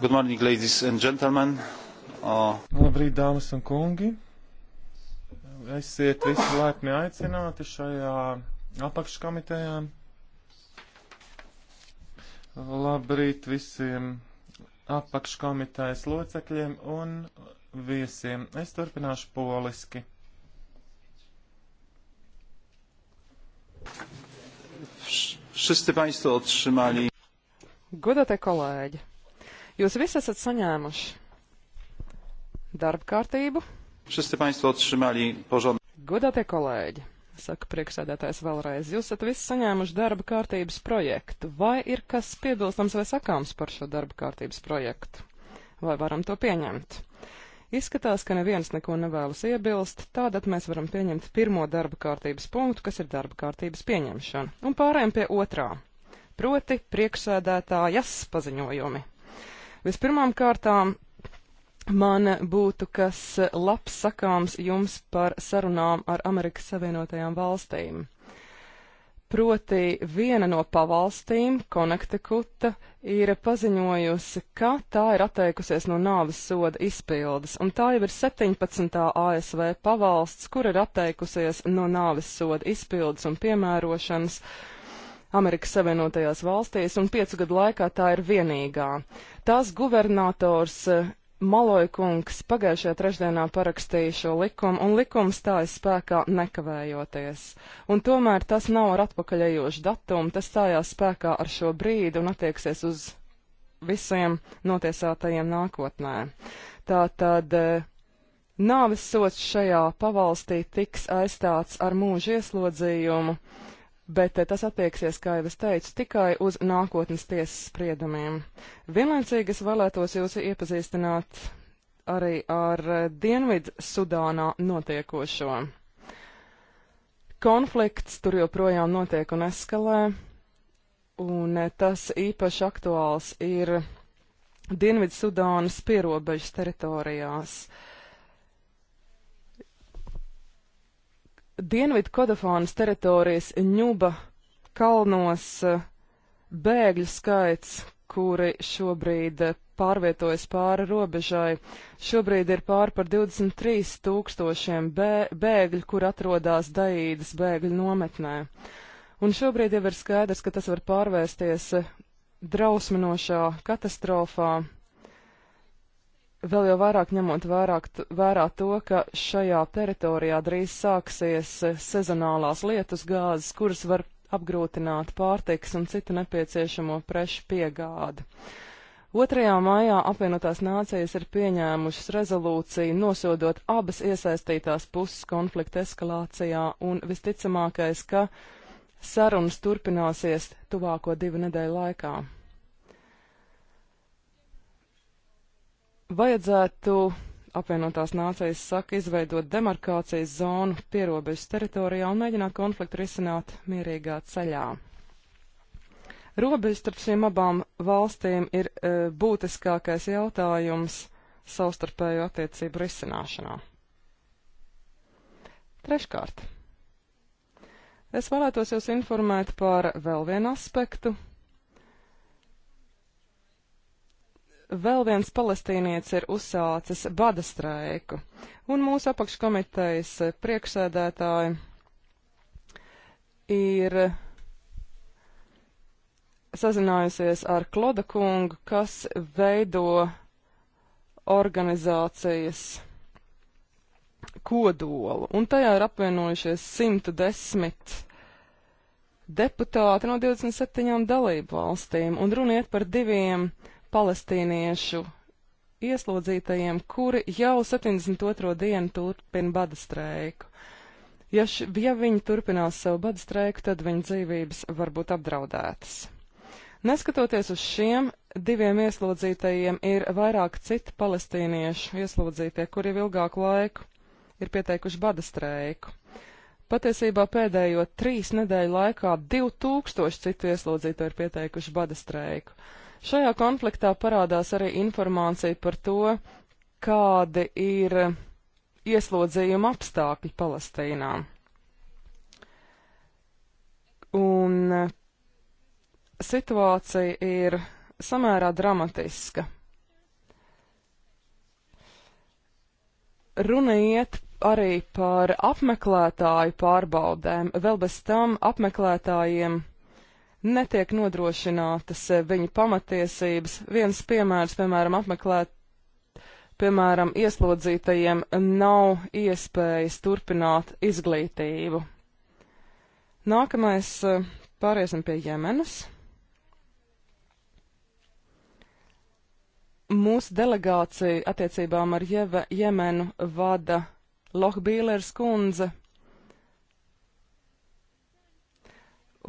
Good morning, ladies and gentlemen. Oh. Labrīt, dāmas un kungi. Esiet visi laipni aicināti šajā apakškomitejā. Labrīt visiem apakškomitejas locekļiem un viesiem. Es turpināšu poliski. Wszyscy Państwo otrzymali. Godātie kolēģi, jūs visi esat saņēmuši darba kārtību. Wszyscy Państwo otrzymali porządek. Godātie kolēģi, saka priekšsēdētājs vēlreiz, jūs esat visi saņēmuši darba kārtības projektu. Vai ir kas piebilstams vai sakāms par šo darba kārtības projektu? Vai varam to pieņemt? Izskatās, ka neviens neko nevēlas iebilst, tādēļ mēs varam pieņemt pirmo darba kārtības punktu, kas ir darba kārtības pieņemšana, un pārējām pie otrā, proti priekšsēdētājas paziņojumi. Vispirmām kārtām man būtu kas labs sakāms jums par sarunām ar Amerikas Savienotajām valstīm. Proti viena no pavalstīm, Konektikuta, ir paziņojusi, ka tā ir atteikusies no nāves soda izpildes, un tā jau ir 17. ASV pavalsts, kur ir atteikusies no nāves soda izpildes un piemērošanas Amerikas Savienotajās valstīs, un piecu gadu laikā tā ir vienīgā. Tās guvernators Maloja kungs pagājušajā trešdienā parakstīja šo likumu, un likums stājas spēkā nekavējoties. Un tomēr tas nav ar atpakaļējošu datumu, tas stājās spēkā ar šo brīdi un attieksies uz visiem notiesātajiem nākotnē. Tātad e, nāves sots šajā pavalstī tiks aizstāts ar mūža ieslodzījumu, bet eh, tas attieksies, kā jau es teicu, tikai uz nākotnes tiesas spriedumiem. Vienlaicīgi es vēlētos jūs iepazīstināt arī ar eh, Dienvidu Sudānā notiekošo. Konflikts tur joprojām notiek un eskalē, un eh, tas īpaši aktuāls ir Dienvidu Sudānas pierobežas teritorijās. Uh, Dienvidu Kodafānas teritorijas ņuba kalnos eh, bēgļu skaits, kuri šobrīd eh, pārvietojas pāri robežai. Šobrīd ir pāri par 23 tūkstošiem bē bēgļu, kur atrodas Daīdas bēgļu nometnē. Un šobrīd jau ir skaidrs, ka tas var pārvērsties eh, drausminošā katastrofā, Vēl jau vairāk ņemot vairāk vērā to, ka šajā teritorijā drīz sāksies eh, sezonālās lietus gāzes, kuras var apgrūtināt pārtiks un citu nepieciešamo prešu piegādi. 2. maijā apvienotās nācijas ir pieņēmušas rezolūciju nosodot abas iesaistītās puses konflikta eskalācijā un visticamākais, ka sarunas turpināsies tuvāko divu nedēļu laikā. Vajadzētu apvienotās nācijas saka izveidot demarkācijas zonu pierobežas teritorijā un mēģināt konfliktu risināt mierīgā ceļā. Robežas starp šīm abām valstīm ir e, būtiskākais jautājums savstarpējo attiecību risināšanā. Treškārt. Es vēlētos jūs informēt par vēl vienu aspektu, vēl viens palestīnietis ir uzsācis bada streiku, un mūsu apakškomitejas priekšsēdētāji ir sazinājusies ar Kloda kungu, kas veido organizācijas kodolu, un tajā ir apvienojušies 110 deputāti no 27 dalību valstīm, un runiet par diviem palestīniešu ieslodzītajiem, kuri jau 72. dienu turpina bada streiku. Ja, š, ja viņi turpinās savu bada streiku, tad viņu dzīvības var būt apdraudētas. Neskatoties uz šiem diviem ieslodzītajiem, ir vairāk citu palestīniešu ieslodzītie, kuri jau ilgāku laiku ir pieteikuši bada streiku. Patiesībā pēdējo trīs nedēļu laikā 2000 citu ieslodzīto ir pieteikuši bada streiku. Uh, Šajā konfliktā parādās arī informācija par to, kādi ir ieslodzījuma apstākļi Palestīnā. Un situācija ir samērā dramatiska. Runa iet arī par apmeklētāju pārbaudēm, vēl bez tam apmeklētājiem netiek nodrošinātas eh, viņa pamatiesības. Viens piemērs, piemēram, apmeklēt, piemēram, ieslodzītajiem nav iespējas turpināt izglītību. Nākamais eh, pāriesim pie Jemenas. Mūsu delegācija attiecībām ar Jeve, Jemenu vada Lohbīlers kundze,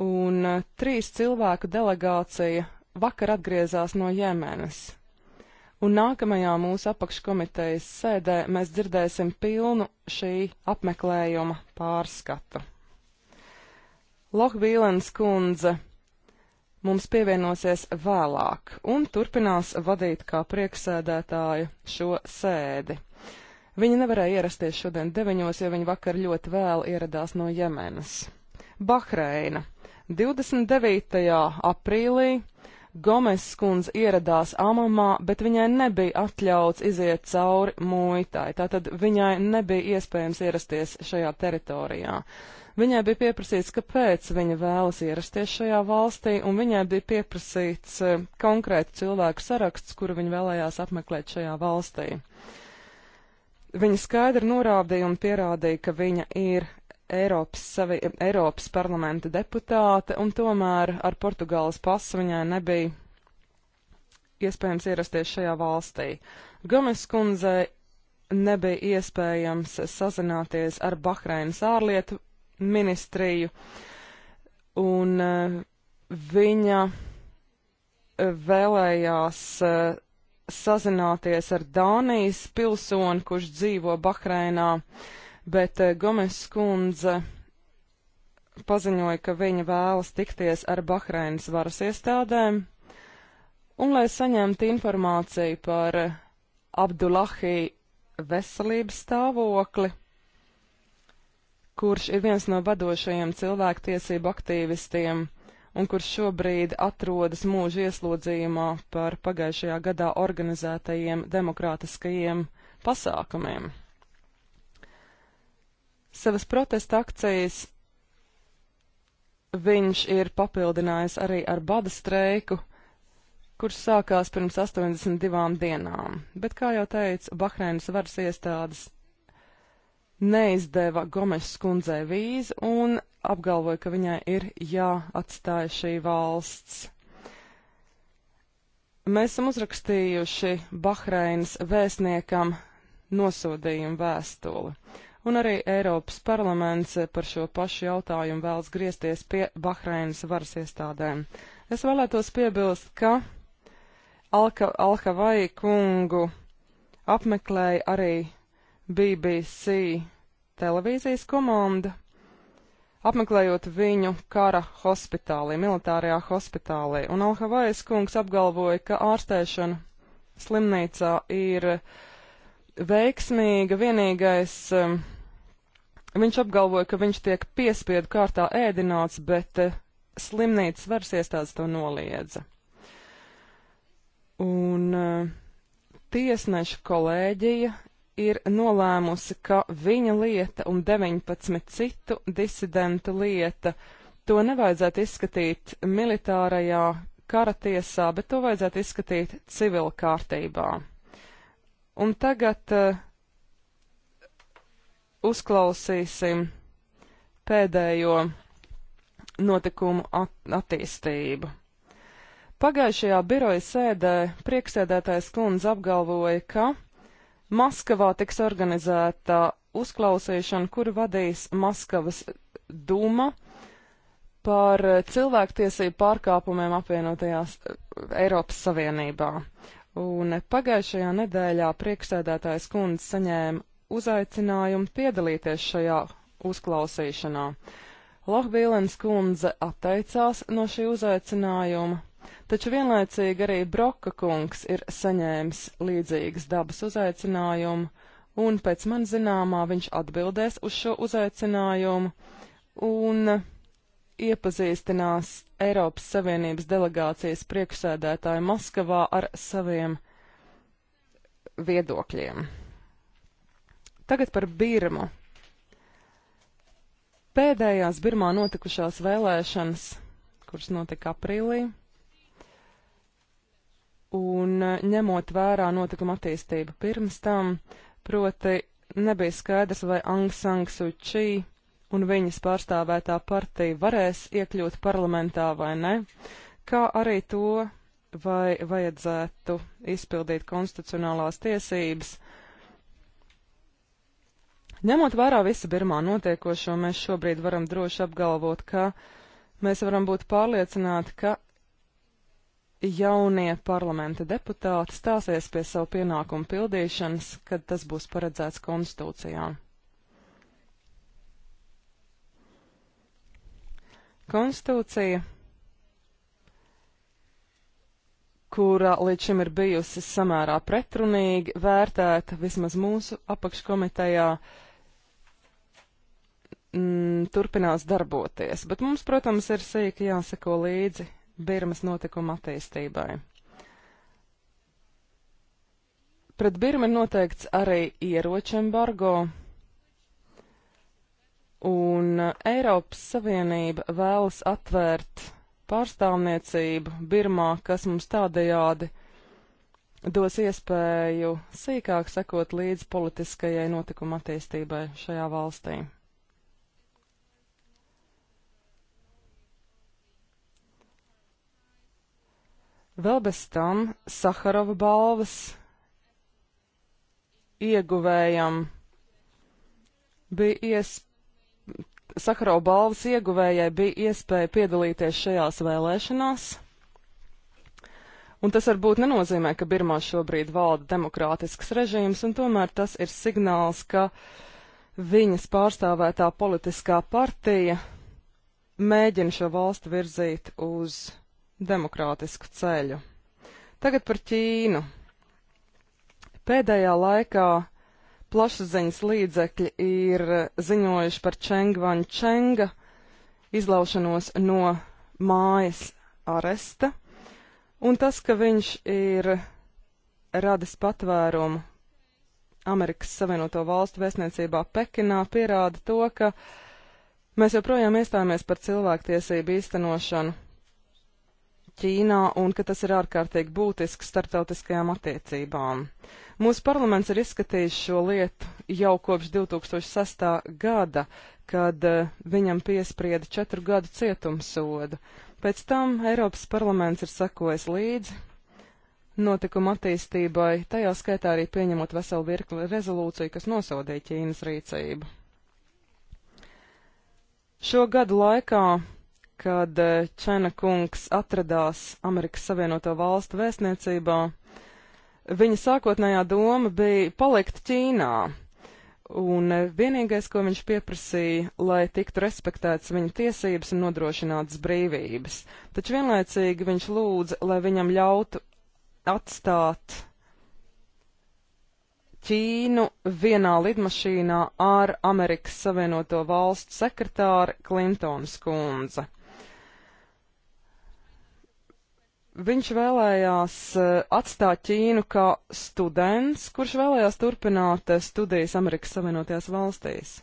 un eh, trīs cilvēku delegācija vakar atgriezās no Jemenas. Un nākamajā mūsu apakškomitejas sēdē mēs dzirdēsim pilnu šī apmeklējuma pārskatu. Lohbīlens kundze mums pievienosies vēlāk un turpinās vadīt kā prieksēdētāju šo sēdi. Viņa nevarēja ierasties šodien deviņos, jo viņa vakar ļoti vēl ieradās no Jemenas. Bahreina. 29. aprīlī Gomes skundze ieradās Amamā, bet viņai nebija atļauts iziet cauri muitai, tātad viņai nebija iespējams ierasties šajā teritorijā. Viņai bija pieprasīts, kāpēc viņa vēlas ierasties šajā valstī, un viņai bija pieprasīts eh, konkrēti cilvēku saraksts, kuru viņa vēlējās apmeklēt šajā valstī. Viņa skaidri norādīja un pierādīja, ka viņa ir Eiropas, savi, Eiropas parlamenta deputāte, un tomēr ar Portugāles pasu viņai nebija iespējams ierasties šajā valstī. Gomes kundzei nebija iespējams sazināties ar Bahreinas ārlietu ministriju, un eh, viņa eh, vēlējās eh, sazināties ar Dānijas pilsoni, kurš dzīvo Bahreinā. Uh, bet eh, Gomes kundze paziņoja, ka viņa vēlas tikties ar Bahreinas varas iestādēm, un lai saņemtu informāciju par eh, Abdullahi veselības stāvokli, kurš ir viens no vadošajiem cilvēktiesību aktīvistiem un kurš šobrīd atrodas mūža ieslodzījumā par pagājušajā gadā organizētajiem demokrātiskajiem pasākumiem. Savas protesta akcijas viņš ir papildinājis arī ar bada streiku, kurš sākās pirms 82 dienām, bet, kā jau teicu, Bahreinas varas iestādes neizdeva Gomešas kundzei vīzu un apgalvoja, ka viņai ir jāatstāja šī valsts. Mēs esam uzrakstījuši Bahreinas vēstniekam nosodījumu vēstuli un arī Eiropas parlaments par šo pašu jautājumu vēlas griezties pie Bahreinas varas iestādēm. Es vēlētos piebilst, ka Alka, Alkavai kungu apmeklēja arī BBC televīzijas komanda, apmeklējot viņu kara hospitālī, militārajā hospitālī, un Alhavajas kungs apgalvoja, ka ārstēšana slimnīcā ir veiksmīga, vienīgais um, Viņš apgalvoja, ka viņš tiek piespiedu kārtā ēdināts, bet eh, slimnīcas varas iestādes to noliedza. Un eh, tiesneša kolēģija ir nolēmusi, ka viņa lieta un 19 citu disidentu lieta to nevajadzētu izskatīt militārajā kara tiesā, bet to vajadzētu izskatīt civil kārtībā. Un tagad uh, uzklausīsim pēdējo notikumu at attīstību. Pagājušajā biroja sēdē prieksēdētājs kundze apgalvoja, ka Maskavā tiks organizēta uzklausīšana, kuru vadīs Maskavas Duma par cilvēktiesību pārkāpumiem apvienotajās Eiropas Savienībā. Un pagājušajā nedēļā priekšsēdētājs kundze saņēma uzaicinājumu piedalīties šajā uzklausīšanā. Lohbīlens kundze atteicās no šī uzaicinājuma, taču vienlaicīgi arī Broka kungs ir saņēmis līdzīgas dabas uzaicinājumu, un pēc man zināmā viņš atbildēs uz šo uzaicinājumu un iepazīstinās Eiropas Savienības delegācijas priekšsēdētāju Maskavā ar saviem viedokļiem. Tagad par Birmu. Pēdējās Birmā notikušās vēlēšanas, kuras notika aprīlī, un e, ņemot vērā notikuma attīstību pirms tam, proti nebija skaidrs, vai Aung San Suu Kyi un viņas pārstāvētā partija varēs iekļūt parlamentā vai ne, kā arī to, vai vajadzētu izpildīt konstitucionālās tiesības Ņemot vērā visu Birmā notiekošo, mēs šobrīd varam droši apgalvot, ka mēs varam būt pārliecināti, ka jaunie parlamenta deputāti stāsies pie savu pienākumu pildīšanas, kad tas būs paredzēts konstitūcijā. Konstitūcija, kura līdz šim ir bijusi samērā pretrunīgi vērtēta vismaz mūsu apakškomitejā, uh, mm, turpinās darboties, bet mums, protams, ir sīki jāseko līdzi Birmas notikuma attīstībai. Pret Birmu ir noteikts arī ieroču embargo, un Eiropas Savienība vēlas atvērt pārstāvniecību Birmā, kas mums tādējādi dos iespēju sīkāk sekot līdz politiskajai notikuma attīstībai šajā valstī. Vēl bez tam Saharova balvas ieguvējam bija iespēja. Sakarau balvas ieguvējai bija iespēja piedalīties šajās vēlēšanās, un tas varbūt nenozīmē, ka Birmā šobrīd valda demokrātisks režīms, un tomēr tas ir signāls, ka viņas pārstāvētā politiskā partija mēģina šo valstu virzīt uz demokrātisku ceļu. Tagad par Ķīnu. Pēdējā laikā plašsaziņas līdzekļi ir ziņojuši par Čengvan Čenga izlaušanos no mājas aresta, un tas, ka viņš ir radis patvērumu Amerikas Savienoto Valstu vēstniecībā Pekinā, pierāda to, ka mēs joprojām iestājāmies par cilvēktiesību īstenošanu Ķīnā un ka tas ir ārkārtīgi būtisks starptautiskajām attiecībām. Mūsu parlaments ir izskatījis šo lietu jau kopš 2006. gada, kad eh, viņam piesprieda četru gadu cietumsodu. Pēc tam Eiropas parlaments ir sakojis līdzi notikuma attīstībai, tajā skaitā arī pieņemot veselu virkli rezolūciju, kas nosodīja Ķīnas rīcību. Šo gadu laikā kad eh, Čena kungs atradās Amerikas Savienoto Valstu vēstniecībā, viņa sākotnējā doma bija palikt Ķīnā. Un eh, vienīgais, ko viņš pieprasīja, lai tiktu respektēts viņa tiesības un nodrošinātas brīvības. Taču vienlaicīgi viņš lūdza, lai viņam ļautu atstāt Ķīnu vienā lidmašīnā ar Amerikas Savienoto Valstu sekretāru Klintonu skundzi. Viņš vēlējās eh, atstāt Ķīnu kā students, kurš vēlējās turpināt eh, studijas Amerikas Savienotajās valstīs.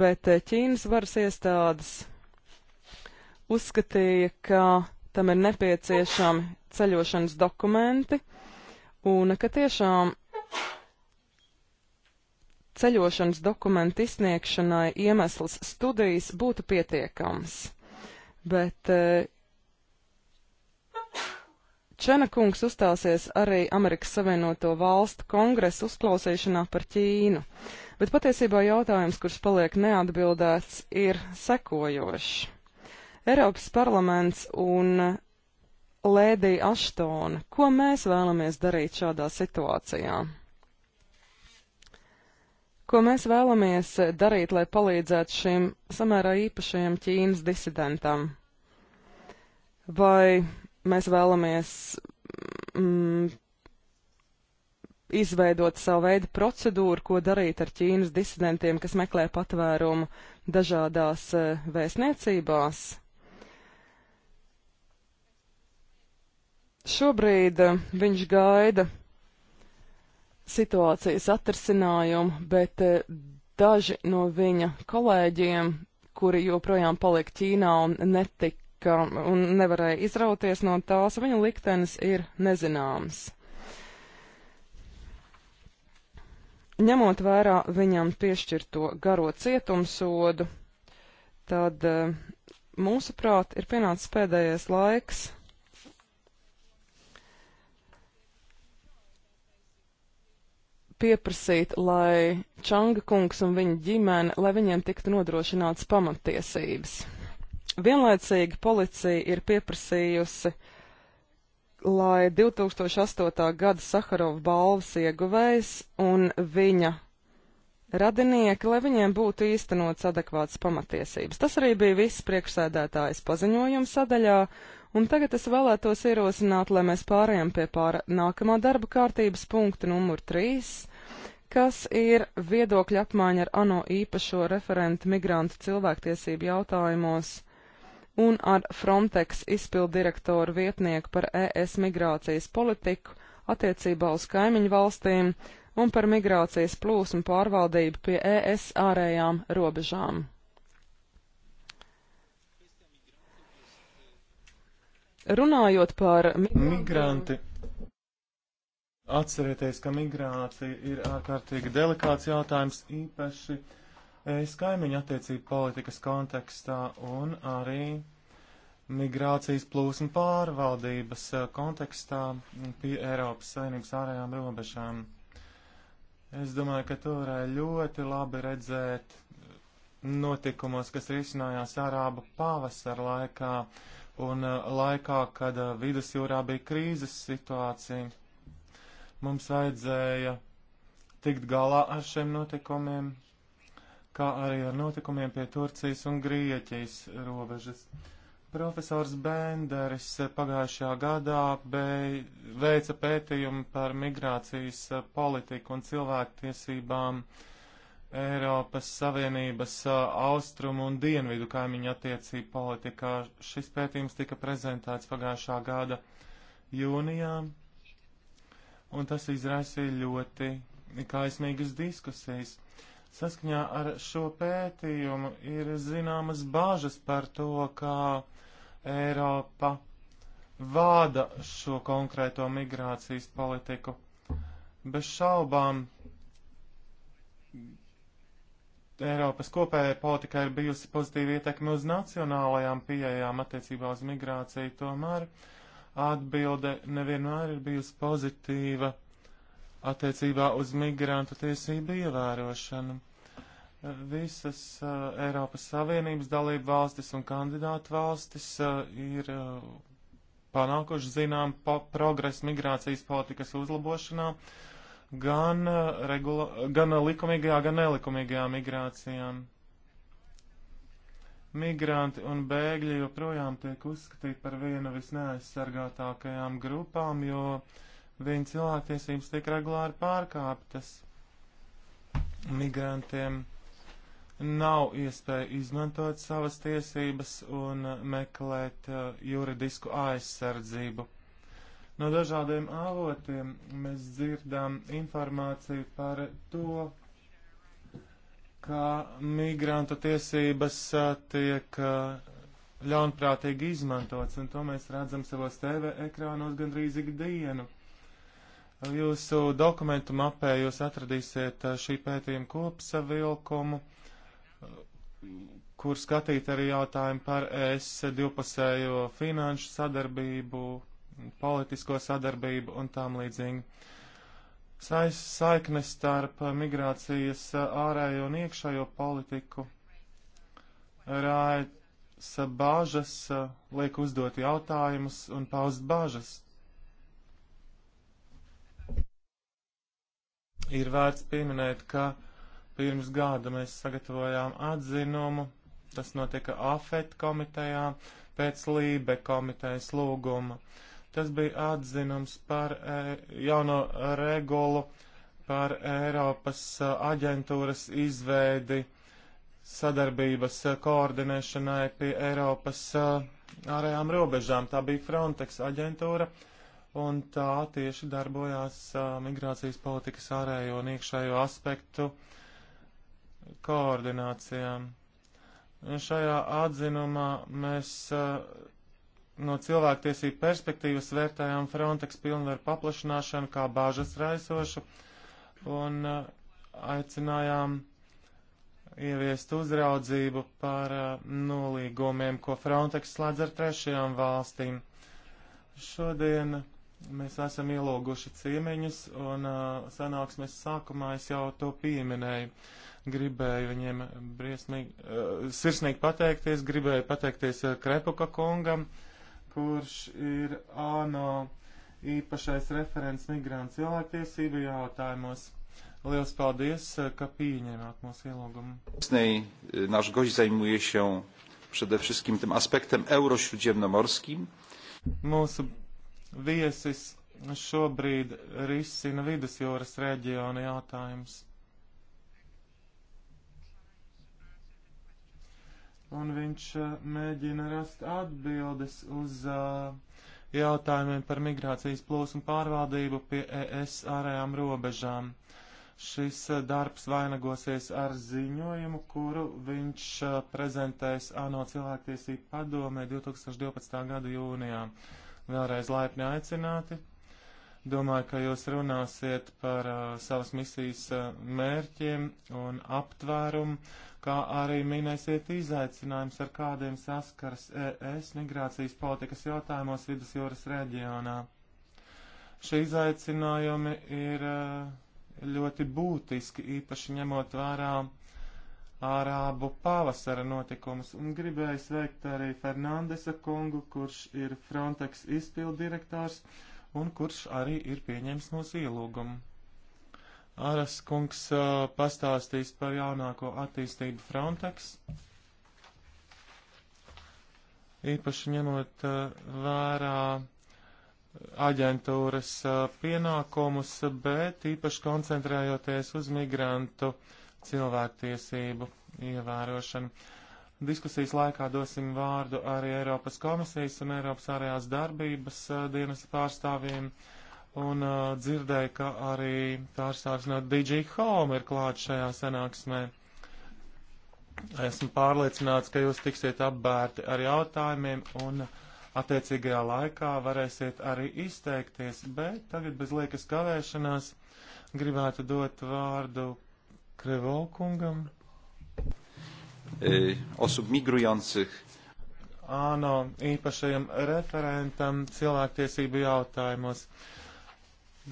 Bet eh, Ķīnas varas iestādes uzskatīja, ka tam ir nepieciešami ceļošanas dokumenti un ka tiešām ceļošanas dokumentu izsniegšanai iemesls studijas būtu pietiekams. Bet Čenakungs uzstāsies arī Amerikas Savienoto Valstu kongresa uzklausīšanā par Ķīnu, bet patiesībā jautājums, kurš paliek neatbildēts, ir sekojošs. Eiropas parlaments un Lēdija Aštona, ko mēs vēlamies darīt šādā situācijā? Ko mēs vēlamies darīt, lai palīdzētu šim samērā īpašajam Ķīnas disidentam? Vai mēs vēlamies mm, izveidot savu veidu procedūru, ko darīt ar Ķīnas disidentiem, kas meklē patvērumu dažādās eh, vēstniecībās. Šobrīd eh, viņš gaida situācijas atrisinājumu, bet eh, daži no viņa kolēģiem, kuri joprojām palika Ķīnā un netika tika un nevarēja izrauties no tās, viņa liktenis ir nezināms. Ņemot vērā viņam piešķirto garo cietumsodu, tad eh, mūsuprāt ir pienācis pēdējais laiks pieprasīt, lai Čanga kungs un viņa ģimene, lai viņiem tiktu nodrošināts pamatiesības. Vienlaicīgi policija ir pieprasījusi, lai 2008. gada Saharova balvas ieguvējs un viņa radinieki, lai viņiem būtu īstenots adekvāts pamatiesības. Tas arī bija viss priekšsēdētājas paziņojums sadaļā, un tagad es vēlētos ierosināt, lai mēs pārējām pie pāra nākamā darba kārtības punkta numur 3, kas ir viedokļa apmaiņa ar ANO īpašo referentu migrantu cilvēktiesību jautājumos un ar Frontex izpildirektoru vietnieku par ES migrācijas politiku attiecībā uz kaimiņu valstīm un par migrācijas plūsmu pārvaldību pie ES ārējām robežām. Runājot par migranti, atcerieties, ka migrācija ir ārkārtīgi delikāts jautājums, īpaši uh, es kaimiņu attiecību politikas kontekstā un arī migrācijas plūsmu pārvaldības eh, kontekstā pie Eiropas Savienības ārējām robežām. Es domāju, ka to varēja ļoti labi redzēt notikumos, kas risinājās Arābu pavasara laikā un eh, laikā, kad eh, vidusjūrā bija krīzes situācija. Mums vajadzēja tikt galā ar šiem notikumiem, kā arī ar notikumiem pie Turcijas un Grieķijas robežas. Profesors Benderis pagājušajā gadā veica pētījumu par migrācijas politiku un cilvēktiesībām Eiropas Savienības austrumu un dienvidu kaimiņu attiecību politikā. Šis pētījums tika prezentēts pagājušā gada jūnijā, un tas izraisīja ļoti kaismīgas diskusijas. Saskaņā ar šo pētījumu ir zināmas bāžas par to, kā Eiropa vāda šo konkrēto migrācijas politiku. Bez šaubām Eiropas kopējai politikai ir bijusi pozitīva ietekme uz nacionālajām pieejām attiecībā uz migrāciju, tomēr atbilde nevienmēr ir bijusi pozitīva attiecībā uz migrantu tiesību ievērošanu. Visas uh, Eiropas Savienības dalību valstis un kandidātu valstis uh, ir uh, panākuši zinām po progresu migrācijas politikas uzlabošanā gan, uh, regula, gan likumīgajā, gan nelikumīgajā migrācijā. Migranti un bēgļi joprojām tiek uzskatīti par vienu visneaizsargātākajām grupām, jo uh, Viņa cilvēktiesības tiek regulāri pārkāptas. Migrantiem nav iespēja izmantot savas tiesības un meklēt uh, juridisku aizsardzību. No dažādiem avotiem mēs dzirdam informāciju par to, kā migrantu tiesības uh, tiek uh, ļaunprātīgi izmantots, un to mēs redzam savos TV ekrānos gandrīz ikdienu. Jūsu dokumentu mapē jūs atradīsiet eh, šī pētījuma kopsavilkumu, kur skatīt arī jautājumu par es divpusējo finanšu sadarbību, politisko sadarbību un tām līdzīgi. Sais, saikne starp migrācijas ārējo un iekšējo politiku rāda bāžas, liek uzdot jautājumus un paust bāžas Ir vērts pieminēt, ka pirms gada mēs sagatavojām atzinumu, tas notika AFET komitejā pēc Lībe komitejas lūguma. Tas bija atzinums par e, jauno regulu par Eiropas eh, aģentūras izveidi sadarbības eh, koordinēšanai pie Eiropas ārējām robežām. Tā bija Frontex aģentūra, un tā tieši darbojās uh, migrācijas politikas ārējo un iekšējo aspektu koordinācijām. Šajā atzinumā mēs uh, no cilvēktiesību perspektīvas vērtējām Frontex pilnvaru paplašināšanu kā bāžas raisošu un uh, aicinājām ieviest uzraudzību par uh, nolīgumiem, ko Frontex slēdz ar trešajām valstīm. Šodien Mēs esam ielūguši ciemiņus, un uh, sanāksmes sākumā es jau to pieminēju. Gribēju viņiem briesmīgi, uh, sirsnīgi pateikties, gribēju pateikties uh, Krepuka kungam, kurš ir ANO īpašais referents migrāntu cilvēktiesību jautājumos. Liels paldies, uh, ka pieņēmāt mūsu ielūgumu. Przede wszystkim tym aspektem euro śródziemnomorskim. Mūsu viesis šobrīd risina vidusjūras reģiona jautājums. Un viņš eh, mēģina rast atbildes uz eh, jautājumiem par migrācijas plūsmu pārvaldību pie ES ārējām robežām. Šis eh, darbs vainagosies ar ziņojumu, kuru viņš prezentēs ANO cilvēktiesību padomē 2012. gada jūnijā vēlreiz laipni aicināti. Domāju, ka jūs runāsiet par uh, savas misijas uh, mērķiem un aptvērumu, kā arī minēsiet izaicinājums, ar kādiem saskaras ES migrācijas politikas jautājumos vidus jūras reģionā. Šie izaicinājumi ir uh, ļoti būtiski, īpaši ņemot vērā uh, ārābu pavasara notikumus un gribēju sveikt arī Fernandesa kungu, kurš ir Frontex izpildirektors un kurš arī ir pieņēmis mūsu ielūgumu. Aras kungs uh, pastāstīs par jaunāko attīstību Frontex, īpaši ņemot uh, vērā aģentūras uh, pienākumus, bet īpaši koncentrējoties uz migrantu uh, cilvēktiesību ievērošanu. Diskusijas laikā dosim vārdu arī Eiropas komisijas un Eiropas ārējās darbības dienas pārstāvjiem. Un uh, dzirdēju, ka arī pārstāvs no DJ Home ir klāts šajā sanāksmē. Esmu pārliecināts, ka jūs tiksiet apbērti ar jautājumiem un attiecīgajā laikā varēsiet arī izteikties, bet tagad bez liekas kavēšanās gribētu dot vārdu Krevo kungam. E, osób migrujących. ANO īpašajam referentam cilvēktiesību jautājumos.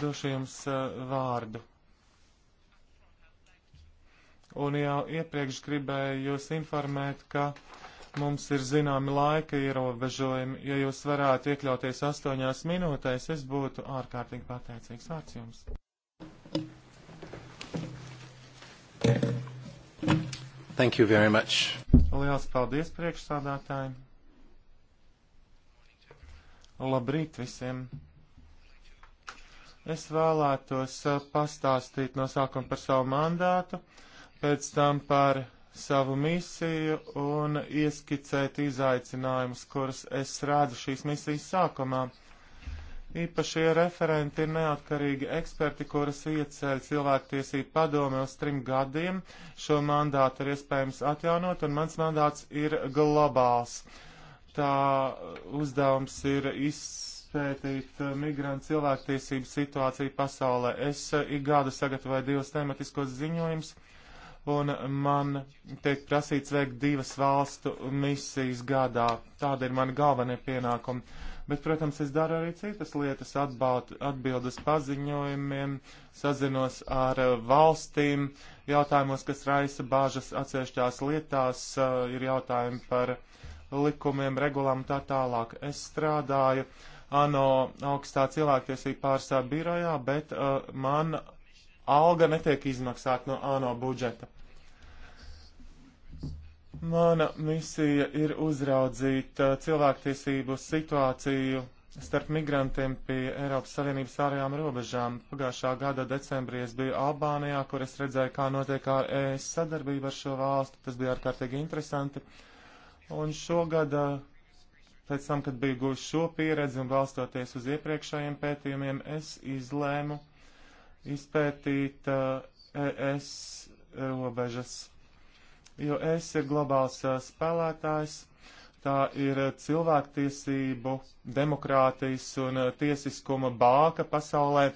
Došu jums e, vārdu. Un jau iepriekš gribēju jūs informēt, ka mums ir zināmi laika ierobežojumi. Ja jūs varētu iekļauties astoņās minūtēs, es būtu ārkārtīgi pateicīgs vārds jums. Thank you very much. Lielas paldies priekšsādātājiem. Labrīt visiem. Es vēlētos uh, pastāstīt no sākuma par savu mandātu, pēc tam par savu misiju un ieskicēt izaicinājumus, kurus es redzu šīs misijas sākumā. Īpašie referenti ir neatkarīgi eksperti, kuras ieceļ cilvēktiesību padome uz trim gadiem. Šo mandātu ir iespējams atjaunot, un mans mandāts ir globāls. Tā uzdevums ir izpētīt uh, migrantu cilvēktiesību situāciju pasaulē. Es uh, ik gadu sagatavoju divus tematiskos ziņojumus, un man tiek prasīts veikt divas valstu misijas gadā. Tāda ir mana galvenie pienākuma Bet, protams, es daru arī citas lietas, atbald, atbildes paziņojumiem, sazinos ar eh, valstīm, jautājumos, kas raisa bāžas atsevišķās lietās, eh, ir jautājumi par likumiem, regulām tā tālāk. Es strādāju ANO augstā cilvēktiesība pārstāv birojā, bet uh, man alga netiek izmaksāta no ANO budžeta. Mana misija ir uzraudzīt uh, cilvēktiesību situāciju starp migrantiem pie Eiropas Savienības ārējām robežām. Pagājušā gada decembrī es biju Albānijā, kur es redzēju, kā notiek ar ES sadarbību ar šo valstu. Tas bija ārkārtīgi interesanti. Un šogad, uh, pēc tam, kad biju guvis šo pieredzi un balstoties uz iepriekšējiem pētījumiem, es izlēmu izpētīt uh, ES robežas jo es ir globāls spēlētājs. Tā ir cilvēktiesību, demokrātijas un tiesiskuma bāka pasaulē.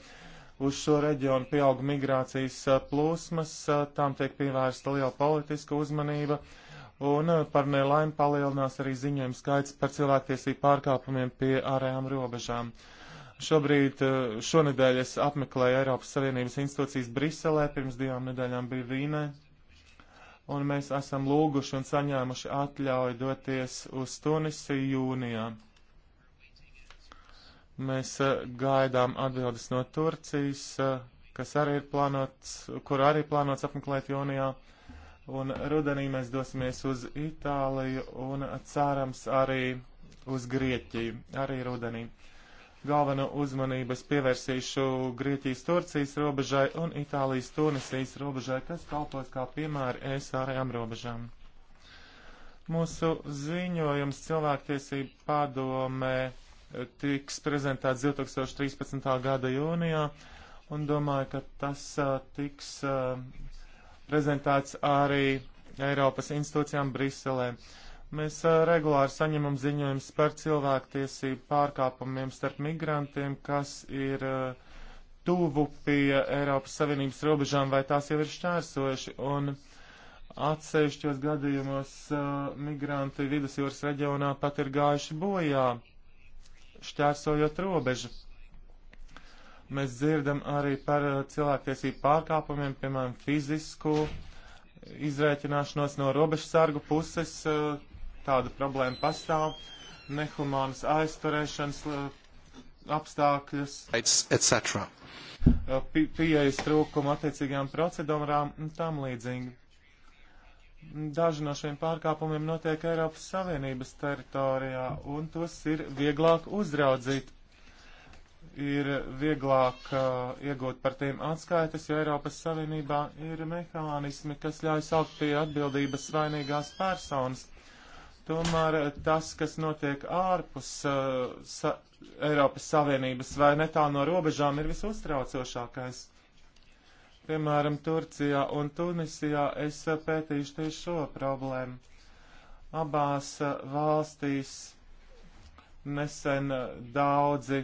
Uz šo reģionu pieaug migrācijas plūsmas, tām tiek pievērsta liela politiska uzmanība, un par nelaimi palielinās arī ziņojums skaits par cilvēktiesību pārkāpumiem pie ārējām robežām. Šobrīd, šonedēļ es apmeklēju Eiropas Savienības institūcijas Briselē, pirms divām nedēļām biju Vīnē, un mēs esam lūguši un saņēmuši atļauju doties uz Tunisiju jūnijā. Mēs eh, gaidām atbildes no Turcijas, eh, kas arī ir plānots, kur arī plānots apmeklēt jūnijā. Un rudenī mēs dosimies uz Itāliju un cerams arī uz Grieķiju, arī rudenī. Uh, Galveno uzmanību es pievērsīšu Grieķijas-Turcijas robežai un Itālijas-Tunisijas robežai, kas kalpos kā piemēri ES ārējām robežām. Mūsu ziņojums cilvēktiesību padomē eh, tiks prezentēts 2013. gada jūnijā un domāju, ka tas uh, tiks uh, prezentēts arī Eiropas institūcijām Briselē. Uh, Mēs a, regulāri saņemam ziņojumus par cilvēktiesību pārkāpumiem starp migrantiem, kas ir a, tuvu pie Eiropas Savienības robežām vai tās jau ir šķērsojuši. Un atsevišķos gadījumos a, migranti vidusjūras reģionā pat ir gājuši bojā, šķērsojot robežu. Mēs dzirdam arī par cilvēktiesību pārkāpumiem, piemēram, fizisku izrēķināšanos no robežsargu puses, tāda problēma pastāv, nehumānas aizturēšanas eh, apstākļus, etc. Eh, pieejas trūkuma attiecīgām procedūrām un tam līdzīgi. Daži no šiem pārkāpumiem notiek Eiropas Savienības teritorijā, un tos ir vieglāk uzraudzīt. Ir vieglāk uh, iegūt par tiem atskaitas, jo Eiropas Savienībā ir mehānismi, kas ļauj saukt pie atbildības vainīgās personas. Tomēr eh, tas, kas notiek ārpus uh, sa Eiropas Savienības vai netā no robežām, ir visuztraucošākais. Piemēram, Turcijā un Tunisijā es eh, pētīšu tieši šo problēmu. Abās uh, valstīs nesen uh, daudzi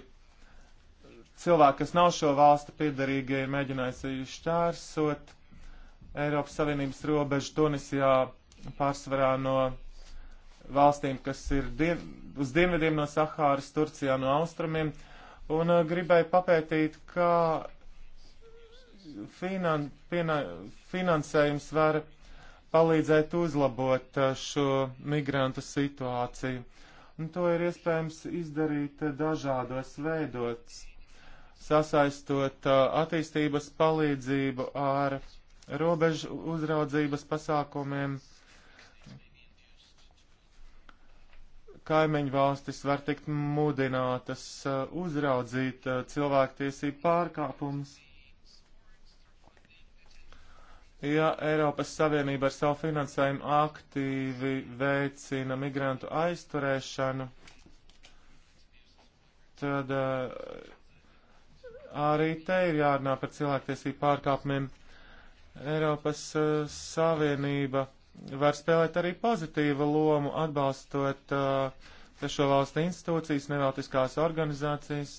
cilvēki, kas nav šo valstu piedarīgie, ir mēģinājuši šķērsot Eiropas Savienības robežu Tunisijā pārsvarā no valstīm, kas ir dien uz dienvidiem no Sahāras, Turcijā, no austrumiem, un uh, gribēju papētīt, kā finan piena finansējums var palīdzēt uzlabot uh, šo migrantu situāciju. Un to ir iespējams izdarīt uh, dažādos veidos, sasaistot uh, attīstības palīdzību ar robežu uzraudzības pasākumiem kaimiņu valstis var tikt mudinātas uh, uzraudzīt uh, cilvēktiesību pārkāpumus. Ja Eiropas Savienība ar savu finansējumu aktīvi veicina migrantu aizturēšanu, tad uh, arī te ir jārunā par cilvēktiesību pārkāpumiem. Eiropas Savienība var spēlēt arī pozitīvu lomu, atbalstot uh, trešo valstu institūcijas, nevaltiskās organizācijas,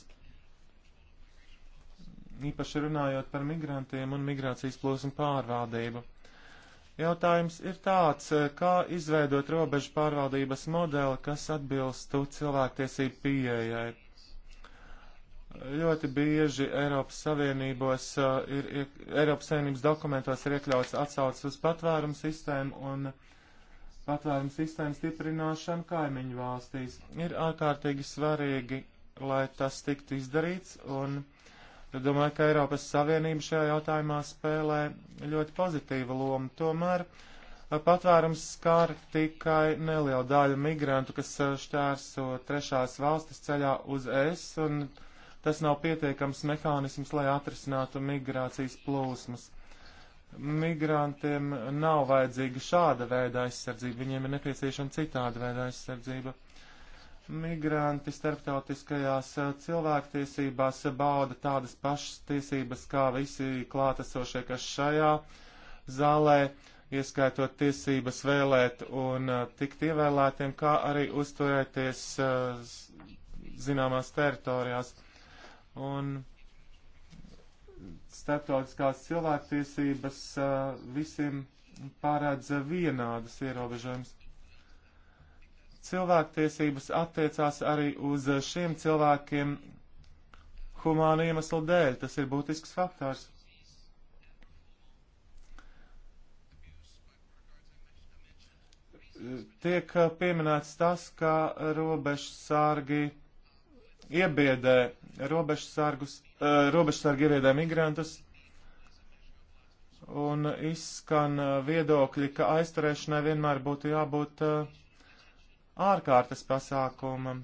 īpaši runājot par migrantiem un migrācijas plūsmu pārvaldību. Jautājums ir tāds, uh, kā izveidot robežu pārvaldības modeli, kas atbilstu cilvēktiesību pieejai. Ļoti bieži Eiropas, Savienībos, uh, ir, ir, Eiropas Savienības dokumentos ir iekļauts atsaucis uz patvērumu sistēmu un patvērumu sistēmu stiprināšanu kaimiņu valstīs. Ir ārkārtīgi svarīgi, lai tas tiktu izdarīts, un domāju, ka Eiropas Savienība šajā jautājumā spēlē ļoti pozitīvu lomu. Tomēr uh, patvērums skar tikai nelielu daļu migrantu, kas uh, šķērso trešās valstis ceļā uz ES, un Tas nav pietiekams mehānisms, lai atrisinātu migrācijas plūsmas. Migrantiem nav vajadzīga šāda veida aizsardzība, viņiem ir nepieciešama citāda veida aizsardzība. Migranti starptautiskajās eh, cilvēktiesībās bauda tādas pašas tiesības kā visi klātesošie, kas šajā zālē, ieskaitot tiesības vēlēt un eh, tikt ievēlētiem, kā arī uzturēties eh, zināmās teritorijās un starptautiskās cilvēktiesības visiem pārēdz vienādas ierobežojumus. Cilvēktiesības attiecās arī uz šiem cilvēkiem humānu iemeslu dēļ. Tas ir būtisks faktors. Tiek pieminēts tas, ka robežu sārgi iebiedē robežsargus, robežsargi iebiedē migrantus un izskan viedokļi, ka aizturēšanai vienmēr būtu jābūt ārkārtas pasākumam,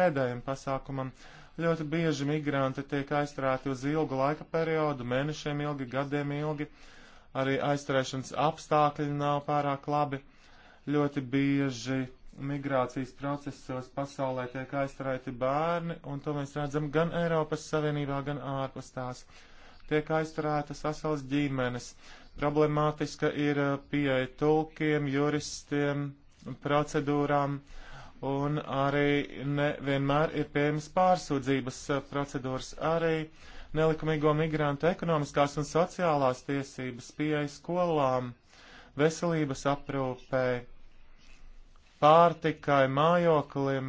pēdējiem pasākumam. Ļoti bieži migranti tiek aizturēti uz ilgu laika periodu, mēnešiem ilgi, gadiem ilgi. Arī aizturēšanas apstākļi nav pārāk labi. Ļoti bieži migrācijas procesos pasaulē tiek aizturēti bērni, un to mēs redzam gan Eiropas Savienībā, gan ārpus tās. Tiek aizturētas vesels ģimenes. Problemātiska ir eh, pieeja tulkiem, juristiem, procedūrām, un arī nevienmēr ir pieejamas pārsūdzības eh, procedūras arī nelikumīgo migrantu ekonomiskās un sociālās tiesības pieeja skolām, veselības aprūpē, pārtikai, mājoklim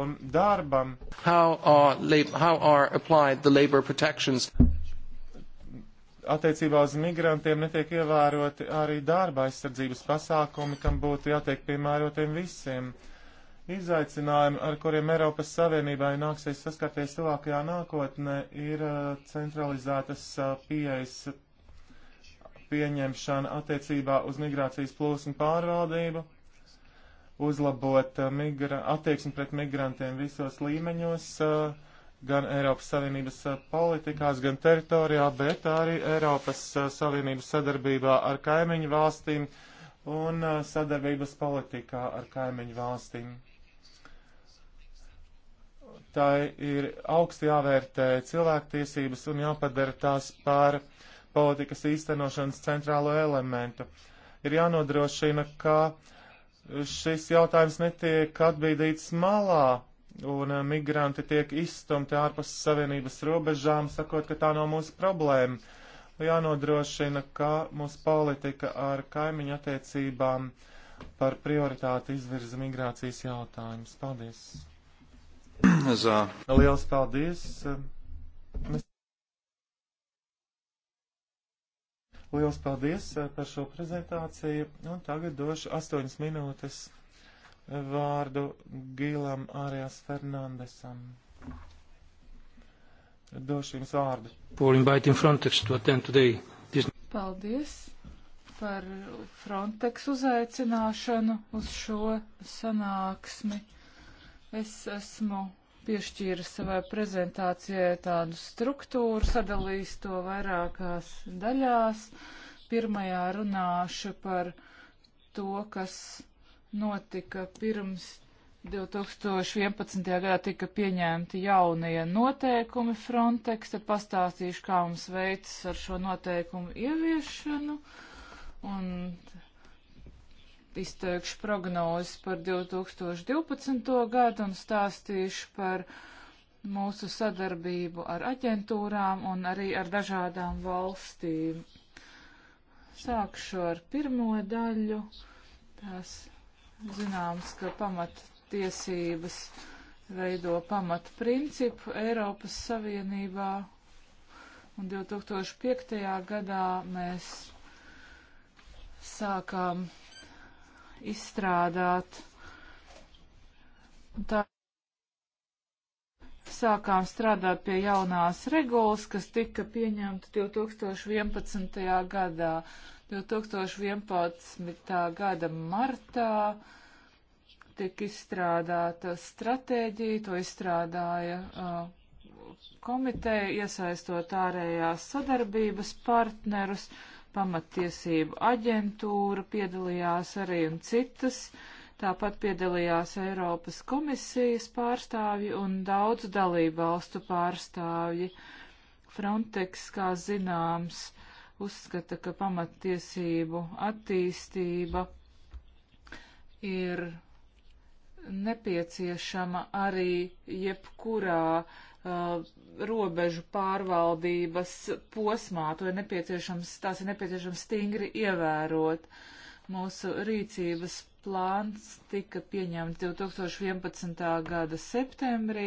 un darbam. How are, how are applied the labor protections? Attiecībā uz migrantiem netiek ievēroti arī darba aizsardzības pasākumi, kam būtu jātiek piemērotiem visiem. Izaicinājumi, ar kuriem Eiropas Savienībai nāksies saskarties tuvākajā nākotnē, ir uh, centralizētas uh, pieejas pieņemšana attiecībā uz migrācijas plūsmu pārvaldību, uzlabot eh, migra, attieksmi pret migrantiem visos līmeņos, eh, gan Eiropas Savienības eh, politikās, gan teritorijā, bet arī Eiropas Savienības sadarbībā ar kaimiņu valstīm un sadarbības politikā ar kaimiņu valstīm. Tā ir augsti jāvērtē cilvēktiesības un jāpadara tās par politikas īstenošanas centrālo elementu. Ir jānodrošina, ka uh, šis jautājums netiek atbīdīts malā, un eh, migranti tiek izstumti ārpus Savienības robežām, sakot, ka tā nav mūsu problēma. Jānodrošina, ka mūsu politika ar kaimiņu attiecībām par prioritāti izvirza migrācijas jautājumus. Paldies! Zā. Liels paldies! Mēs Lielas paldies eh, par šo prezentāciju, un tagad došu astoņas minūtes eh, vārdu Gilam Arias Fernandesam. Došu jums vārdu. Paldies par Frontex uzaicināšanu uz šo sanāksmi. Es esmu piešķīra savai prezentācijai tādu struktūru, sadalīs to vairākās daļās. Pirmajā runāšu par to, kas notika pirms 2011. gadā tika pieņemti jaunie noteikumi Frontex, tad pastāstīšu, kā mums veicas ar šo noteikumu ieviešanu. Un izteikšu prognozes par 2012. gadu un stāstīšu par mūsu sadarbību ar aģentūrām un arī ar dažādām valstīm. Sākšu ar pirmo daļu. Tās zināms, ka pamattiesības veido pamatprincipu Eiropas Savienībā. Un 2005. gadā mēs sākām izstrādāt. Tā sākām strādāt pie jaunās regulas, kas tika pieņemta 2011. gadā. 2011. gada martā tika izstrādāta stratēģija, to izstrādāja uh, komiteja, iesaistot ārējās sadarbības partnerus. Uh, pamatiesību aģentūra piedalījās arī un citas. Tāpat piedalījās Eiropas komisijas pārstāvji un daudz dalību valstu pārstāvji. Frontex, kā zināms, uzskata, ka pamatiesību attīstība ir nepieciešama arī jebkurā uh, uh, robežu pārvaldības posmā. To ir nepieciešams, tās ir nepieciešams stingri ievērot. Mūsu rīcības plāns tika pieņemts 2011. gada septembrī,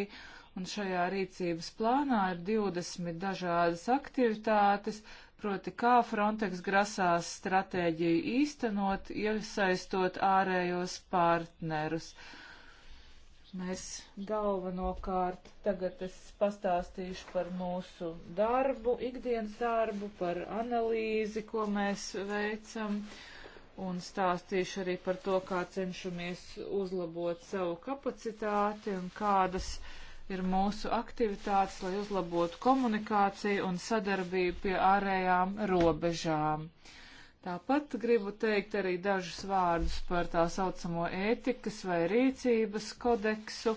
un šajā rīcības plānā ir 20 dažādas aktivitātes, proti kā Frontex grasās stratēģiju īstenot, iesaistot ārējos partnerus. Uh, Mēs galvenokārt tagad es pastāstīšu par mūsu darbu, ikdienas darbu, par analīzi, ko mēs veicam, un stāstīšu arī par to, kā cenšamies uzlabot savu kapacitāti un kādas ir mūsu aktivitātes, lai uzlabotu komunikāciju un sadarbību pie ārējām robežām. Uh, Tāpat gribu teikt arī dažus vārdus par tā saucamo ētikas vai rīcības kodeksu.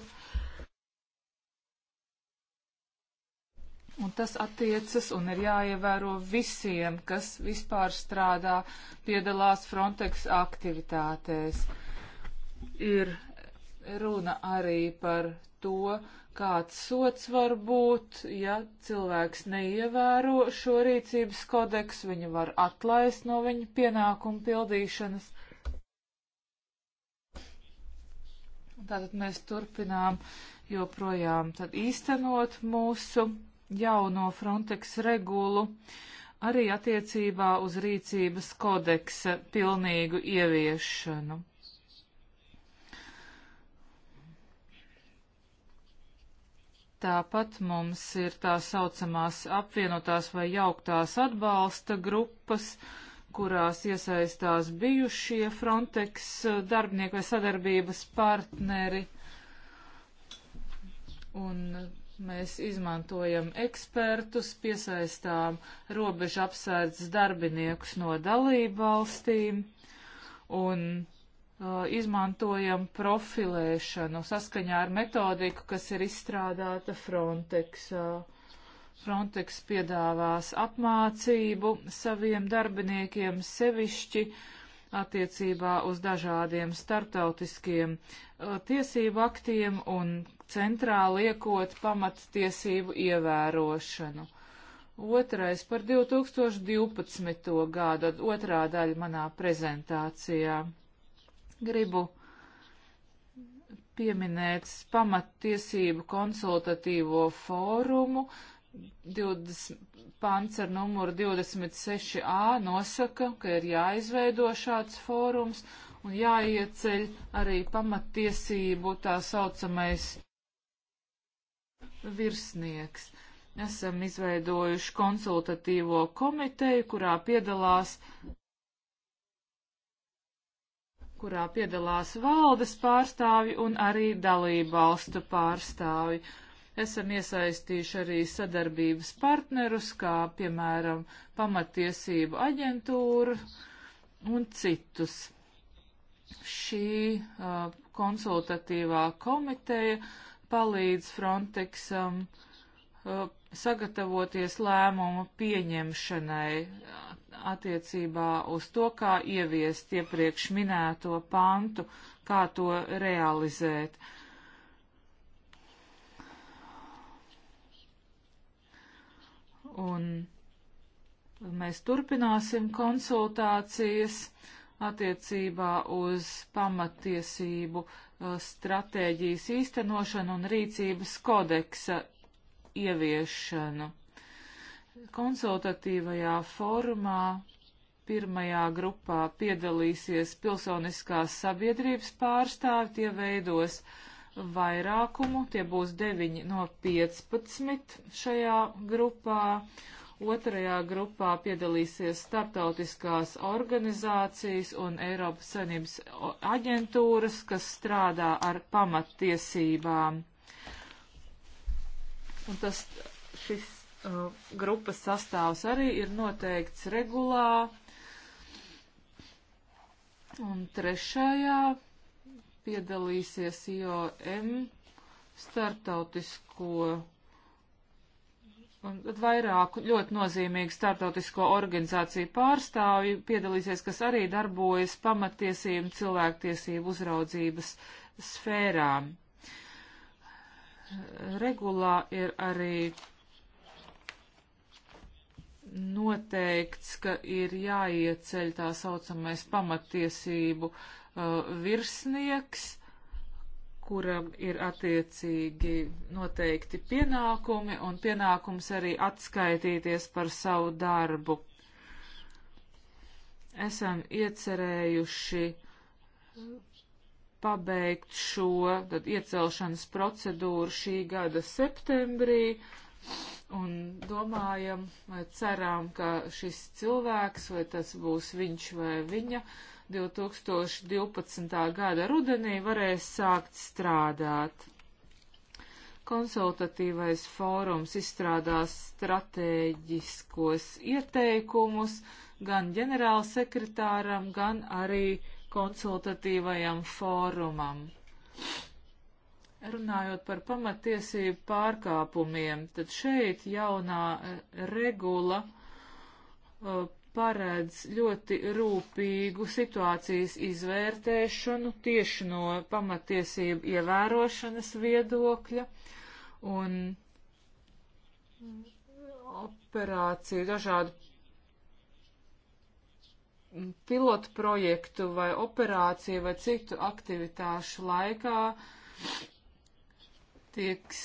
Un tas attiecas un ir jāievēro visiem, kas vispār strādā, piedalās Frontex aktivitātēs. Ir runa arī par to, kāds sots var būt, ja cilvēks neievēro šo rīcības kodeksu, viņu var atlaist no viņa pienākumu pildīšanas. Tātad mēs turpinām joprojām tad īstenot mūsu jauno Frontex regulu arī attiecībā uz rīcības kodeksa pilnīgu ieviešanu. Tāpat mums ir tā saucamās apvienotās vai jauktās atbalsta grupas, kurās iesaistās bijušie Frontex eh, darbinieki vai sadarbības partneri. Un mēs izmantojam ekspertus, piesaistām robežu apsardzes darbiniekus no dalību valstīm un Uh, izmantojam profilēšanu saskaņā ar metodiku, kas ir izstrādāta Frontex. Frontex piedāvās apmācību saviem darbiniekiem sevišķi attiecībā uz dažādiem startautiskiem uh, tiesību aktiem un centrā liekot pamattiesību ievērošanu. Otrais par 2012. gadu, otrā daļa manā prezentācijā. Gribu pieminēt pamattiesību konsultatīvo fórumu. 20, pants ar numuru 26a nosaka, ka ir jāizveido šāds fórums un jāieceļ arī pamattiesību tā saucamais virsnieks. Esam izveidojuši konsultatīvo komiteju, kurā piedalās kurā piedalās valdes pārstāvi un arī dalību valstu pārstāvi. Esam iesaistījuši arī sadarbības partnerus, kā piemēram pamatiesību aģentūru un citus. Šī uh, konsultatīvā komiteja palīdz Frontexam uh, sagatavoties lēmumu pieņemšanai attiecībā uz to, kā ieviest iepriekš minēto pantu, kā to realizēt. Un mēs turpināsim konsultācijas attiecībā uz pamatiesību uh, stratēģijas īstenošanu un rīcības kodeksa ieviešanu konsultatīvajā formā pirmajā grupā piedalīsies pilsoniskās sabiedrības pārstāvi, tie veidos vairākumu, tie būs 9 no 15 šajā grupā. Otrajā grupā piedalīsies starptautiskās organizācijas un Eiropas Savienības aģentūras, kas strādā ar pamattiesībām. Un tas šis Uh, grupas sastāvs arī ir noteikts regulā. Un trešajā piedalīsies IOM startautisko un vairāku ļoti nozīmīgu startautisko organizāciju pārstāvju piedalīsies, kas arī darbojas pamatiesību un cilvēktiesību uzraudzības sfērām. Regulā ir arī noteikts, ka ir jāieceļ tā saucamais pamatiesību uh, virsnieks, kuram ir attiecīgi noteikti pienākumi un pienākums arī atskaitīties par savu darbu. Esam iecerējuši pabeigt šo tad, iecelšanas procedūru šī gada septembrī. Uh, un domājam vai ceram, ka šis cilvēks, vai tas būs viņš vai viņa, 2012. gada rudenī varēs sākt strādāt. Konsultatīvais fórums izstrādās stratēģiskos ieteikumus gan ģenerālsekretāram, gan arī konsultatīvajam fórumam. Runājot par pamatiesību pārkāpumiem, tad šeit jaunā eh, regula uh, paredz ļoti rūpīgu situācijas izvērtēšanu tieši no pamatiesību ievērošanas viedokļa un operāciju dažādu pilotu projektu vai operāciju vai citu aktivitāšu laikā tieks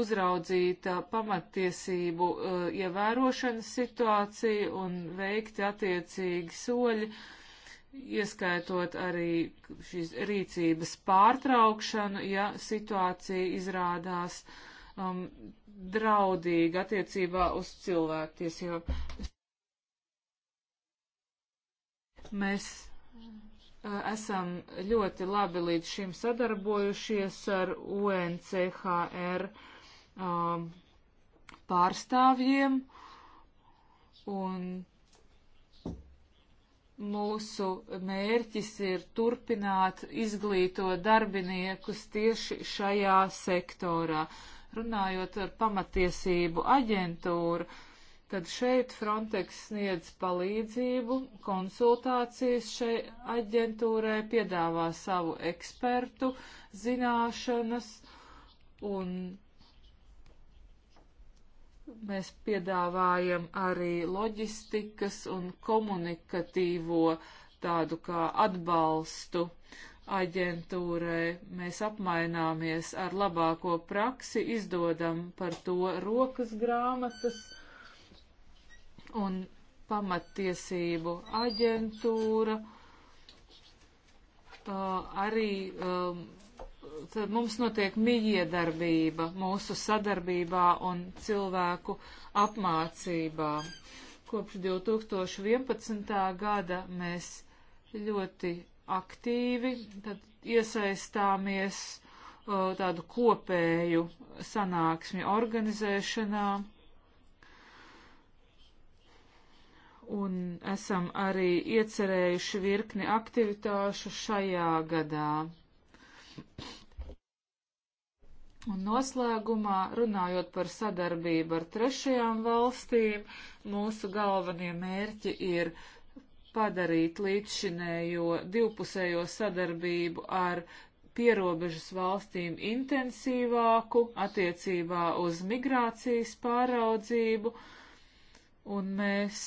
uzraudzīta pamatiesību uh, ievērošanas situācija un veikti attiecīgi soļi, ieskaitot arī šīs rīcības pārtraukšanu, ja situācija izrādās um, draudīga attiecībā uz cilvēktiesībām. Mēs esam ļoti labi līdz šim sadarbojušies ar UNCHR um, pārstāvjiem un mūsu mērķis ir turpināt izglītot darbiniekus tieši šajā sektorā. Runājot ar pamatiesību aģentūru, uh, tad šeit Frontex sniedz palīdzību, konsultācijas šai aģentūrai, piedāvā savu ekspertu zināšanas un mēs piedāvājam arī loģistikas un komunikatīvo tādu kā atbalstu aģentūrai. Mēs apmaināmies ar labāko praksi, izdodam par to rokas grāmatas un pamatiesību aģentūra uh, arī. Um, Tad mums notiek mijiedarbība mūsu sadarbībā un cilvēku apmācībā. Kopš 2011. gada mēs ļoti aktīvi iesaistāmies uh, tādu kopēju sanāksmi organizēšanā. un esam arī iecerējuši virkni aktivitāšu šajā gadā. Un noslēgumā, runājot par sadarbību ar trešajām valstīm, mūsu galvenie mērķi ir padarīt līdzšinējo divpusējo sadarbību ar pierobežas valstīm intensīvāku attiecībā uz migrācijas pāraudzību, un mēs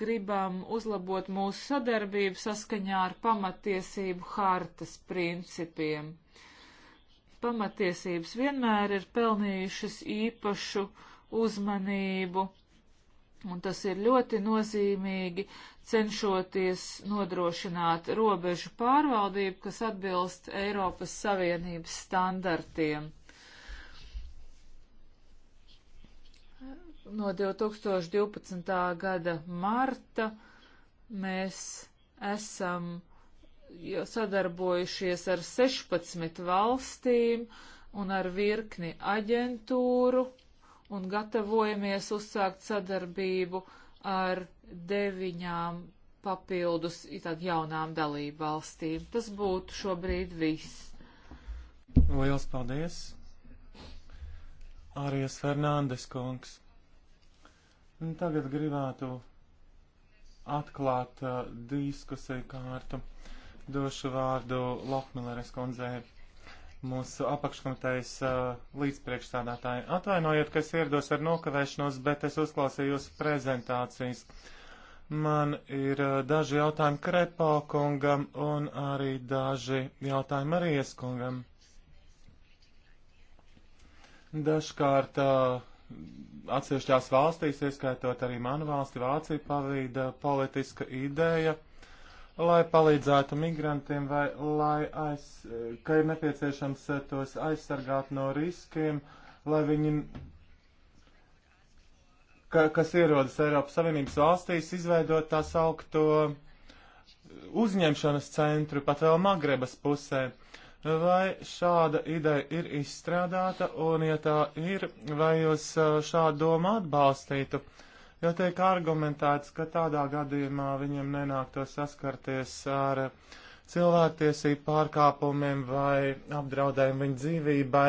gribam uzlabot mūsu sadarbību saskaņā ar pamatiesību hartas principiem. Pamatiesības vienmēr ir pelnījušas īpašu uzmanību, un tas ir ļoti nozīmīgi, cenšoties nodrošināt robežu pārvaldību, kas atbilst Eiropas Savienības standartiem. no 2012. gada marta mēs esam sadarbojušies ar 16 valstīm un ar virkni aģentūru un gatavojamies uzsākt sadarbību ar deviņām papildus tād, jaunām dalību valstīm. Tas būtu šobrīd viss. Lielas paldies! Arijas Fernandes kungs. Un tagad gribētu atklāt uh, diskusiju kārtu. Došu vārdu Lokmilleres kundzei, mūsu apakškomitejas uh, līdzpriekšstādātāji. Atvainojiet, ka es ierados ar nokavēšanos, bet es uzklausīju jūsu prezentācijas. Man ir uh, daži jautājumi Krepo kungam un arī daži jautājumi Marijas kungam. Dažkārt uh, atsevišķās valstīs, ieskaitot arī manu valsti, Vācija pavīda uh, politiska ideja, lai palīdzētu migrantiem vai lai aiz, uh, ka ir nepieciešams uh, tos aizsargāt no riskiem, lai viņi, ka, kas ierodas Eiropas Savienības valstīs, izveidot tā saukto uzņemšanas centru pat vēl Magrebas pusē. Vai šāda ideja ir izstrādāta, un ja tā ir, vai jūs šādu domu atbalstītu? Jo tiek argumentēts, ka tādā gadījumā viņiem nenāktu saskarties ar cilvēktiesību pārkāpumiem vai apdraudējumu viņu dzīvībai,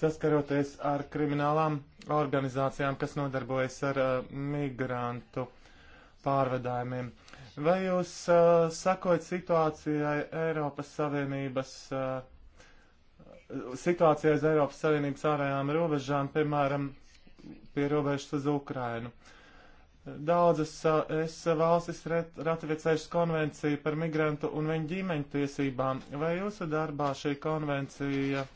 saskaroties ar kriminālām organizācijām, kas nodarbojas ar uh, migrantu pārvedājumiem. Vai jūs uh, sakojat situācijai Eiropas Savienības, uh, situācijai uz Eiropas Savienības ārējām robežām, piemēram, pie robežas uz Ukrainu? Daudzas uh, es valstis ratificējušas konvenciju par migrantu un viņu ģimeņu tiesībām. Vai jūsu darbā šī konvencija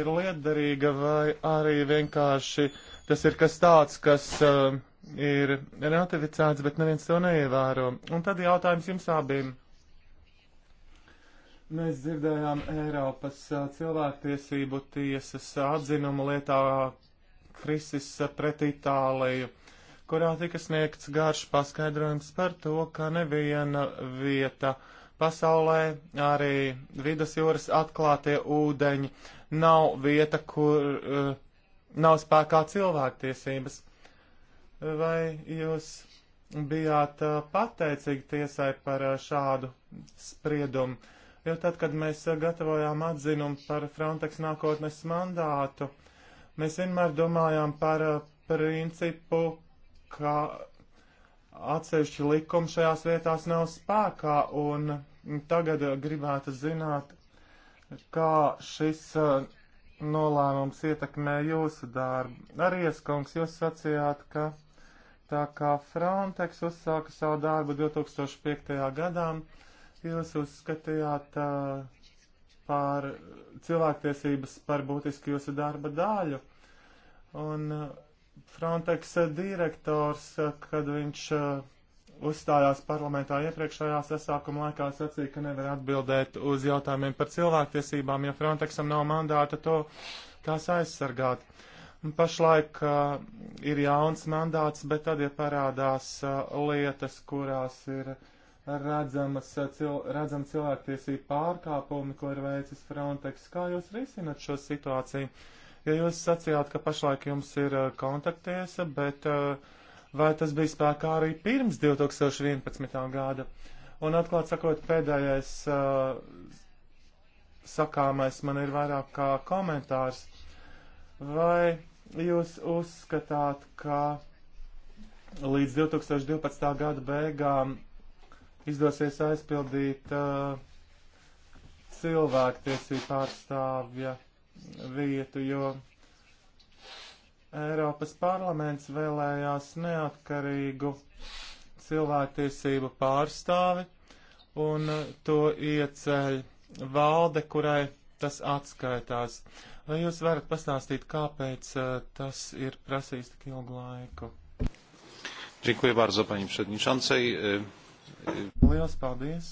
ir lietderīga vai arī vienkārši tas ir kas tāds, kas. Uh, ir ratificēts, bet neviens to neievēro. Un tad jautājums jums abiem. Mēs dzirdējām Eiropas cilvēktiesību tiesas atzinumu lietā Krisis pret Itāliju, kurā tika sniegts garš paskaidrojums par to, ka neviena vieta pasaulē, arī vidas jūras atklātie ūdeņi nav vieta, kur uh, nav spēkā cilvēktiesības vai jūs bijāt uh, pateicīgi tiesai par uh, šādu spriedumu? Jo tad, kad mēs uh, gatavojām atzinumu par Frontex nākotnes mandātu, mēs vienmēr domājām par principu, ka atsevišķi likumi šajās vietās nav spēkā, un tagad gribētu zināt, kā šis nolēmums ietekmē jūsu darbu. Arī es, kungs, jūs sacījāt, ka Tā kā Frontex uzsāka savu darbu 2005. gadā, jūs uzskatījāt uh, par cilvēktiesības par būtisku jūsu darba daļu. Un Frontex direktors, kad viņš uh, uzstājās parlamentā iepriekšējā sasākuma laikā, sacīja, ka nevar atbildēt uz jautājumiem par cilvēktiesībām, ja Frontexam nav mandāta to tās aizsargāt. Uh, Pašlaik uh, ir jauns mandāts, bet tad, ja parādās uh, lietas, kurās ir redzamas, cil, redzam cilvēktiesību pārkāpumi, ko ir veicis Frontex, kā jūs risinat šo situāciju? Ja jūs sacījāt, ka pašlaik jums ir uh, kontaktiesa, bet uh, vai tas bija spēkā arī pirms 2011. gada? Un atklāt sakot, pēdējais uh, sakāmais man ir vairāk kā komentārs. Vai jūs uzskatāt, ka līdz 2012. gada beigām izdosies aizpildīt uh, cilvēktiesību pārstāvja vietu, jo Eiropas parlaments vēlējās neatkarīgu cilvēktiesību pārstāvi un to ieceļ valde, kurai tas atskaitās. Uh, Vai jūs varat pastāstīt, kāpēc eh, tas ir prasījis tik ilgu laiku? Dziękuję bardzo pani przewodniczącej. E, e, Lielas paldies.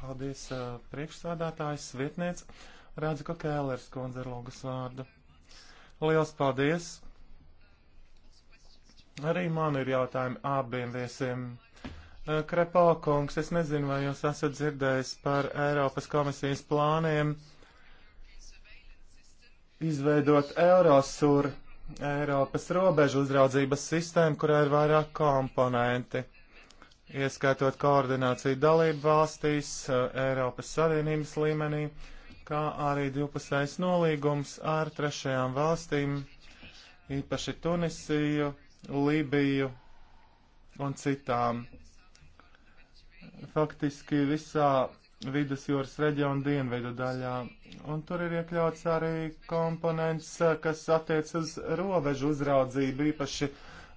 Paldies eh, priekšsādātājs, vietniec. Redzu, ka Kēlers kundze ir logas vārdu. Lielas paldies. Arī man ir jautājumi abiem viesiem. Eh, Krepā kungs, es nezinu, vai jūs esat dzirdējis par Eiropas komisijas plāniem izveidot Eurosur, Eiropas robežu uzraudzības sistēmu, kurā ir vairāk komponenti, ieskaitot koordināciju dalību valstīs, eh, Eiropas Savienības līmenī, kā arī divpusējs nolīgums ar trešajām valstīm, īpaši Tunisiju, Libiju un citām. Faktiski visā vidus jūras reģiona dienvidu daļā. Un tur ir iekļauts arī komponents, eh, kas attiec uz robežu uzraudzību, īpaši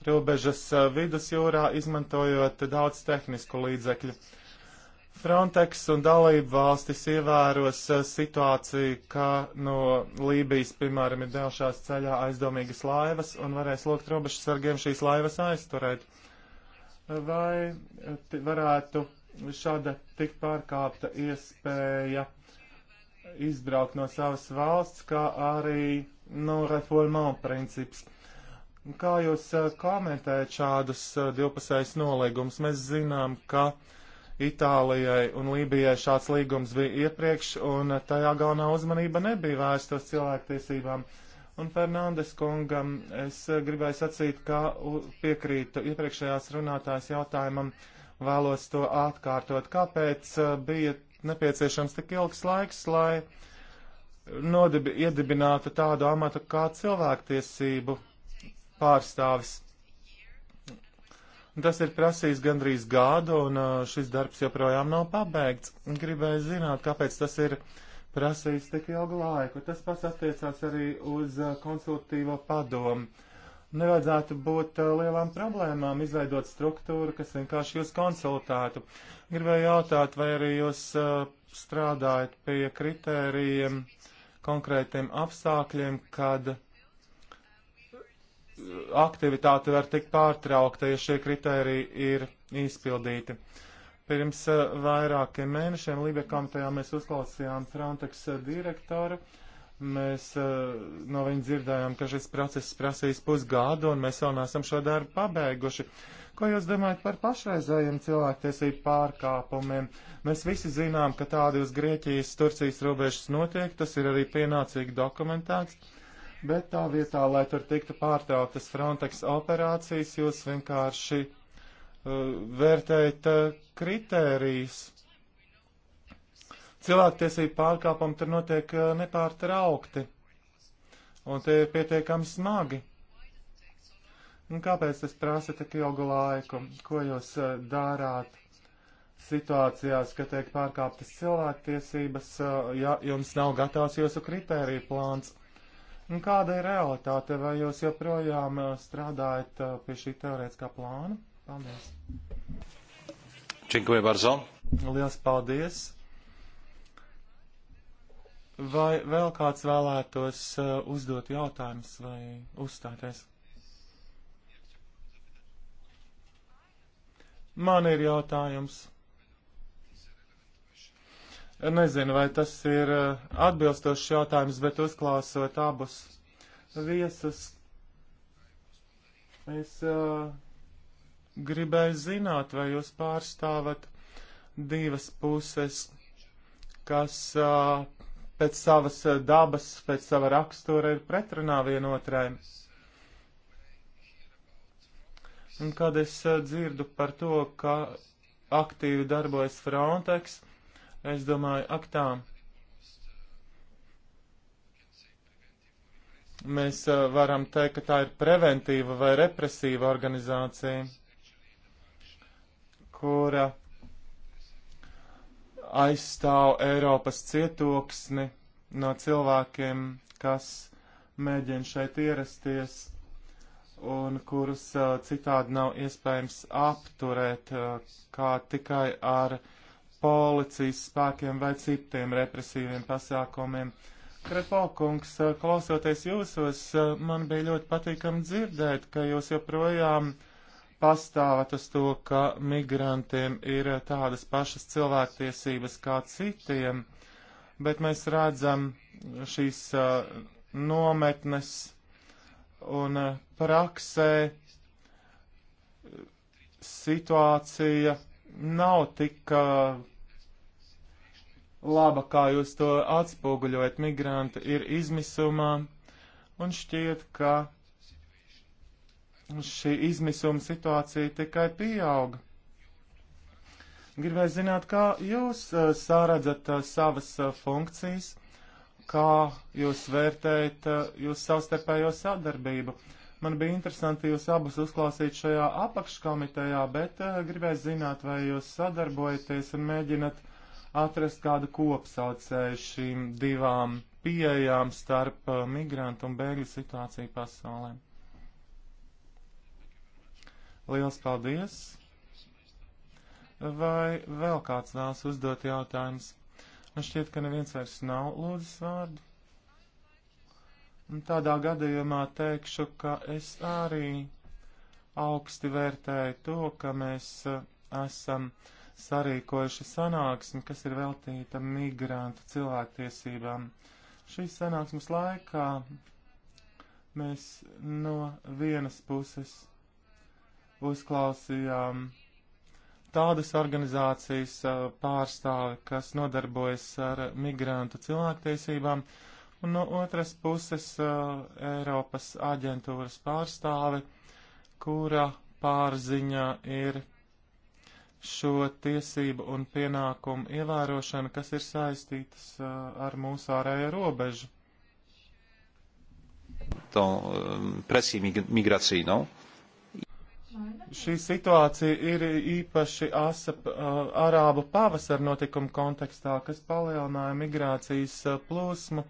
robežas eh, vidus jūrā, izmantojot daudz tehnisku līdzekļu. Frontex un dalību valstis ievēros eh, situāciju, ka no Lībijas, piemēram, ir devušās ceļā aizdomīgas laivas un varēs lūgt robežu sargiem šīs laivas aizturēt. Vai varētu šāda tik pārkāpta iespēja izbraukt no savas valsts, kā arī no reformā princips. Kā jūs eh, komentējat šādus eh, divpusējus nolīgumus? Mēs zinām, ka Itālijai un Lībijai šāds līgums bija iepriekš, un tajā galvenā uzmanība nebija vērsta uz cilvēktiesībām. Un Fernandes kungam es eh, gribēju sacīt, ka piekrītu iepriekšējās runātājs jautājumam. Uh, vēlos to atkārtot. Kāpēc uh, bija nepieciešams tik ilgs laiks, lai nodibi, iedibinātu tādu amatu kā cilvēktiesību pārstāvis? Tas ir prasījis gandrīz gādu, un uh, šis darbs joprojām nav pabeigts. Gribēju zināt, kāpēc tas ir prasījis tik ilgu laiku. Tas pats attiecās arī uz uh, konsultīvo padomu nevajadzētu būt uh, lielām problēmām izveidot struktūru, kas vienkārši jūs konsultētu. Gribēju jautāt, vai arī jūs uh, strādājat pie kritērijiem, konkrētiem apstākļiem, kad uh, aktivitāte var tikt pārtraukta, ja šie kritēriji ir izpildīti. Pirms uh, vairākiem mēnešiem Libe komitejā mēs uzklausījām Frontex uh, direktoru. Uh, Mēs eh, no viņa dzirdējām, ka šis process prasīs pusgādu, un mēs vēl neesam šo darbu pabeiguši. Ko jūs domājat par pašreizējiem cilvēktiesību pārkāpumiem? Mēs visi zinām, ka tādi uz Grieķijas, Turcijas robežas notiek, tas ir arī pienācīgi dokumentēts, bet tā vietā, lai tur tiktu pārtrauktas Frontex operācijas, jūs vienkārši uh, vērtējat uh, kritērijus. Cilvēktiesību pārkāpumi tur notiek eh, nepārtraukti, un tie ir pietiekami smagi. Un kāpēc tas prasa tik ilgu laiku? Ko jūs eh, dārāt situācijās, kad tiek pārkāptas cilvēktiesības, eh, ja jums nav gatavs jūsu kritērija plāns? Un kāda ir realitāte? Vai jūs joprojām strādājat pie šī teorētiskā plāna? Paldies! Činkuja Barzo! Lielas paldies! Vai vēl kāds vēlētos uh, uzdot jautājumus vai uzstāties? Man ir jautājums. Nezinu, vai tas ir uh, atbilstošs jautājums, bet uzklāsot abus viesus, es uh, gribēju zināt, vai jūs pārstāvat divas puses, kas uh, pēc savas eh, dabas, pēc sava rakstura ir pretrunā vienotrai. Un kad es eh, dzirdu par to, ka aktīvi darbojas Frontex, es domāju, ak tā, mēs eh, varam teikt, ka tā ir preventīva vai represīva organizācija, kura aizstāv Eiropas cietoksni no cilvēkiem, kas mēģina šeit ierasties un kurus uh, citādi nav iespējams apturēt, uh, kā tikai ar policijas spēkiem vai citiem represīviem pasākumiem. Krepalkungs, klausoties jūsos, man bija ļoti patīkami dzirdēt, ka jūs joprojām uh, pastāvat uz to, ka migrantiem ir tādas pašas cilvēktiesības kā citiem, bet mēs redzam šīs uh, nometnes un uh, praksē situācija nav tik uh, laba, kā jūs to atspoguļojat. Migranti ir izmisumā un šķiet, ka šī izmisuma situācija tikai pieauga. Gribēju zināt, kā jūs uh, eh, sāradzat uh, eh, savas uh, funkcijas, kā jūs vērtējat jūs savstarpējo sadarbību. Man bija interesanti jūs abus uzklausīt šajā apakškomitejā, bet gribēju zināt, vai jūs sadarbojaties un mēģinat atrast kādu kopsaucēju šīm divām pieejām starp migrantu un bēgļu situāciju pasaulē. Liels paldies! Vai vēl kāds vēlas uzdot jautājumus? Man šķiet, ka neviens vairs nav lūdzis vārdu. Un tādā gadījumā teikšu, ka es arī augsti vērtēju to, ka mēs uh, esam sarīkojuši sanāksmi, kas ir veltīta migrantu cilvēktiesībām. Šīs sanāksmes laikā mēs no vienas puses uzklausījām tādas organizācijas pārstāvi, kas nodarbojas ar migrantu cilvēktiesībām, un no otras puses Eiropas aģentūras pārstāvi, kura pārziņa ir šo tiesību un pienākumu ievērošana, kas ir saistītas ar mūsu ārējo robežu. To um, presiju migrāciju, nav? No? Šī situācija ir īpaši asa arābu pavasara notikuma kontekstā, kas palielināja migrācijas plūsmu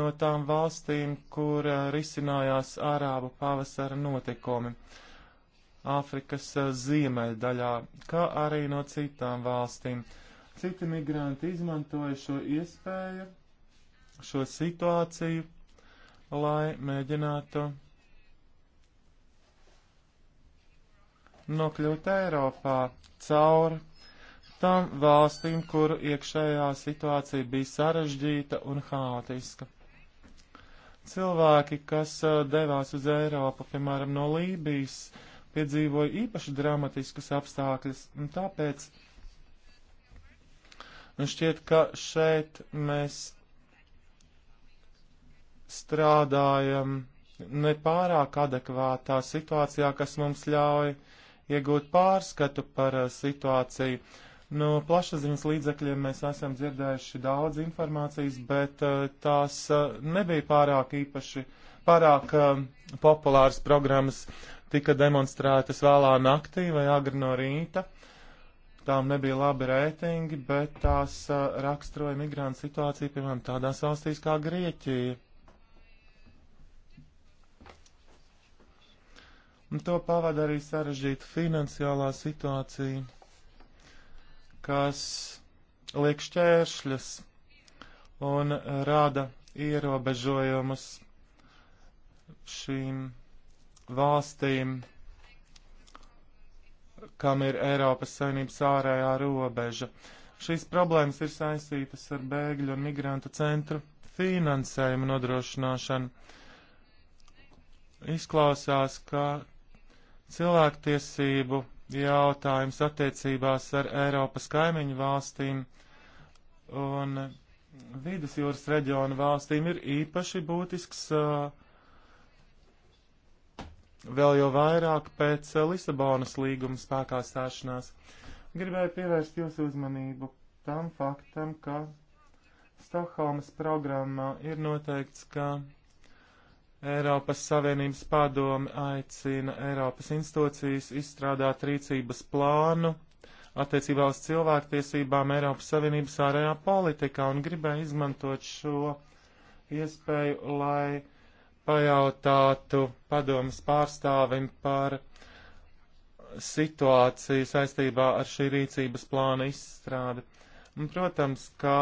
no tām valstīm, kur risinājās arābu pavasara notikumi Āfrikas ziemeļdaļā, kā arī no citām valstīm. Citi migranti izmantoja šo iespēju, šo situāciju, lai mēģinātu nokļūt Eiropā caur tām valstīm, kuru iekšējā situācija bija sarežģīta un haotiska. Cilvēki, kas devās uz Eiropu, piemēram, no Lībijas, piedzīvoja īpaši dramatiskus apstākļus, un tāpēc un šķiet, ka šeit mēs strādājam nepārāk adekvātā situācijā, kas mums ļauj uh, iegūt pārskatu par uh, situāciju. No nu, plašsaziņas līdzekļiem mēs esam dzirdējuši daudz informācijas, bet uh, tās uh, nebija pārāk īpaši, pārāk populāras programmas tika demonstrētas vēlā naktī vai agri no rīta. Tām nebija labi reitingi, bet tās raksturoja migrantu situāciju, piemēram, tādās valstīs kā Grieķija. Un to pavada arī sarežģīta finansiālā situācija, kas liek šķēršļus un rada ierobežojumus šīm valstīm, kam ir Eiropas saimnības ārējā robeža. Šīs problēmas ir saistītas ar bēgļu un migrantu centru finansējumu nodrošināšanu. Izklausās, ka Cilvēktiesību jautājums attiecībās ar Eiropas kaimiņu valstīm un vidusjūras reģionu valstīm ir īpaši būtisks vēl jau vairāk pēc Lisabonas līguma spēkā stāšanās. Gribēju pievērst jūsu uzmanību tam faktam, ka Stokholmas programmā ir noteikts, ka Eiropas Savienības padomi aicina Eiropas institūcijas izstrādāt rīcības plānu attiecībā uz cilvēktiesībām Eiropas Savienības ārējā politikā un gribēja izmantot šo iespēju, lai pajautātu padomas pārstāvim par situāciju saistībā ar šī rīcības plāna izstrādi. Un, protams, ka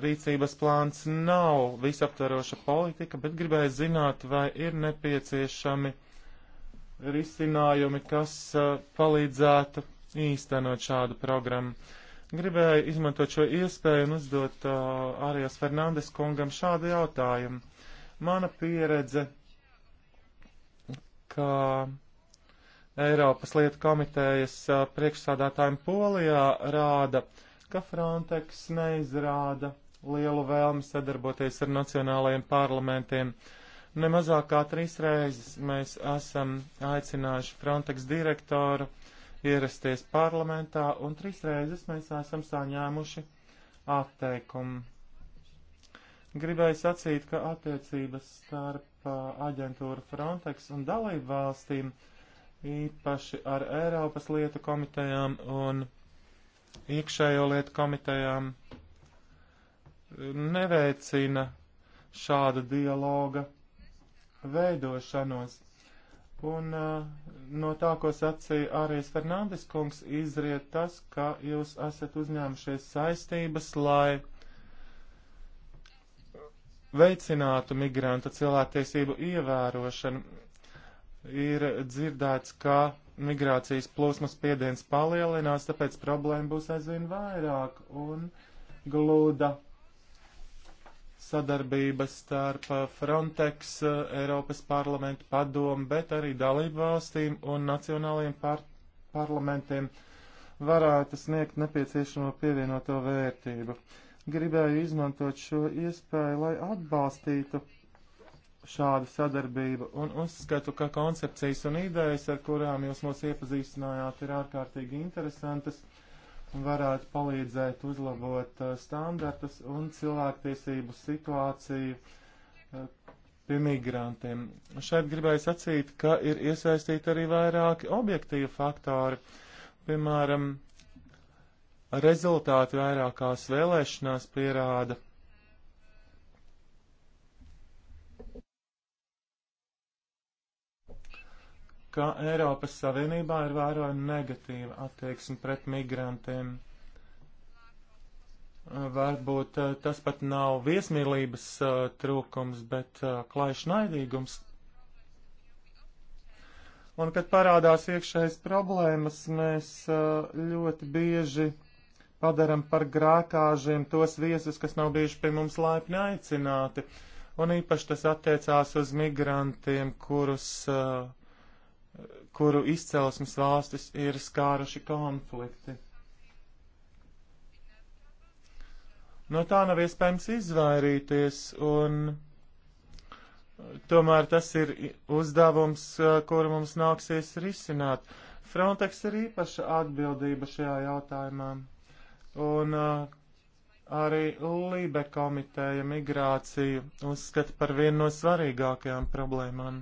rīcības plāns nav visaptveroša politika, bet gribēju zināt, vai ir nepieciešami risinājumi, kas uh, palīdzētu īstenot šādu programmu. Gribēju izmantot šo iespēju un uzdot uh, Arijas Fernandes kungam šādu jautājumu. Mana pieredze, ka Eiropas lietu komitejas uh, priekšsādātājiem Polijā rāda, ka Frontex neizrāda lielu vēlmi sadarboties ar nacionālajiem parlamentiem. Nemazāk kā trīs reizes mēs esam aicinājuši Frontex direktoru ierasties parlamentā, un trīs reizes mēs esam saņēmuši atteikumu. Gribēju sacīt, ka attiecības starp aģentūru Frontex un dalību valstīm, īpaši ar Eiropas lietu komitejām un iekšējo lietu komitejām, neveicina šāda dialoga veidošanos. Un uh, no tā, ko sacīja Ārijas Fernandes kungs, izriet tas, ka jūs esat uzņēmušies saistības, lai veicinātu migranta cilvēktiesību ievērošanu. Ir dzirdēts, ka migrācijas plūsmas spiediens palielinās, tāpēc problēma būs aizvien vairāk un glūda sadarbība starp uh, Frontex, uh, Eiropas parlamentu padomu, bet arī dalību valstīm un nacionālajiem par parlamentiem varētu sniegt nepieciešamo pievienoto vērtību. Gribēju izmantot šo iespēju, lai atbalstītu šādu sadarbību un uzskatu, ka koncepcijas un idejas, ar kurām jūs mūs iepazīstinājāt, ir ārkārtīgi interesantas varētu palīdzēt uzlabot uh, standartus un cilvēktiesību situāciju uh, pie migrantiem. Šeit gribēju sacīt, ka ir iesaistīti arī vairāki objektīvi faktori, piemēram, rezultāti vairākās vēlēšanās pierāda, ka Eiropas Savienībā ir vērojama negatīva attieksme pret migrantiem. Varbūt eh, tas pat nav viesmīlības uh, trūkums, bet uh, klaišs naidīgums. Un, kad parādās iekšējas problēmas, mēs uh, ļoti bieži padaram par grākāžiem tos viesus, kas nav bijuši pie mums laipni aicināti. Un īpaši tas attiecās uz migrantiem, kurus uh, kuru izcelsmes valstis ir skāruši konflikti. No tā nav iespējams izvairīties, un tomēr tas ir uzdevums, eh, kuru mums nāksies risināt. Frontex ir īpaša atbildība šajā jautājumā, un eh, arī Lībe komiteja migrāciju uzskata par vienu no svarīgākajām problēmām.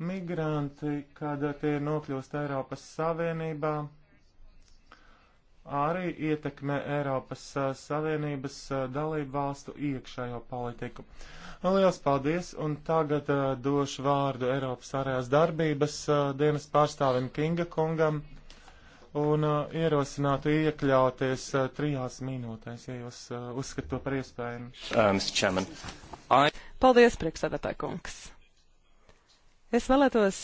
Migranti, kad tie ir nokļūst Eiropas Savienībā, arī ietekmē Eiropas Savienības dalību valstu iekšējo politiku. Lielas paldies, un tagad uh, došu vārdu Eiropas ārējās darbības uh, dienas pārstāvim Kinga kungam, un uh, ierosinātu iekļauties trijās minūtēs, ja jūs uzskatu to par iespējamu. Um, I... Paldies, priekšsēdētāj kungs! Es vēlētos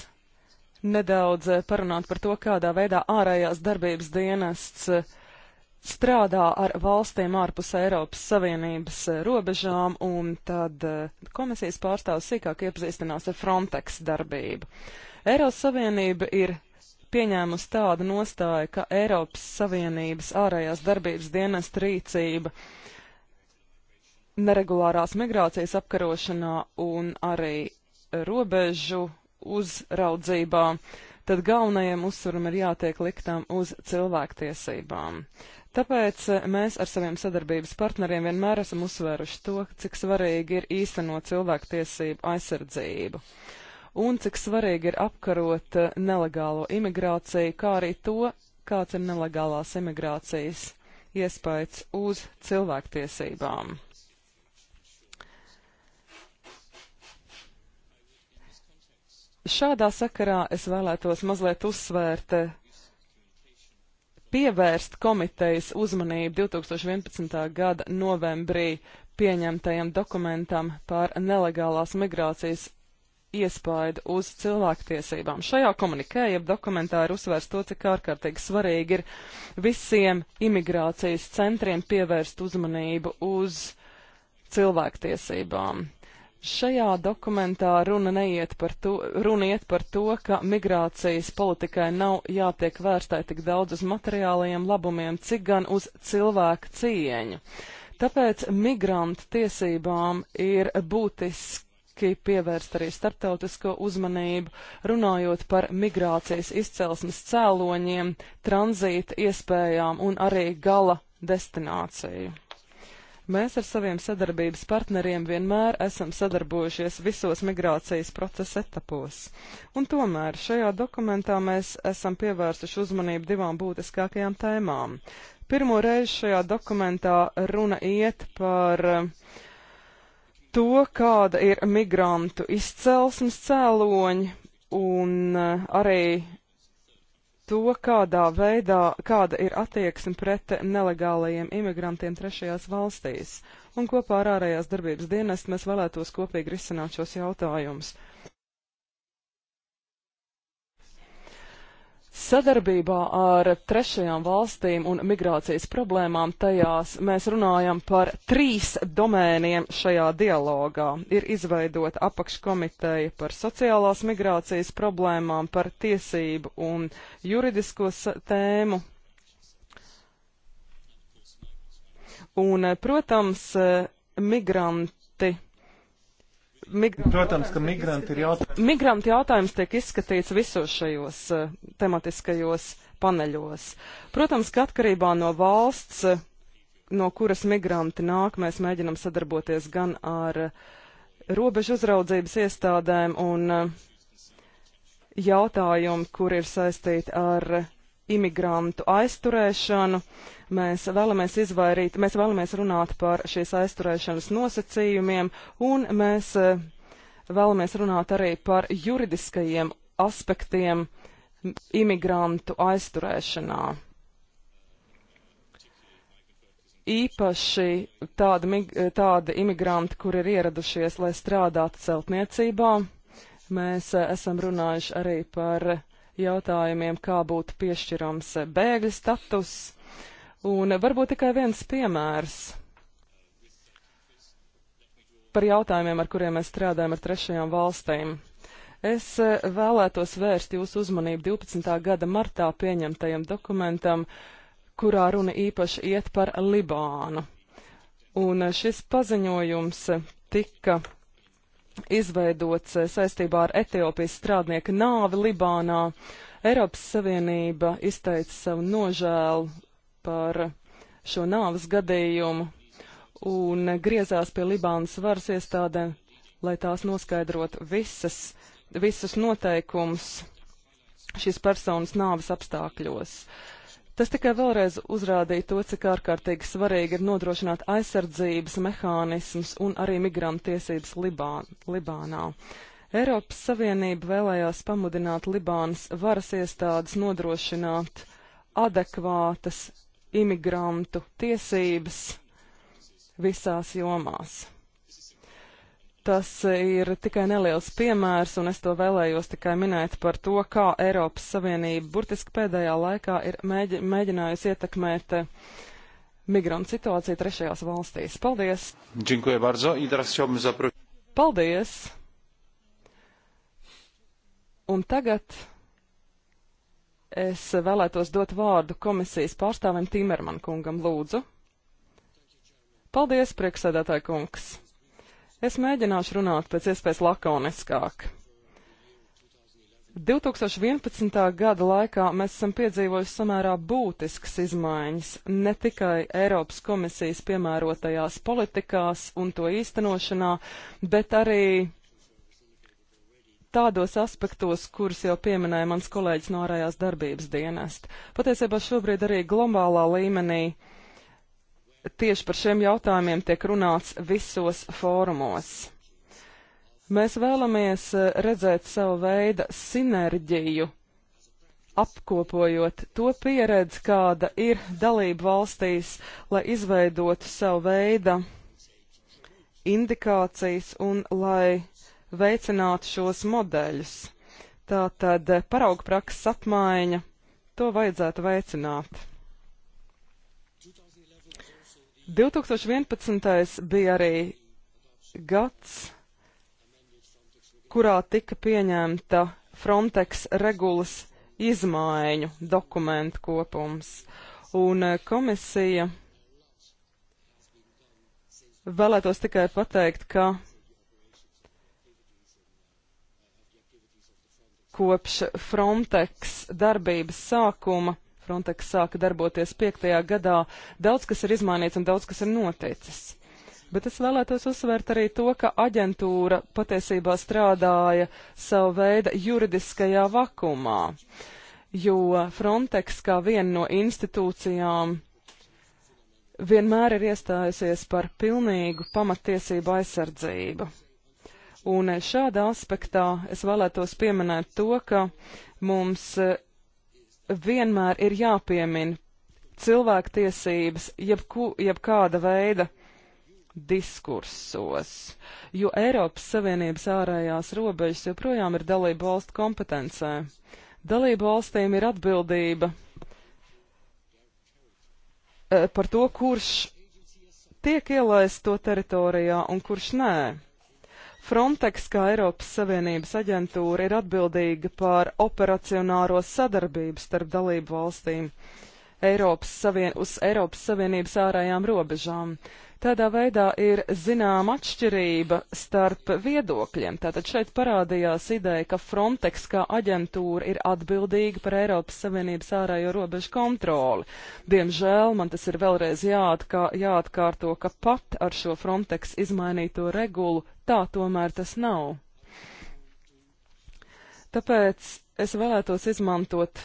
nedaudz eh, parunāt par to, kādā veidā ārējās darbības dienests eh, strādā ar valstīm ārpus Eiropas Savienības eh, robežām, un tad komisijas pārstāvs sīkāk iepazīstinās ar Frontex darbību. Eiropas Savienība ir pieņēmusi tādu nostāju, ka Eiropas Savienības ārējās darbības dienesta rīcība neregulārās migrācijas apkarošanā un arī robežu uzraudzībā, tad galvenajam uzsvaram ir jātiek liktām uz cilvēktiesībām. Tāpēc eh, mēs ar saviem sadarbības partneriem vienmēr esam uzsvēruši to, cik svarīgi ir īstenot cilvēktiesību aizsardzību un cik svarīgi ir apkarot eh, nelegālo imigrāciju, kā arī to, kāds ir nelegālās imigrācijas iespējas uz cilvēktiesībām. Šādā sakarā es vēlētos mazliet uzsvērt, pievērst komitejas uzmanību 2011. gada novembrī pieņemtajam dokumentam par nelegālās migrācijas iespaidu uz cilvēktiesībām. Šajā komunikē, jeb dokumentā ir uzsvērts to, cik ārkārtīgi svarīgi ir visiem imigrācijas centriem pievērst uzmanību uz cilvēktiesībām. Šajā dokumentā runa, neiet par to, runa iet par to, ka migrācijas politikai nav jātiek vērstai tik daudz uz materiālajiem labumiem, cik gan uz cilvēku cieņu. Tāpēc migrantu tiesībām ir būtiski pievērst arī starptautisko uzmanību, runājot par migrācijas izcelsmes cēloņiem, tranzīta iespējām un arī gala destināciju. Mēs ar saviem sadarbības partneriem vienmēr esam sadarbojušies visos migrācijas procesa etapos, un tomēr šajā dokumentā mēs esam pievērsuši uzmanību divām būtiskākajām tēmām. Pirmo reizi šajā dokumentā runa iet par uh, to, kāda ir migrantu izcelsmes cēloņi, un eh, arī to, kādā veidā, kāda ir attieksme pret nelegālajiem imigrantiem trešajās valstīs. Un kopā ar ārējās darbības dienestu mēs vēlētos kopīgi risināt šos jautājumus. Sadarbībā ar trešajām valstīm un migrācijas problēmām tajās mēs runājam par trīs domēniem šajā dialogā. Ir izveidota apakškomiteja par sociālās migrācijas problēmām, par tiesību un juridisko tēmu. Un, protams, migrant Migranti Protams, ka migranti ir jautājums. Migranti jautājums tiek izskatīts visos šajos uh, tematiskajos paneļos. Protams, ka atkarībā no valsts, eh, no kuras migranti nāk, mēs mēģinam sadarboties gan ar uh, robežu uzraudzības iestādēm un uh, jautājumi, kur ir saistīti ar imigrantu aizturēšanu. Mēs vēlamies izvairīt, mēs vēlamies runāt par šīs aizturēšanas nosacījumiem, un mēs eh, vēlamies runāt arī par juridiskajiem aspektiem imigrantu aizturēšanā īpaši tādi, tādi imigranti, kur ir ieradušies, lai strādātu celtniecībā. Mēs eh, esam runājuši arī par jautājumiem, kā būtu piešķirams bēgļu status. Un varbūt tikai viens piemērs par jautājumiem, ar kuriem mēs strādājam ar trešajām valstīm. Es eh, vēlētos vērst jūsu uzmanību 12. gada martā pieņemtajam dokumentam, kurā runa īpaši iet par Libānu. Un eh, šis paziņojums tika izveidots eh, saistībā ar Etiopijas strādnieka nāvi Libānā. Eiropas Savienība izteica savu nožēlu par šo nāvas gadījumu un griezās pie Libānas varas iestādēm, lai tās noskaidrot visas, visus noteikumus šīs personas nāvas apstākļos. Uh, Tas tikai vēlreiz uzrādīja to, cik ārkārtīgi svarīgi ir nodrošināt aizsardzības mehānismus un arī migrantu tiesības Libān, Libānā. Eiropas Savienība vēlējās pamudināt Libānas varas iestādes nodrošināt adekvātas imigrantu tiesības visās jomās. Tas ir tikai neliels piemērs, un es to vēlējos tikai minēt par to, kā Eiropas Savienība burtiski pēdējā laikā ir mēģi, mēģinājusi ietekmēt eh, migrantu situāciju trešajās valstīs. Paldies! Paldies! Un tagad es vēlētos dot vārdu komisijas pārstāvim Timerman kungam lūdzu. Paldies, prieksēdētāji kungs! Es mēģināšu runāt pēc iespējas lakoniskāk. 2011. gada laikā mēs esam piedzīvojuši samērā būtiskas izmaiņas ne tikai Eiropas komisijas piemērotajās politikās un to īstenošanā, bet arī tādos aspektos, kurus jau pieminēja mans kolēģis no ārējās darbības dienesta. Patiesībā šobrīd arī globālā līmenī uh, tieši par šiem jautājumiem tiek runāts visos fórumos. Mēs vēlamies e, redzēt savu veidu sinerģiju, apkopojot to pieredzi, kāda ir dalība valstīs, lai izveidotu savu veidu indikācijas un lai veicinātu šos modeļus. Tātad e, paraugu prakses apmaiņa, to vajadzētu veicināt. 2011. bija arī gads, kurā tika pieņemta Frontex regulas izmaiņu dokumentu kopums, un eh, komisija vēlētos tikai pateikt, ka kopš Frontex darbības sākuma Frontex sāka darboties piektajā gadā, daudz kas ir izmainīts un daudz kas ir noticis. Bet es vēlētos uzsvērt arī to, ka aģentūra patiesībā strādāja savu veidu juridiskajā vakumā, jo Frontex kā viena no institūcijām vienmēr ir iestājusies par pilnīgu pamatiesību aizsardzību. Un šādā aspektā es vēlētos pieminēt to, ka mums vienmēr ir jāpiemina cilvēktiesības jebku, jebkāda veida diskursos, jo Eiropas Savienības ārējās robežas joprojām ir dalību valstu kompetencē. Dalību valstīm ir atbildība eh, par to, kurš tiek ielaists to teritorijā un kurš nē. Frontex, kā Eiropas Savienības aģentūra, ir atbildīga par operacionāro sadarbību starp dalību valstīm Eiropas Savien uz Eiropas Savienības ārējām robežām. Tādā veidā ir zināma atšķirība starp viedokļiem. Tātad šeit parādījās ideja, ka Frontex kā aģentūra ir atbildīga par Eiropas Savienības ārējo robežu kontroli. Diemžēl man tas ir vēlreiz jāatkā, jāatkārto, ka pat ar šo Frontex izmainīto regulu tā tomēr tas nav. Tāpēc es vēlētos izmantot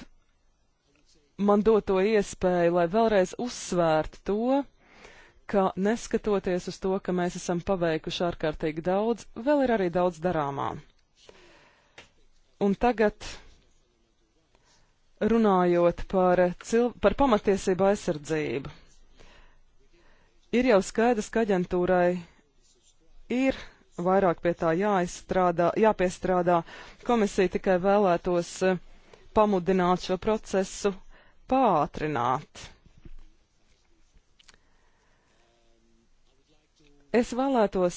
man doto iespēju, lai vēlreiz uzsvērtu to, ka neskatoties uz to, ka mēs esam paveikuši ārkārtīgi daudz, vēl ir arī daudz darāmā. Un tagad runājot par, cil... par pamatiesību aizsardzību. Ir jau skaidrs, ka aģentūrai ir vairāk pie tā jāizstrādā, jāpiestrādā. Komisija tikai vēlētos pamudināt šo procesu, pātrināt. Es vēlētos,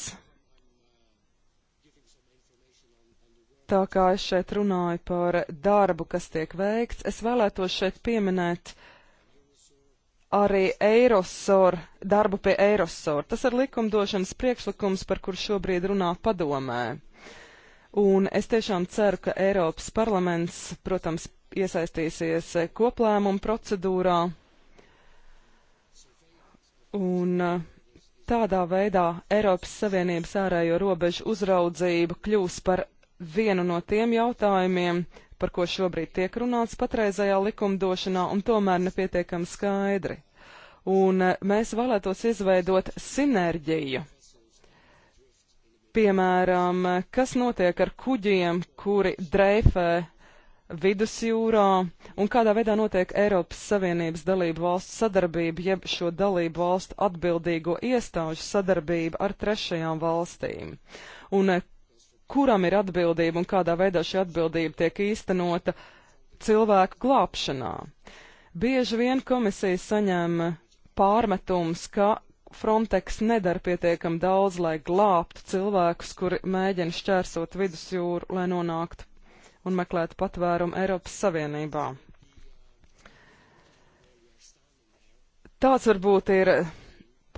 tā kā es šeit runāju par darbu, kas tiek veikts, es vēlētos šeit pieminēt arī Eirosor, darbu pie Eirosor. Tas ir likumdošanas priekšlikums, par kur šobrīd runā padomē. Un es tiešām ceru, ka Eiropas parlaments, protams, iesaistīsies koplēmuma procedūrā. Un uh, Tādā veidā Eiropas Savienības ārējo robežu uzraudzība kļūs par vienu no tiem jautājumiem, par ko šobrīd tiek runāts patreizajā likumdošanā un tomēr nepietiekami skaidri. Un eh, mēs vēlētos izveidot sinerģiju piemēram, eh, kas notiek ar kuģiem, kuri dreifē vidusjūrā un kādā veidā notiek Eiropas Savienības dalību valstu sadarbība, jeb šo dalību valstu atbildīgo iestāžu sadarbība ar trešajām valstīm. Un eh, kuram ir atbildība un kādā veidā šī atbildība tiek īstenota cilvēku glābšanā. Bieži vien komisija saņem pārmetums, ka Frontex nedara pietiekam daudz, lai glābtu cilvēkus, kuri mēģina šķērsot vidusjūru, lai nonāktu un meklētu patvērumu Eiropas Savienībā. Tāds varbūt ir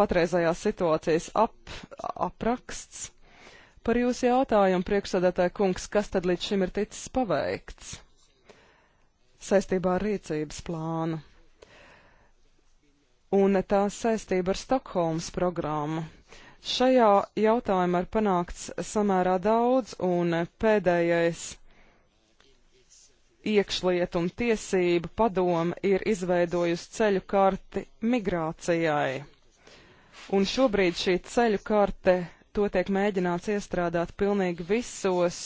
patreizējās situācijas ap, apraksts. Par jūsu jautājumu, priekšsēdētāja kungs, kas tad līdz šim ir ticis paveikts saistībā ar rīcības plānu? Un tā saistība ar Stokholmas programmu. Šajā jautājumā ir panākts samērā daudz, un pēdējais iekšlietu un tiesību padome ir izveidojusi ceļu karti migrācijai. Un šobrīd šī ceļu karte, to tiek mēģināts iestrādāt pilnīgi visos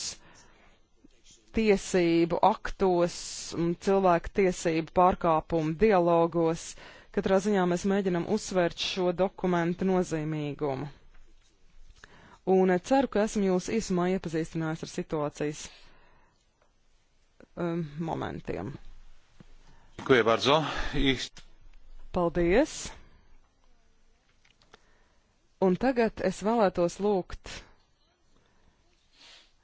tiesību aktos un cilvēku tiesību pārkāpumu dialogos. Katrā ziņā mēs mēģinam uzsvērt šo dokumentu nozīmīgumu. Un ceru, ka esmu jūs īsumā iepazīstinājis ar situācijas um, momentiem. Paldies! Un tagad es vēlētos lūgt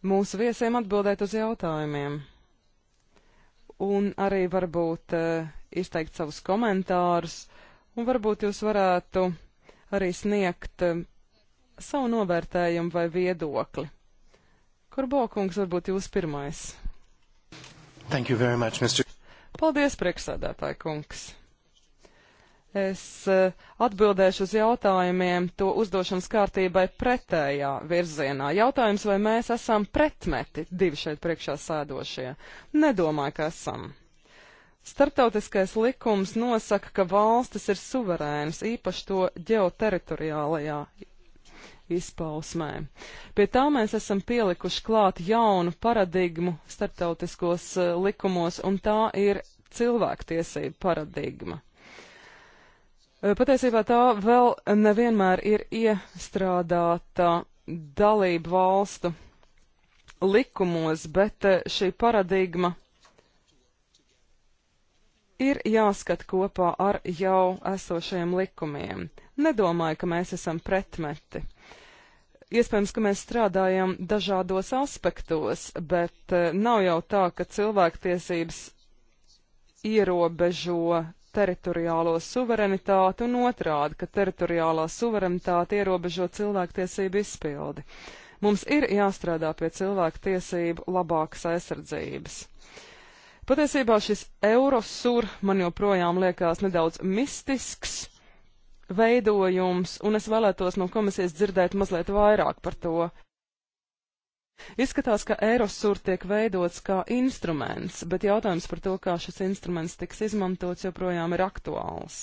mūsu viesiem atbildēt uz jautājumiem. Un arī varbūt uh, izteikt savus komentārus, un varbūt jūs varētu arī sniegt uh, savu novērtējumu vai viedokli. Kur Bokungs varbūt jūs pirmais? Thank you very much, Mr. Paldies, priekšsēdētāji kungs. Es eh, atbildēšu uz jautājumiem to uzdošanas kārtībai pretējā virzienā. Jautājums, vai mēs esam pretmeti divi šeit priekšā sēdošie? Nedomāju, ka esam. Startautiskais likums nosaka, ka valstis ir suverēnas, īpaši to ģeoteritoriālajā izpausmē. Pie tā mēs esam pielikuši klāt jaunu paradigmu starptautiskos eh, likumos, un tā ir cilvēktiesība paradigma. Eh, patiesībā tā vēl nevienmēr ir iestrādāta dalību valstu likumos, bet eh, šī paradigma ir jāskat kopā ar jau esošajiem likumiem. Nedomāju, ka mēs esam pretmeti. Iespējams, ka mēs strādājam dažādos aspektos, bet eh, nav jau tā, ka cilvēktiesības ierobežo teritoriālo suverenitāti un otrādi, ka teritoriālā suverenitāte ierobežo cilvēktiesību izpildi. Mums ir jāstrādā pie cilvēktiesību labākas aizsardzības. Patiesībā šis Eurosur man joprojām liekas nedaudz mistisks, veidojums, un es vēlētos no komisijas dzirdēt mazliet vairāk par to. Izskatās, ka Eirosur tiek veidots kā instruments, bet jautājums par to, kā šis instruments tiks izmantots, joprojām ir aktuāls.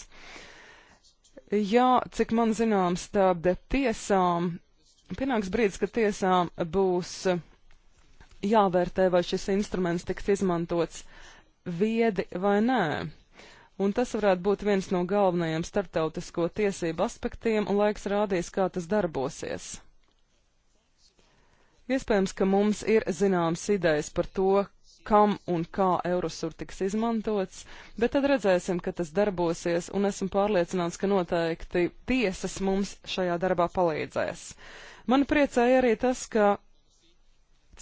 Jā, cik man zināms, tad tiesām pienāks brīdis, ka tiesām būs jāvērtē, vai šis instruments tiks izmantots viedi vai nē un tas varētu būt viens no galvenajiem starptautisko tiesību aspektiem, un laiks rādīs, kā tas darbosies. Iespējams, ka mums ir zināmas idejas par to, kam un kā Eurosur tiks izmantots, bet tad redzēsim, ka tas darbosies, un esmu pārliecināts, ka noteikti tiesas mums šajā darbā palīdzēs. Mani priecēja arī tas, ka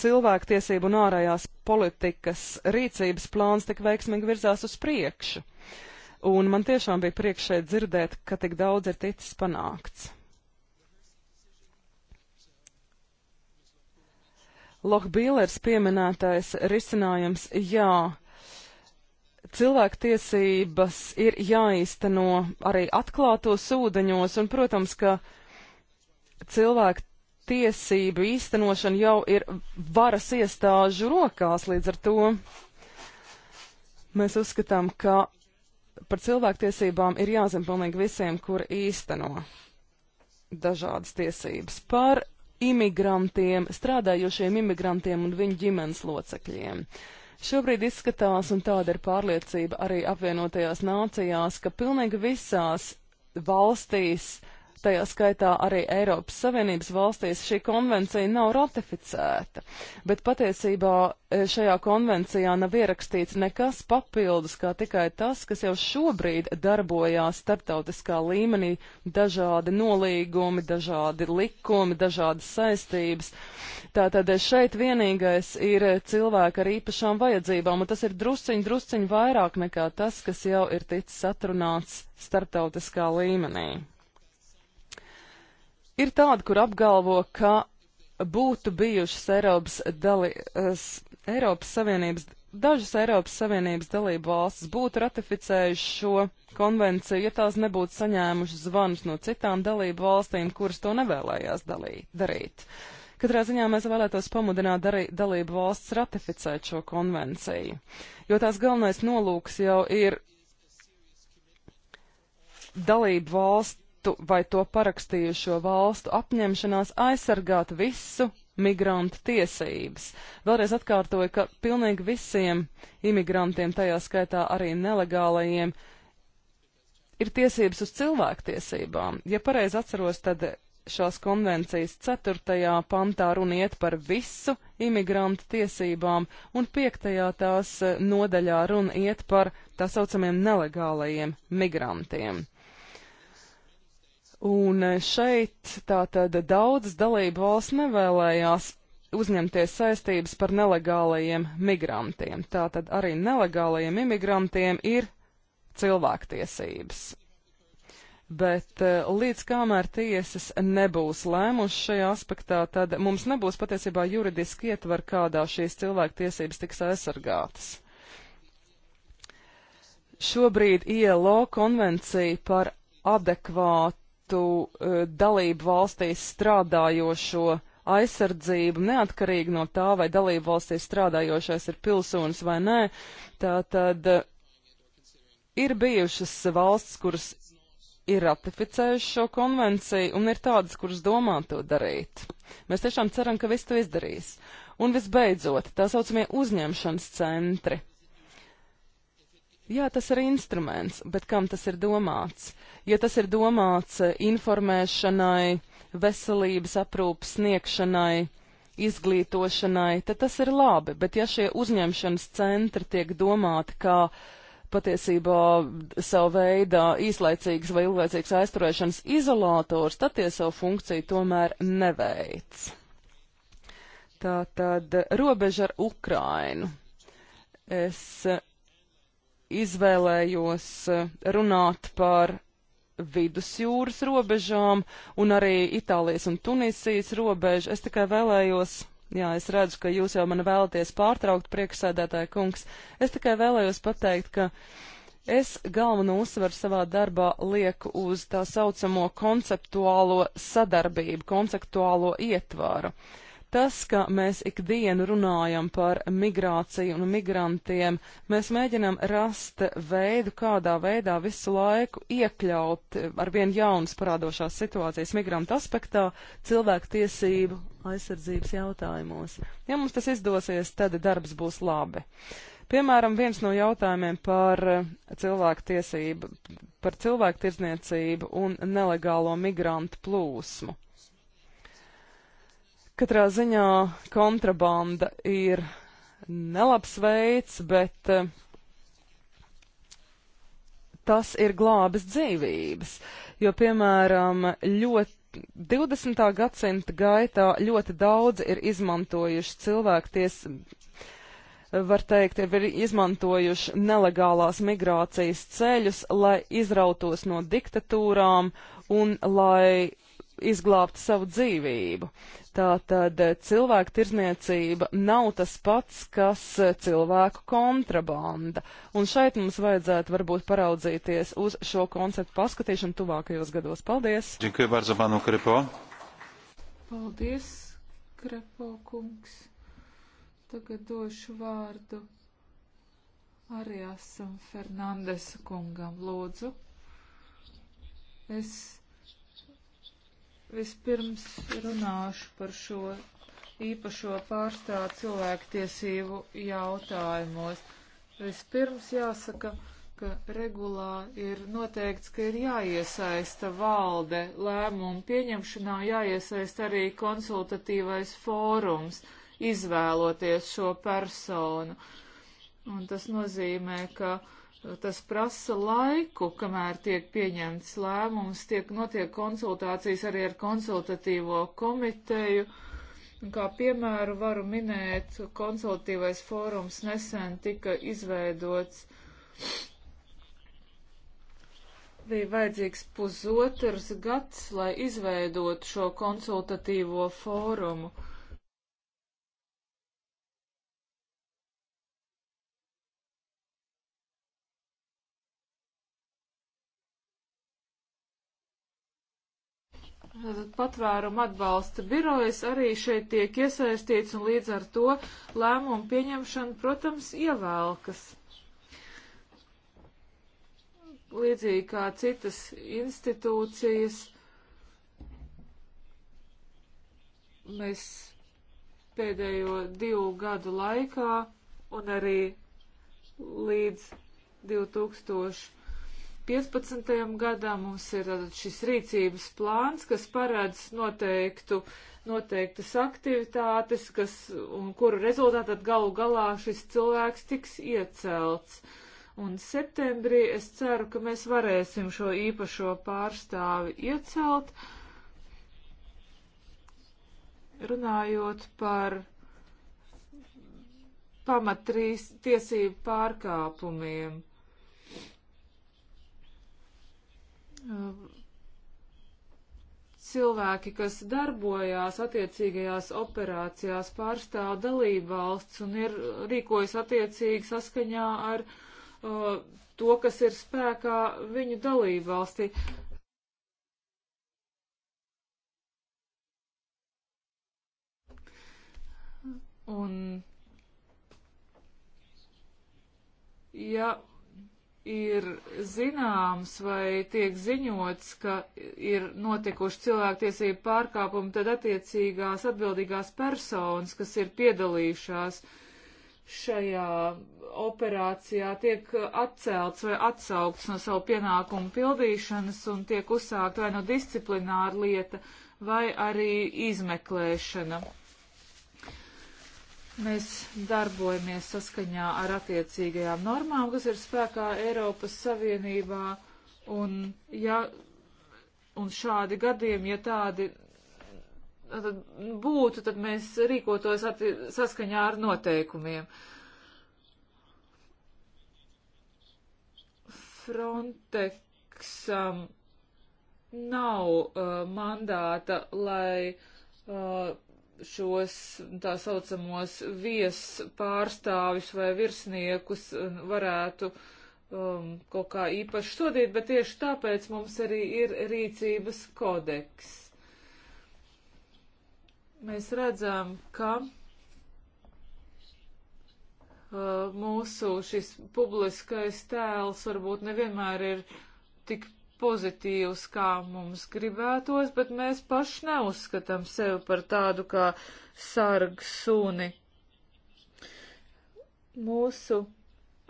cilvēktiesību un ārējās politikas rīcības plāns tik veiksmīgi virzās uz priekšu un man tiešām bija prieks šeit dzirdēt, ka tik daudz ir ticis panākts. Lohbīlers pieminētais risinājums, jā, cilvēktiesības ir jāīsteno arī atklātos ūdeņos, un, protams, ka cilvēku tiesību īstenošana jau ir varas iestāžu rokās līdz ar to. Mēs uzskatām, ka par cilvēktiesībām ir jāzina pilnīgi visiem, kur īsteno dažādas tiesības. Par imigrantiem, strādājošiem imigrantiem un viņu ģimenes locekļiem. Šobrīd izskatās, un tāda ir pārliecība arī apvienotajās nācijās, ka pilnīgi visās valstīs uh, tajā skaitā arī Eiropas Savienības valstīs, šī konvencija nav ratificēta, bet patiesībā e, šajā konvencijā nav ierakstīts nekas papildus, kā tikai tas, kas jau šobrīd darbojās starptautiskā līmenī - dažādi nolīgumi, dažādi likumi, dažādas saistības. Tātad šeit vienīgais ir cilvēki ar īpašām vajadzībām, un tas ir drusciņ, drusciņ vairāk nekā tas, kas jau ir ticis atrunāts starptautiskā līmenī. Ir tādi, kur apgalvo, ka būtu bijušas Eiropas, dali, Eiropas Savienības, dažas Eiropas Savienības dalību valstis būtu ratificējuši šo konvenciju, ja tās nebūtu saņēmušas zvanus no citām dalību valstīm, kuras to nevēlējās dalī, darīt. Katrā ziņā mēs vēlētos pamudināt darī, dalību valsts ratificēt šo konvenciju, jo tās galvenais nolūks jau ir dalību valsts valstu vai to parakstījušo valstu apņemšanās aizsargāt visu migrantu tiesības. Vēlreiz atkārtoju, ka pilnīgi visiem imigrantiem, tajā skaitā arī nelegālajiem, ir tiesības uz cilvēktiesībām. Ja pareizi atceros, tad šās konvencijas 4. pantā runa iet par visu imigrantu tiesībām, un 5. tās nodaļā runa iet par tā saucamiem nelegālajiem migrantiem. Un eh, šeit tātad daudzas dalību valsts nevēlējās uzņemties saistības par nelegālajiem migrantiem. Tātad arī nelegālajiem imigrantiem ir cilvēktiesības. Bet eh, līdz kamēr tiesas nebūs lēmušas šajā aspektā, tad mums nebūs patiesībā juridiski ietver, kādā šīs cilvēktiesības tiks aizsargātas. Šobrīd ILO konvencija par adekvātu panāktu e, dalību valstīs strādājošo aizsardzību, neatkarīgi no tā, vai dalību valstīs strādājošais ir pilsonis vai nē. Tātad e, ir bijušas valsts, kuras ir ratificējušas šo konvenciju, un ir tādas, kuras domā to darīt. Mēs tiešām ceram, ka viss to izdarīs. Un visbeidzot, tā saucamie uzņemšanas centri. Jā, tas ir instruments, bet kam tas ir domāts? Uh, ja tas ir domāts informēšanai, veselības aprūpas sniegšanai, izglītošanai, tad tas ir labi, bet ja šie uzņemšanas centri tiek domāti kā patiesībā savu veidā īslaicīgas vai ilglaicīgas aizturēšanas izolators, tad tie savu funkciju tomēr neveic. Tā tad robeža ar Ukrainu. Es izvēlējos runāt par vidusjūras robežām un arī Itālijas un Tunisijas robežu. Es tikai vēlējos, jā, es redzu, ka jūs jau man vēlaties pārtraukt, priekšsēdētāja kungs, es tikai vēlējos pateikt, ka es galveno uzsvaru savā darbā lieku uz tā saucamo konceptuālo sadarbību, konceptuālo ietvaru. Uh, Tas, ka mēs ikdienu runājam par migrāciju un migrantiem, mēs mēģinam rast veidu, kādā veidā visu laiku iekļaut eh, arvien jaunas parādošās situācijas migrantu aspektā cilvēku tiesību aizsardzības jautājumos. Ja mums tas izdosies, tad darbs būs labi. Piemēram, viens no jautājumiem par eh, cilvēku tiesību, par cilvēku tirdzniecību un nelegālo migrantu plūsmu. Katrā ziņā kontrabanda ir nelabs veids, bet eh, tas ir glābis dzīvības, jo, piemēram, ļoti 20. gadsimta gaitā ļoti daudz ir izmantojuši cilvēkties, var teikt, ir izmantojuši nelegālās migrācijas ceļus, lai izrautos no diktatūrām un lai izglābt savu dzīvību. Tātad eh, cilvēku tirzniecība nav tas pats, kas eh, cilvēku kontrabanda. Un šeit mums vajadzētu varbūt paraudzīties uz šo konceptu paskatīšanu tuvākajos gados. Paldies! Paldies, Krepo kungs! Tagad došu vārdu arī esam Fernandes kungam. Lūdzu, es Vispirms runāšu par šo īpašo pārstāvu cilvēktiesību jautājumos. Vispirms jāsaka, ka regulā ir noteikts, ka ir jāiesaista valde lēmumu pieņemšanā, jāiesaista arī konsultatīvais fórums, izvēloties šo personu. Un tas nozīmē, ka uh, Tas prasa laiku, kamēr tiek pieņemts lēmums, tiek notiek konsultācijas arī ar konsultatīvo komiteju. Kā piemēru varu minēt, konsultatīvais fórums nesen tika izveidots. Bija vajadzīgs pusotrs gads, lai izveidotu šo konsultatīvo fórumu. patvērumu atbalsta birojas arī šeit tiek iesaistīts un līdz ar to lēmumu pieņemšana, protams, ievēlkas. Līdzīgi kā citas institūcijas, mēs pēdējo divu gadu laikā un arī līdz 2000. 15. gadam mums ir tātad šis rīcības plāns, kas paredz noteiktu, noteiktas aktivitātes, kas, un kuru rezultātā galu galā šis cilvēks tiks iecelts. Un septembrī es ceru, ka mēs varēsim šo īpašo pārstāvi iecelt. Runājot par pamatrīs tiesību pārkāpumiem cilvēki, kas darbojās attiecīgajās operācijās, pārstāv dalību valsts un ir rīkojas attiecīgi saskaņā ar uh, to, kas ir spēkā viņu dalību valstī. Un, ja ir zināms vai tiek ziņots, ka ir notikuši cilvēktiesību pārkāpumi, tad attiecīgās atbildīgās personas, kas ir piedalījušās šajā operācijā, tiek atcelts vai atsaukts no savu pienākumu pildīšanas un tiek uzsākt vai no nu disciplināra lieta vai arī izmeklēšana. Mēs darbojamies saskaņā ar attiecīgajām normām, kas ir spēkā Eiropas Savienībā, un, ja, un šādi gadījumi, ja tādi tad būtu, tad mēs rīkotos ati, saskaņā ar noteikumiem. Frontexam nav uh, mandāta, lai uh, šos tā saucamos viespārstāvis vai virsniekus varētu um, kaut kā īpaši sodīt, bet tieši tāpēc mums arī ir rīcības kodeks. Mēs redzam, ka uh, mūsu šis publiskais tēls varbūt nevienmēr ir tik pozitīvs, kā mums gribētos, bet mēs paši neuzskatām sevi par tādu kā sargu suni. Mūsu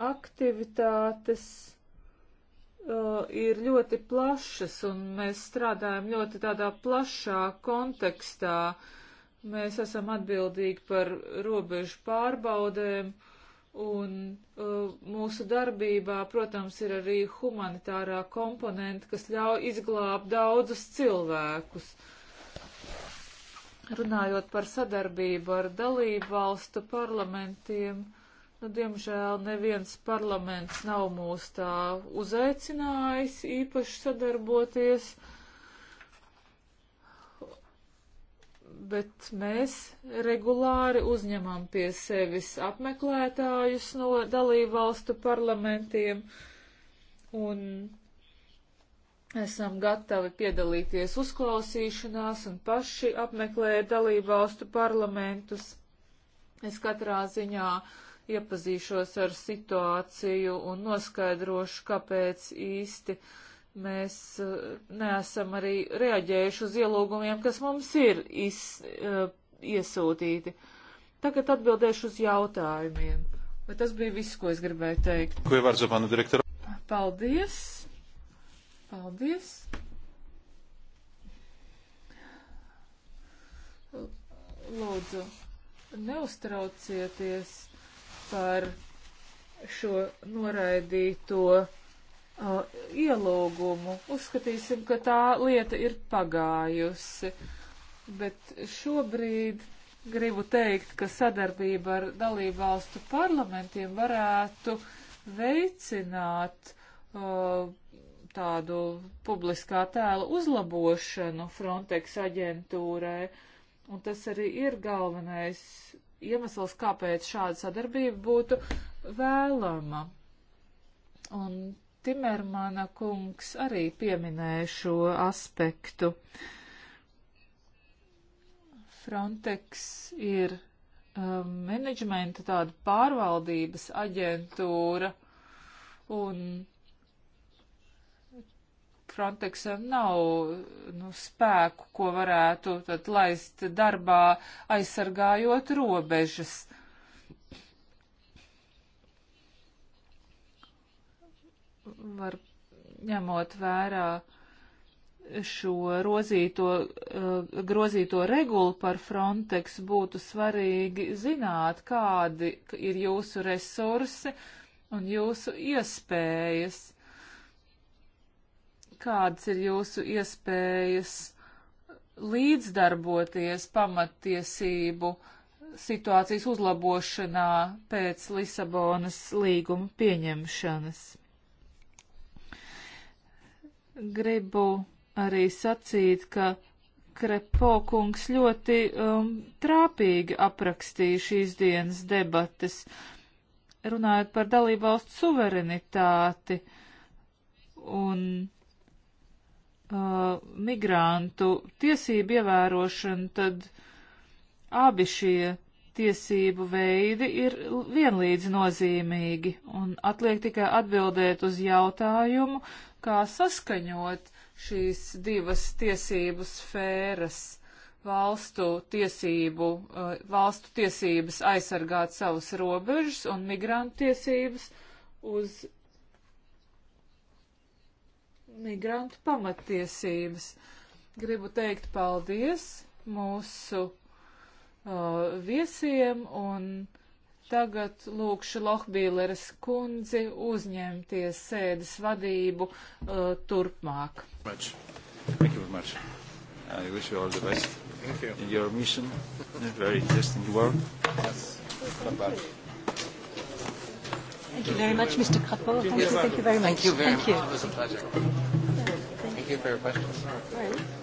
aktivitātes uh, ir ļoti plašas, un mēs strādājam ļoti tādā plašā kontekstā. Mēs esam atbildīgi par robežu pārbaudēm Un uh, mūsu darbībā, protams, ir arī humanitārā komponente, kas ļauj izglābt daudzus cilvēkus. Runājot par sadarbību ar dalību valstu parlamentiem, nu, diemžēl neviens parlaments nav mūs tā uzaicinājis īpaši sadarboties. Uh, bet mēs regulāri uzņemam pie sevis apmeklētājus no dalībvalstu parlamentiem un esam gatavi piedalīties uzklausīšanās un paši apmeklēt dalībvalstu parlamentus. Es katrā ziņā iepazīšos ar situāciju un noskaidrošu, kāpēc īsti uh, Mēs eh, neesam arī reaģējuši uz ielūgumiem, kas mums ir iz, eh, iesūtīti. Tagad atbildēšu uz jautājumiem. Bet tas bija viss, ko es gribēju teikt. Ko jau var za panu direktoru? Paldies! Paldies! Lūdzu, neuztraucieties par šo noraidīto uh, ielūgumu. Uzskatīsim, ka tā lieta ir pagājusi. Bet šobrīd gribu teikt, ka sadarbība ar dalībvalstu parlamentiem varētu veicināt uh, tādu publiskā tēla uzlabošanu Frontex aģentūrai. Un tas arī ir galvenais iemesls, kāpēc šāda sadarbība būtu vēlama. Un Timermana kungs arī pieminēja šo aspektu. Frontex ir um, menedžmenta tāda pārvaldības aģentūra un Frontexam nav nu, spēku, ko varētu tad laist darbā aizsargājot robežas. Uh, var ņemot vērā šo rozīto, eh, grozīto regulu par Frontex, būtu svarīgi zināt, kādi ir jūsu resursi un jūsu iespējas. Kādas ir jūsu iespējas līdzdarboties pamattiesību situācijas uzlabošanā pēc Lisabonas līguma pieņemšanas? Gribu arī sacīt, ka Krepokungs ļoti um, trāpīgi aprakstīja šīs dienas debates, runājot par dalībvalstu suverenitāti un uh, migrantu tiesību ievērošanu, tad abi šie tiesību veidi ir vienlīdz nozīmīgi, un atliek tikai atbildēt uz jautājumu, kā saskaņot šīs divas tiesību sfēras valstu tiesību, eh, valstu tiesības aizsargāt savas robežas un migrantu tiesības uz migrantu pamattiesības. Gribu teikt paldies mūsu uh, viesiem un Tagad lūkšu Lohbīleres kundzi uzņemties sēdes vadību uh, turpmāk. Much. Thank you very much. I wish you all the best Thank you. in your mission. Very interesting work. Yes. Bye-bye. Thank you very much, Mr. Krapo. Thank you, thank you very much. Thank you very thank much. You. It was a pleasure. Thank you for your questions. Right.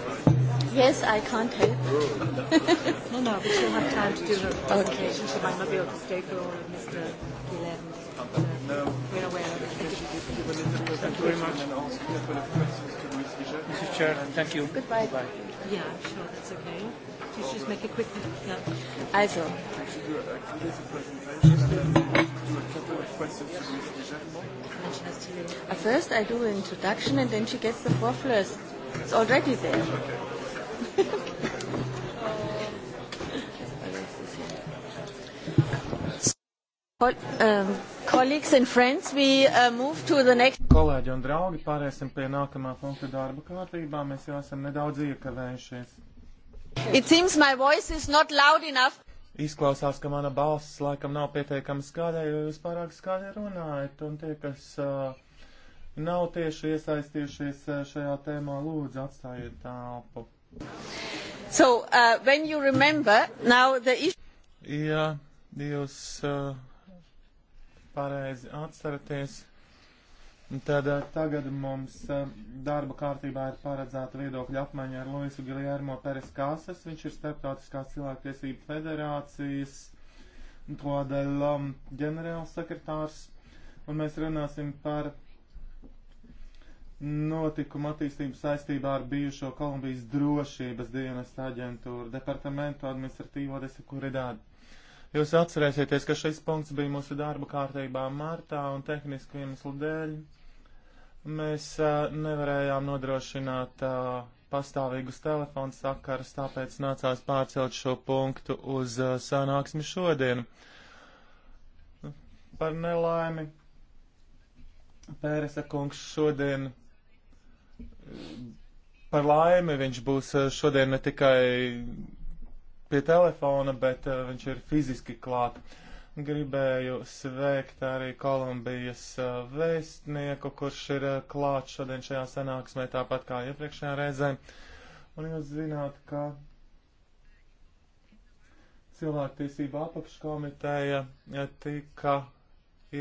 Yes, I can't help. no, no, but she'll have time to do her presentation. Okay. She might not be able to stay for all of Mr. Gillen. No. We're aware of it. Thank you very much. Mr. Chair, thank you. Goodbye. Goodbye. Yeah, sure, that's okay. Just, just make a quick... Yeah. Also. Uh, uh, first I do an introduction and then she gets the four floors. It's already there. Okay. Um, uh, Kolēģi un draugi, pārēsim pie nākamā punkta darba kārtībā. Mēs jau esam nedaudz iekavējušies. Izklausās, ka mana balss laikam nav pietiekami skaļa, jo jūs pārāk skaļi runājat, un tie, kas uh, nav tieši iesaistījušies uh, šajā tēmā, lūdzu atstājiet tālpu. So, uh, when you remember, now the issue... Ja jūs uh, pareizi atceraties, tad uh, tagad mums uh, darba kārtībā ir paredzēta viedokļa apmaiņa ar Luisu Giljermo Peres Kāsas. Viņš ir Starptautiskās cilvēktiesību federācijas Trodelam ģenerālsekretārs. Un mēs runāsim par notikuma attīstību saistībā ar bijušo Kolumbijas drošības dienas aģentūru departamentu administratīvo desekuridādu. Jūs atcerēsieties, ka šis punkts bija mūsu darba kārtībā martā un tehnisku iemeslu dēļ mēs a, nevarējām nodrošināt a, pastāvīgus telefonu sakarus, tāpēc nācās pārcelt šo punktu uz a, sanāksmi šodien. Par nelaimi Pēresa kungs šodien Par laimi viņš būs eh, šodien ne tikai pie telefona, bet uh, viņš ir fiziski klāt. Gribēju sveikt arī Kolumbijas uh, vēstnieku, kurš ir uh, klāt šodien šajā sanāksmē, tāpat kā iepriekšējā reizē. Un jūs zināt, ka cilvēktiesība apakškomiteja tika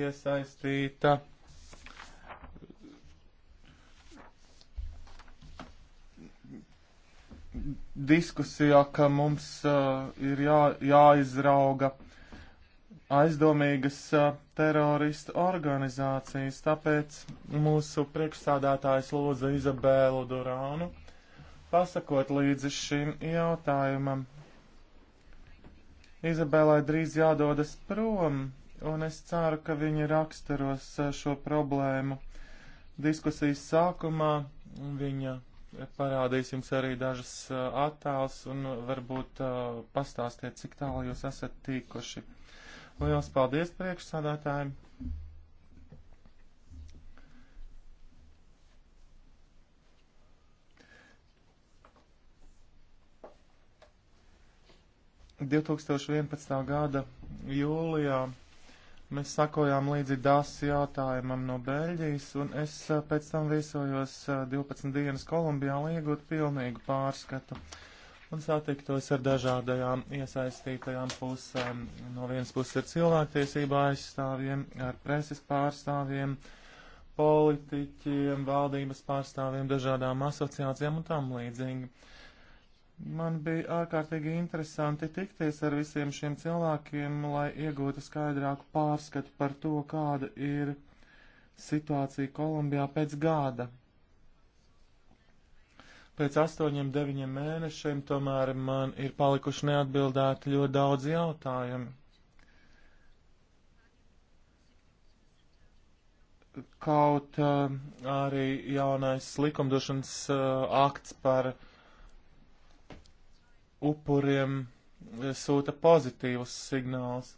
iesaistīta diskusijā, ka mums uh, ir jā, jāizrauga aizdomīgas uh, teroristu organizācijas, tāpēc mūsu priekšsādātājs lūdza Izabēlu Durānu pasakot līdzi šim jautājumam. Izabēlai drīz jādodas prom, un es ceru, ka viņa raksturos uh, šo problēmu diskusijas sākumā viņa parādīs jums arī dažas attēls un varbūt pastāstiet, cik tālu jūs esat tīkuši. Lielas paldies priekšsādātājiem! Divtūkstoš vienpadsmitā gada jūlijā Mēs sakojām līdzi DAS jautājumam no Beļģijas, un es eh, pēc tam viesojos 12 eh, dienas Kolumbijā, lai iegūtu pilnīgu pārskatu un satiktos ar dažādajām iesaistītajām pusēm. No vienas puses ar cilvēktiesību aizstāvjiem, ar preses pārstāvjiem, politiķiem, valdības pārstāvjiem, dažādām asociācijām un tam līdzīgi. Uh, Man bija ārkārtīgi interesanti tikties ar visiem šiem cilvēkiem, lai iegūtu skaidrāku pārskatu par to, kāda ir situācija Kolumbijā pēc gada. Pēc astoņiem, deviņiem mēnešiem tomēr man ir palikuši neatbildēti ļoti daudz jautājumu. Kaut uh, arī jaunais likumdošanas uh, akts par uh, upuriem e, sūta pozitīvus signālus.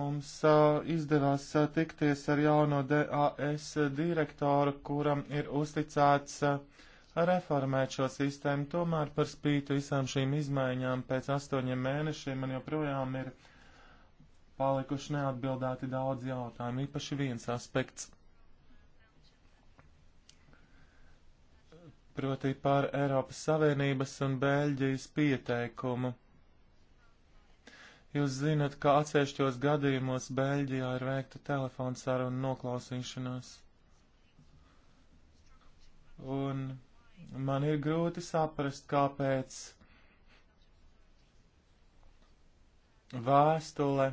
Mums uh, izdevās uh, tikties ar jauno DAS direktoru, kuram ir uzticēts uh, reformēt šo sistēmu. Tomēr par spīti visām šīm izmaiņām pēc astoņiem mēnešiem man joprojām ir palikuši neatbildēti daudz jautājumu, īpaši viens aspekts. proti par Eiropas Savienības un Bēļģijas pieteikumu. Jūs zinat, ka atsevišķos gadījumos Bēļģijā ir veikta telefonu sarunu noklausīšanās. Un man ir grūti saprast, kāpēc vēstule,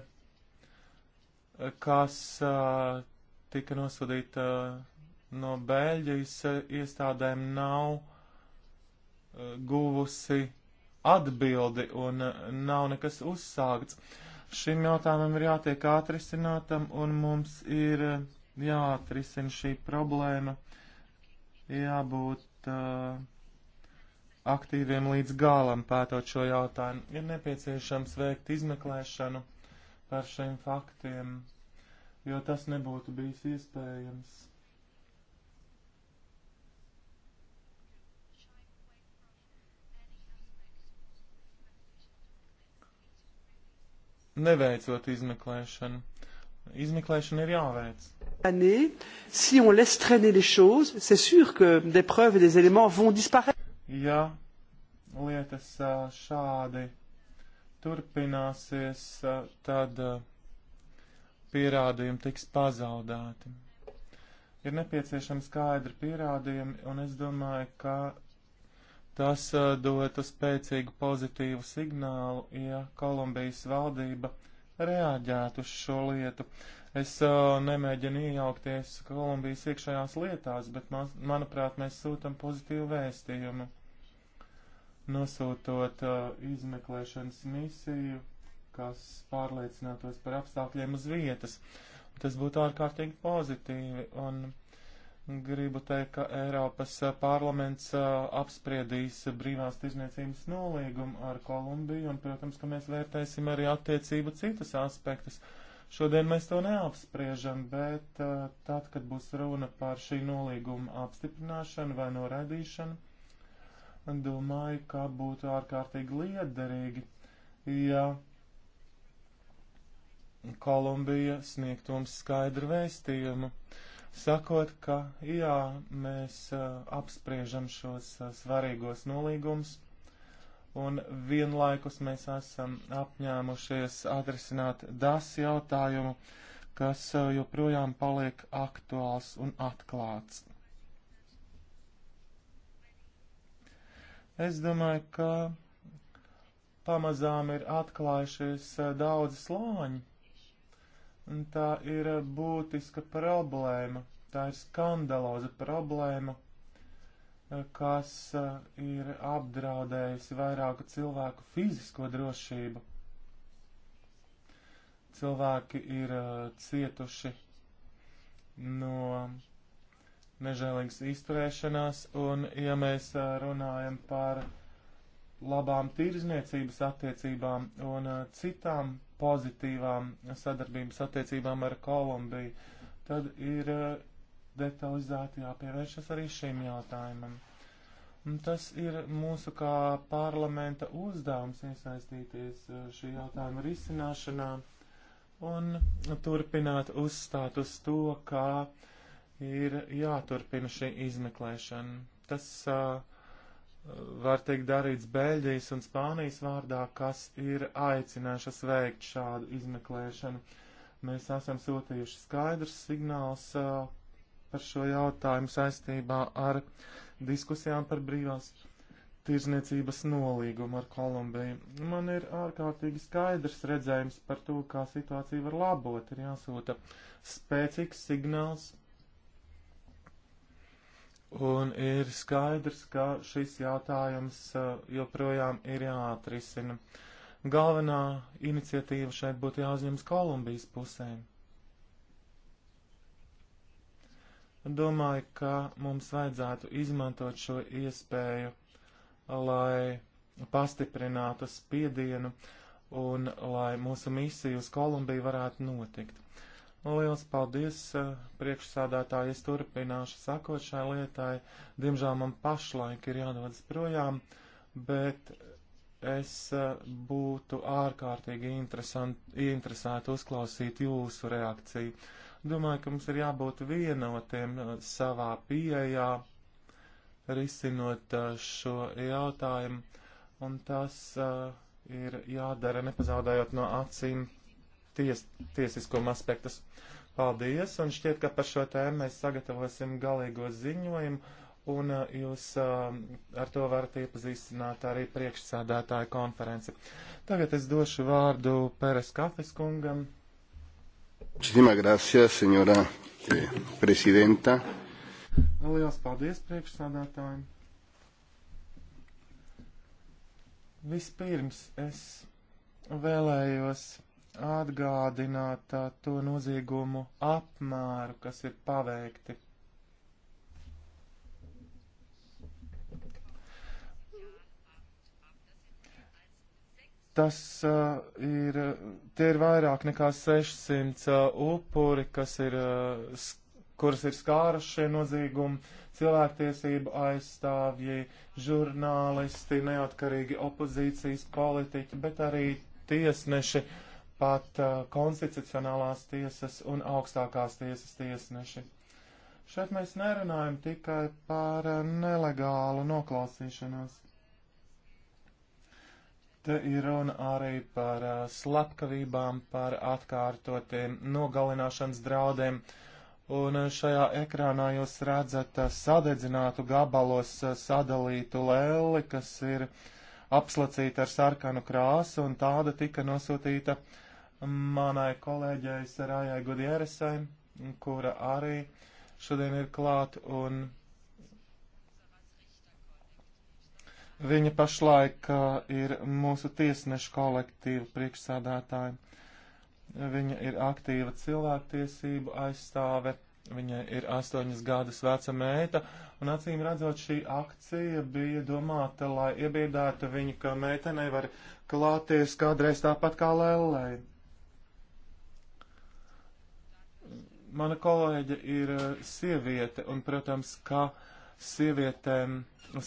kas uh, tika nosūtīta uh, no Bēļģijas e, iestādēm nav e, guvusi atbildi un e, nav nekas uzsākts. Šim jautājumam ir jātiek atrisinātam un mums ir jāatrisina šī problēma, jābūt uh, aktīviem līdz galam pētot šo jautājumu. Ir nepieciešams veikt izmeklēšanu par šiem faktiem, jo tas nebūtu bijis iespējams neveicot izmeklēšanu. Izmeklēšana ir jāveic. Année, si on laisse traîner les choses, c'est sûr que des preuves et des éléments vont disparaître. Ja lietas šādi turpināsies, tad pierādījumi tiks pazaudēti. Ir nepieciešami skaidri pierādījumi, un es domāju, ka Tas uh, dotu spēcīgu pozitīvu signālu, ja Kolumbijas valdība reaģētu uz šo lietu. Es uh, nemēģinu iejaukties Kolumbijas iekšējās lietās, bet, man, manuprāt, mēs sūtam pozitīvu vēstījumu. Nosūtot uh, izmeklēšanas misiju, kas pārliecinātos par apstākļiem uz vietas. Tas būtu ārkārtīgi pozitīvi. Un, uh, Gribu teikt, ka Eiropas parlaments apspriedīs brīvās tirzniecības nolīgumu ar Kolumbiju, un, protams, ka mēs vērtēsim arī attiecību citus aspektus. Šodien mēs to neapspriežam, bet tad, kad būs runa par šī nolīguma apstiprināšanu vai noraidīšanu, domāju, ka būtu ārkārtīgi liederīgi, ja Kolumbija sniegtu mums skaidru vēstījumu. Uh, sakot, ka jā, mēs apspriežam šos svarīgos nolīgumus un vienlaikus mēs esam apņēmušies atrisināt das jautājumu, kas joprojām paliek aktuāls un atklāts. Es domāju, ka pamazām ir atklājušies daudz slāņi Tā ir būtiska problēma, tā ir skandaloza problēma, kas ir apdraudējusi vairāku cilvēku fizisko drošību. Cilvēki ir cietuši no nežēlīgas izturēšanās, un ja mēs runājam par labām tirzniecības attiecībām un citām pozitīvām sadarbības attiecībām ar Kolumbiju, tad ir eh, detalizēti jāpievēršas arī šim jautājumam. Un tas ir mūsu kā parlamenta uzdevums iesaistīties eh, šī jautājuma risināšanā un turpināt uzstāt uz to, kā ir jāturpina šī izmeklēšana. Tas uh, var teikt darīts Beļģijas un Spānijas vārdā, kas ir aicinājušas veikt šādu izmeklēšanu. Mēs esam sūtījuši skaidrs signāls par šo jautājumu saistībā ar diskusijām par brīvās tirzniecības nolīgumu ar Kolumbiju. Man ir ārkārtīgi skaidrs redzējums par to, kā situācija var labot. Ir jāsūta spēcīgs signāls Un ir skaidrs, ka šis jautājums uh, joprojām ir jāatrisina. Galvenā iniciatīva šeit būtu jāuzņemas Kolumbijas pusē. Domāju, ka mums vajadzētu izmantot šo iespēju, lai pastiprinātu spiedienu un lai mūsu misija uz Kolumbiju varētu notikt. Liels paldies, eh, priekšsādātāji, es turpināšu sakot šai lietai. Diemžēl man pašlaik ir jādodas projām, bet es eh, būtu ārkārtīgi interesēti uzklausīt jūsu reakciju. Domāju, ka mums ir jābūt vienotiem eh, savā pieejā, risinot šo jautājumu, un tas uh, ir jādara nepazaudējot no acīm ties, tiesiskuma aspektus. Paldies, un šķiet, ka par šo tēmu mēs sagatavosim galīgo ziņojumu, un uh, jūs uh, ar to varat iepazīstināt arī priekšsādātāju konferenci. Tagad es došu vārdu Pēres Kafis kungam. Muchísimas gracias, señora eh, presidenta. Lielas paldies priekšsādātājiem. Vispirms es vēlējos atgādināt to noziegumu apmēru, kas ir paveikti. Tas uh, ir, tie ir vairāk nekā 600 uh, upuri, kas ir, uh, kuras ir skāruši šie noziegumi, cilvēktiesību aizstāvji, žurnālisti, neatkarīgi opozīcijas politiķi, bet arī tiesneši. Uh, pat uh, konstitucionālās tiesas un augstākās tiesas tiesneši. Šeit mēs nerunājam tikai par uh, nelegālu noklausīšanos. Te ir runa arī par uh, slepkavībām, par atkārtotiem nogalināšanas draudiem, un uh, šajā ekrānā jūs redzat uh, sadedzinātu gabalos uh, sadalītu lēli, kas ir apslacīta ar sarkanu krāsu, un tāda tika nosūtīta uh, manai kolēģei Sarājai Gudieresai, kura arī šodien ir klāt, un viņa pašlaik uh, ir mūsu tiesnešu kolektīva priekšsādātāja. Viņa ir aktīva cilvēktiesību aizstāve, viņai ir astoņas gadus veca meita, un acīm redzot šī akcija bija domāta, lai iebiedētu viņu, ka meitenei var klāties kādreiz tāpat kā lēlēji Mana kolēģe ir eh, sieviete, un, protams, ka sievietēm,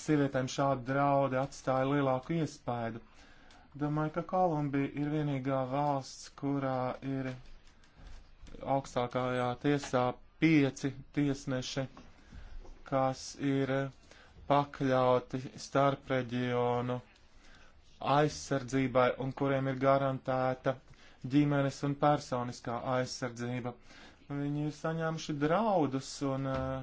sievietēm šāda draudi atstāja lielāku iespēju. Domāju, ka Kolumbija ir vienīgā valsts, kurā ir augstākajā tiesā pieci tiesneši, kas ir pakļauti starpreģionu aizsardzībai un kuriem ir garantēta ģimenes un personiskā aizsardzība. Uh, Viņi ir saņēmuši draudus, un uh,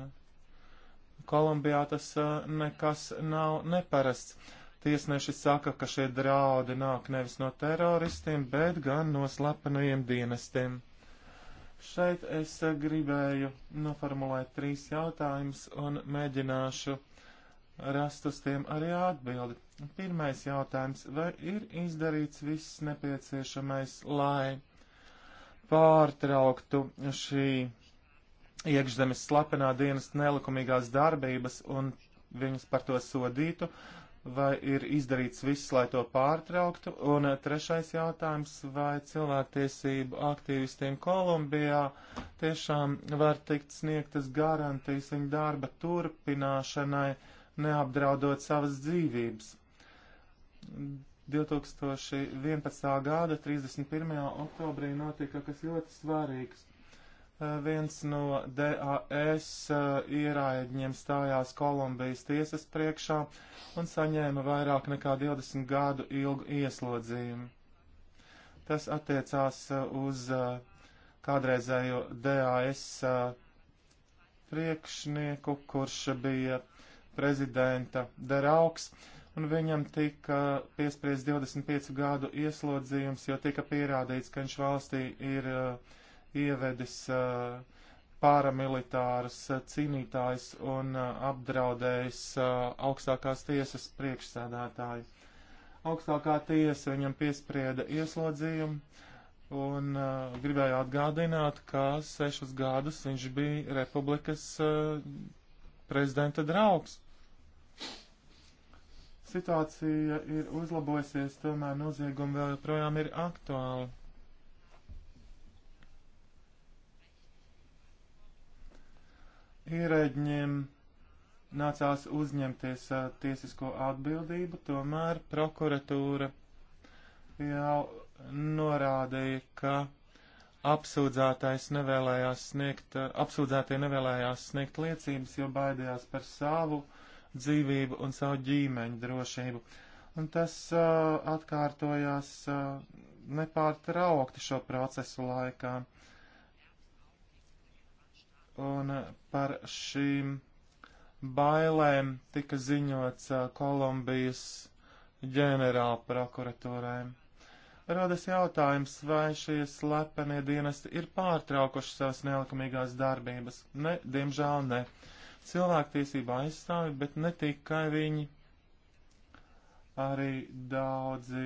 Kolumbijā tas uh, nekas nav neparasts. Tiesneši saka, ka šie draudi nāk nevis no teroristiem, bet gan no slepenajiem dienestiem. Šeit es eh, gribēju noformulēt trīs jautājumus un mēģināšu rast uz tiem arī atbildi. Pirmais jautājums - vai ir izdarīts viss nepieciešamais, lai pārtrauktu šī iekšzemes slepenā dienas nelikumīgās darbības un viņus par to sodītu, vai ir izdarīts viss, lai to pārtrauktu? Un trešais jautājums, vai cilvēktiesību aktīvistiem Kolumbijā tiešām var tikt sniegtas garantijas viņu darba turpināšanai, neapdraudot savas dzīvības? 2011. gada 31. oktobrī notika kas ļoti svarīgs. Eh, viens no DAS eh, ierēģiem stājās Kolumbijas tiesas priekšā un saņēma vairāk nekā 20 gadu ilgu ieslodzījumu. Tas attiecās eh, uz kādreizējo DAS priekšnieku, kurš bija prezidenta Derauks. Uh, un viņam tika piespriezt 25 gadu ieslodzījums, jo tika pierādīts, ka viņš valstī ir uh, ievedis uh, paramilitārus uh, cīnītājs un uh, apdraudējis uh, augstākās tiesas priekšsēdētāju. Augstākā tiesa viņam piesprieda ieslodzījumu un uh, gribēja atgādināt, ka sešus gadus viņš bija republikas uh, prezidenta draugs. Situācija ir uzlabojusies, tomēr noziegumi vēl joprojām ir aktuāli. Ierēģiem nācās uzņemties a, tiesisko atbildību, tomēr prokuratūra jau norādīja, ka apsūdzētais nevēlējās sniegt, apsūdzētie nevēlējās sniegt liecības, jo baidījās par savu dzīvību un savu ģimeņu drošību. Un tas uh, atkārtojās uh, nepārtraukti šo procesu laikā. Un uh, par šīm bailēm tika ziņots uh, Kolumbijas ģenerāla prokuratūrai. Rodas jautājums, vai šie slepenie dienesti ir pārtraukuši savas nelikumīgās darbības? Ne, diemžēl ne. Uh, cilvēktiesība aizstāvi, bet ne tikai viņi, arī daudzi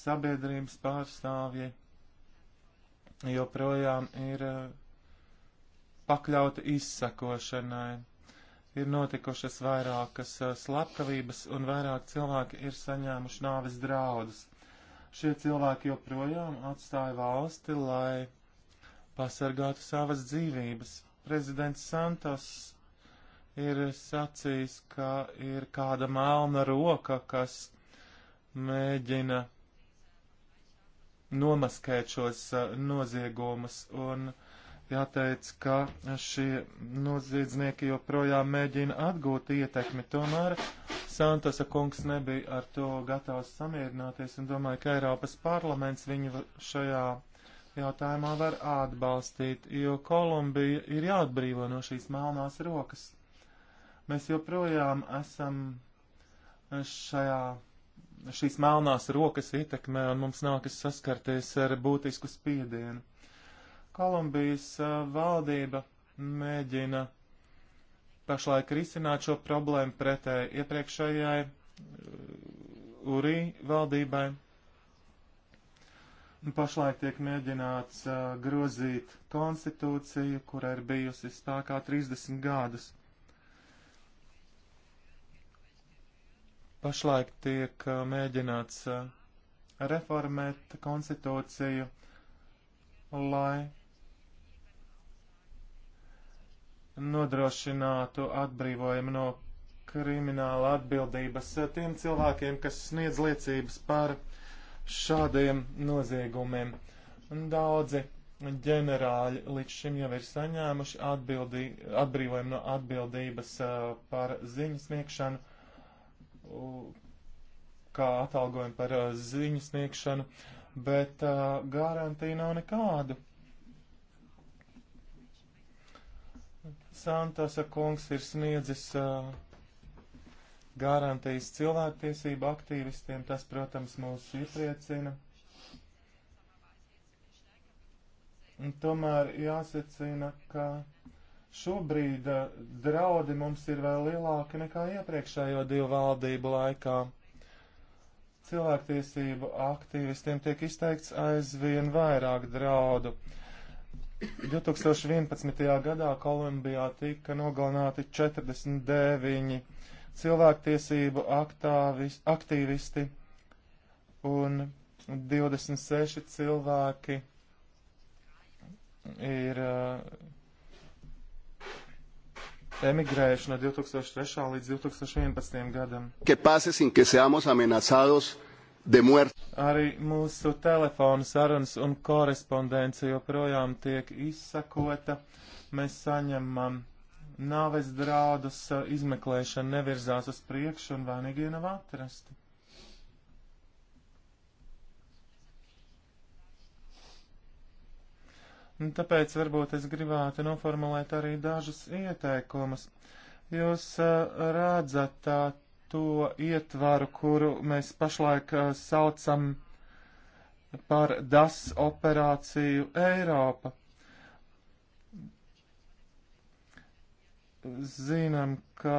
sabiedrības pārstāvji joprojām ir eh, pakļauti izsakošanai. Ir notikušas vairākas eh, slepkavības un vairāk cilvēki ir saņēmuši nāves draudus. Šie cilvēki joprojām atstāja valsti, lai pasargātu savas dzīvības. Prezidents Santos ir sacījis, ka ir kāda melna roka, kas mēģina nomaskēt šos eh, noziegumus, un jāteic, ka šie noziedznieki joprojām mēģina atgūt ietekmi. Tomēr Santosa kungs nebija ar to gatavs samierināties, un domāju, ka Eiropas parlaments viņu šajā jautājumā var atbalstīt, jo Kolumbija ir jāatbrīvo no šīs melnās rokas. Mēs joprojām esam šajā šīs melnās rokas ietekmē un mums nākas saskarties ar būtisku spiedienu. Kolumbijas valdība mēģina pašlaik risināt šo problēmu pretēji iepriekšējai URI valdībai. Pašlaik tiek mēģināts grozīt konstitūciju, kura ir bijusi spēkā 30 gadus. Pašlaik tiek uh, mēģināts uh, reformēt konstitūciju, lai nodrošinātu atbrīvojumu no krimināla atbildības uh, tiem cilvēkiem, kas sniedz liecības par šādiem noziegumiem. Daudzi ģenerāļi līdz šim jau ir saņēmuši atbildī, atbrīvojumu no atbildības par ziņu sniegšanu, kā atalgojumu par ziņu sniegšanu, bet garantija nav nekāda. Santasa kungs ir sniedzis garantijas cilvēktiesību aktīvistiem, tas, protams, mūs iepriecina. Un tomēr jāsacina, ka Šobrīd eh, draudi mums ir vēl lielāki nekā iepriekšējo divu valdību laikā. Cilvēktiesību aktīvistiem tiek izteikts aizvien vairāk draudu. 2011. gadā Kolumbijā tika nogalināti 49 cilvēktiesību aktāvis, aktīvisti un 26 cilvēki ir uh, emigrējuši no 2003. līdz 2011. gadam. Arī mūsu telefonu sarunas un korespondence joprojām tiek izsakota. Mēs saņemam nāves draudus, izmeklēšana nevirzās uz priekšu un vainīgie nav atrasti. Un tāpēc varbūt es gribētu noformulēt arī dažus ieteikumus. Jūs uh, redzat uh, to ietvaru, kuru mēs pašlaik uh, saucam par DAS operāciju Eiropa. Zinām, ka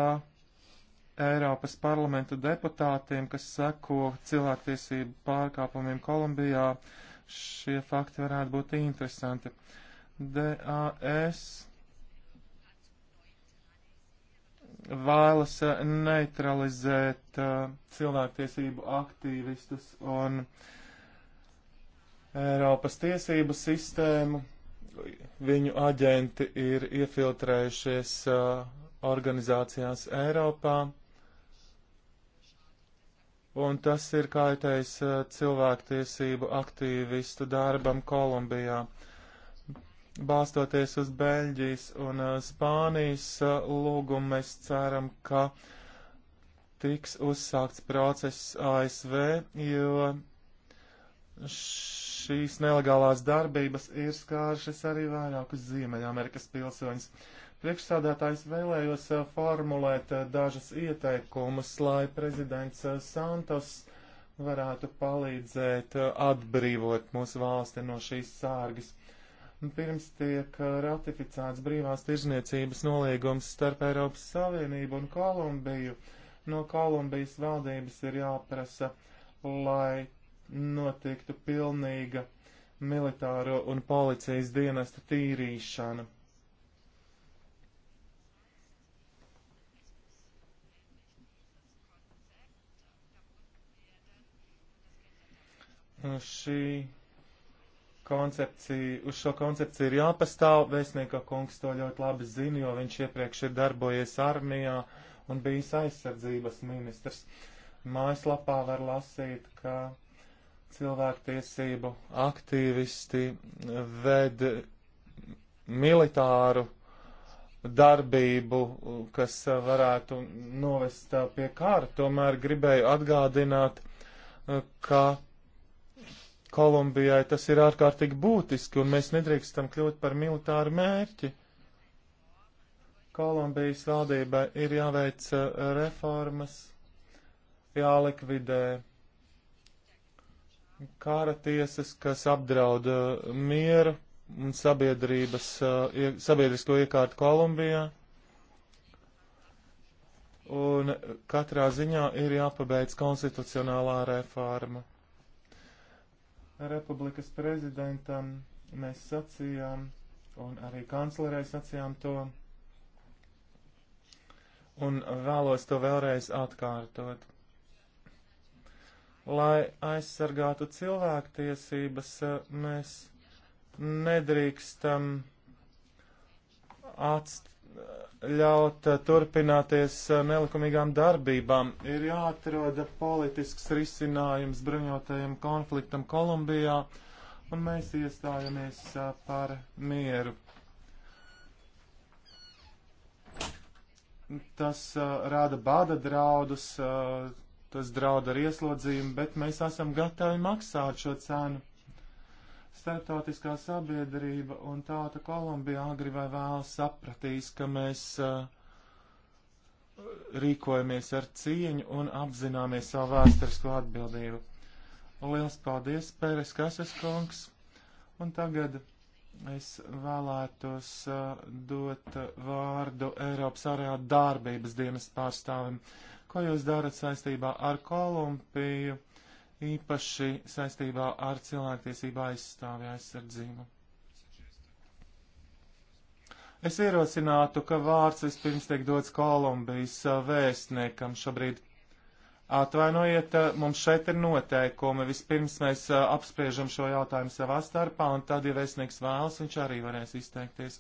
Eiropas parlamenta deputātiem, kas seko cilvēktiesību pārkāpumiem Kolumbijā, uh, Šie fakti varētu būt interesanti. DAS vēlas eh, neutralizēt uh, cilvēktiesību aktīvistus un Eiropas tiesību sistēmu. Viņu aģenti ir iefiltrējušies uh, organizācijās Eiropā un tas ir kaitējis eh, cilvēktiesību aktīvistu darbam Kolumbijā. Balstoties uz Beļģijas un eh, Spānijas eh, lūgumu, mēs ceram, ka tiks uzsākts process ASV, jo šīs nelegālās darbības ir skāršas arī vairākus Ziemeļamerikas pilsoņus. Priekšsādātājs vēlējos eh, formulēt eh, dažas ieteikumus, lai prezidents eh, Santos varētu palīdzēt atbrīvot mūsu valsti no šīs sārgas. Pirms tiek ratificēts brīvās tirzniecības noliegums starp Eiropas Savienību un Kolumbiju, no Kolumbijas valdības ir jāprasa, lai notiktu pilnīga militāro un policijas dienesta tīrīšana. šī koncepcija, uz šo koncepciju ir jāpastāv. Vēstnieka kungs to ļoti labi zina, jo viņš iepriekš ir darbojies armijā un bijis aizsardzības ministrs. Mājaslapā var lasīt, ka cilvēktiesību aktīvisti ved militāru darbību, kas varētu novest pie kāra. Tomēr gribēju atgādināt, ka Kolumbijai tas ir ārkārtīgi būtiski, un mēs nedrīkstam kļūt par militāru mērķi. Kolumbijas valdībai ir jāveic uh, reformas, jālikvidē kāra tiesas, kas apdraud uh, mieru un sabiedrības, uh, sabiedrisko iekārtu Kolumbijā. Un katrā ziņā ir jāpabeidz konstitucionālā reforma republikas prezidentam mēs sacījām, un arī kanclerei sacījām to, un vēlos to vēlreiz atkārtot. Lai aizsargātu cilvēktiesības, mēs nedrīkstam atst ļaut eh, turpināties eh, nelikumīgām darbībām. Ir jāatrod politisks risinājums bruņotajam konfliktam Kolumbijā, un mēs iestājamies eh, par mieru. Tas rada bada draudus, tas draud ar ieslodzījumu, bet mēs esam gatavi maksāt šo cenu. Startautiskā sabiedrība un tauta Kolumbijā agri vai vēl sapratīs, ka mēs uh, rīkojamies ar cieņu un apzināmies savu vēsturisko atbildību. Liels paldies, Pēres Kasas kungs! Un tagad es vēlētos uh, dot vārdu Eiropas ārējā darbības dienas pārstāvim. Ko jūs darat saistībā ar Kolumpiju? īpaši saistībā ar cilvēktiesību aizstāvi aizsardzību. Es ierosinātu, ka vārds vispirms tiek dots Kolumbijas uh, vēstniekam šobrīd. Atvainojiet, uh, mums šeit ir noteikumi. Vispirms mēs uh, apspriežam šo jautājumu savā starpā, un tad, ja vēstnieks vēlas, viņš arī varēs izteikties.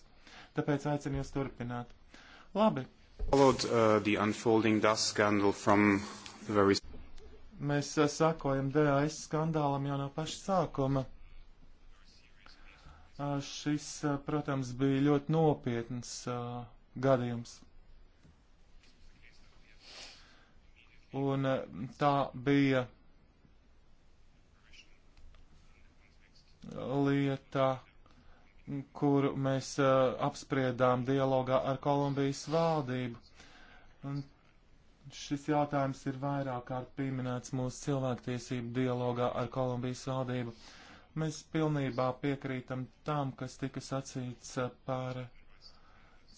Tāpēc aicinu jūs turpināt. Labi. Followed, uh, the unfolding dust scandal from the very... Mēs eh, sakojam DAS skandālam jau no paša sākuma. Eh, šis, eh, protams, bija ļoti nopietns gadījums. Un tā bija lieta, kuru mēs apspriedām dialogā ar Kolumbijas valdību. Un Šis jautājums ir vairāk kārt pieminēts mūsu cilvēktiesību dialogā ar Kolumbijas valdību. Mēs pilnībā piekrītam tam, kas tika sacīts par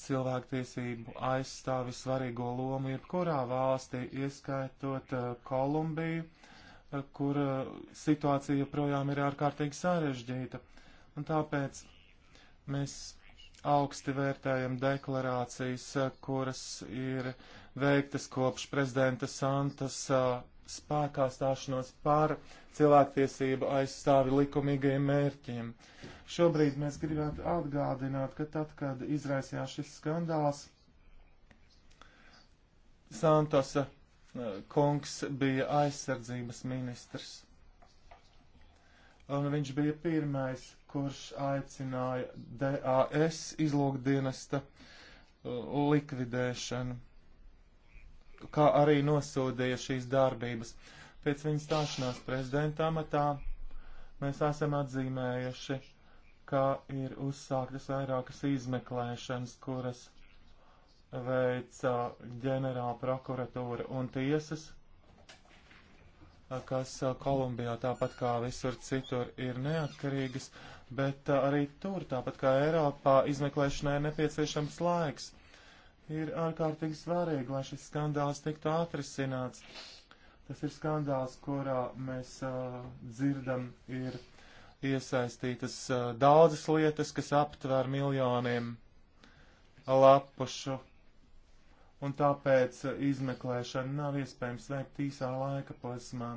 cilvēktiesību aizstāvi svarīgo lomu jebkurā valstī, ieskaitot uh, Kolumbiju, uh, kur uh, situācija joprojām ir ārkārtīgi sarežģīta. Un tāpēc mēs augsti vērtējam deklarācijas, kuras ir veiktas kopš prezidenta Santas spēkā stāšanos par cilvēktiesību aizstāvi likumīgajiem mērķiem. Šobrīd mēs gribētu atgādināt, ka tad, kad izraisījās šis skandāls, Santosa kungs bija aizsardzības ministrs. Un viņš bija pirmais, kurš aicināja DAS izlūkdienesta likvidēšanu kā arī nosodīja šīs darbības. Pēc viņa stāšanās prezidenta amatā mēs esam atzīmējuši, ka ir uzsāktas vairākas izmeklēšanas, kuras veica ģenerāla prokuratūra un tiesas, kas Kolumbijā tāpat kā visur citur ir neatkarīgas, bet arī tur, tāpat kā Eiropā, izmeklēšanai ir nepieciešams laiks ir ārkārtīgi svarīgi, lai šis skandāls tiktu atrisināts. Tas ir skandāls, kurā mēs uh, dzirdam, ir iesaistītas uh, daudzas lietas, kas aptver miljoniem lapušu, un tāpēc uh, izmeklēšana nav iespējams veikt īsā laika posmā.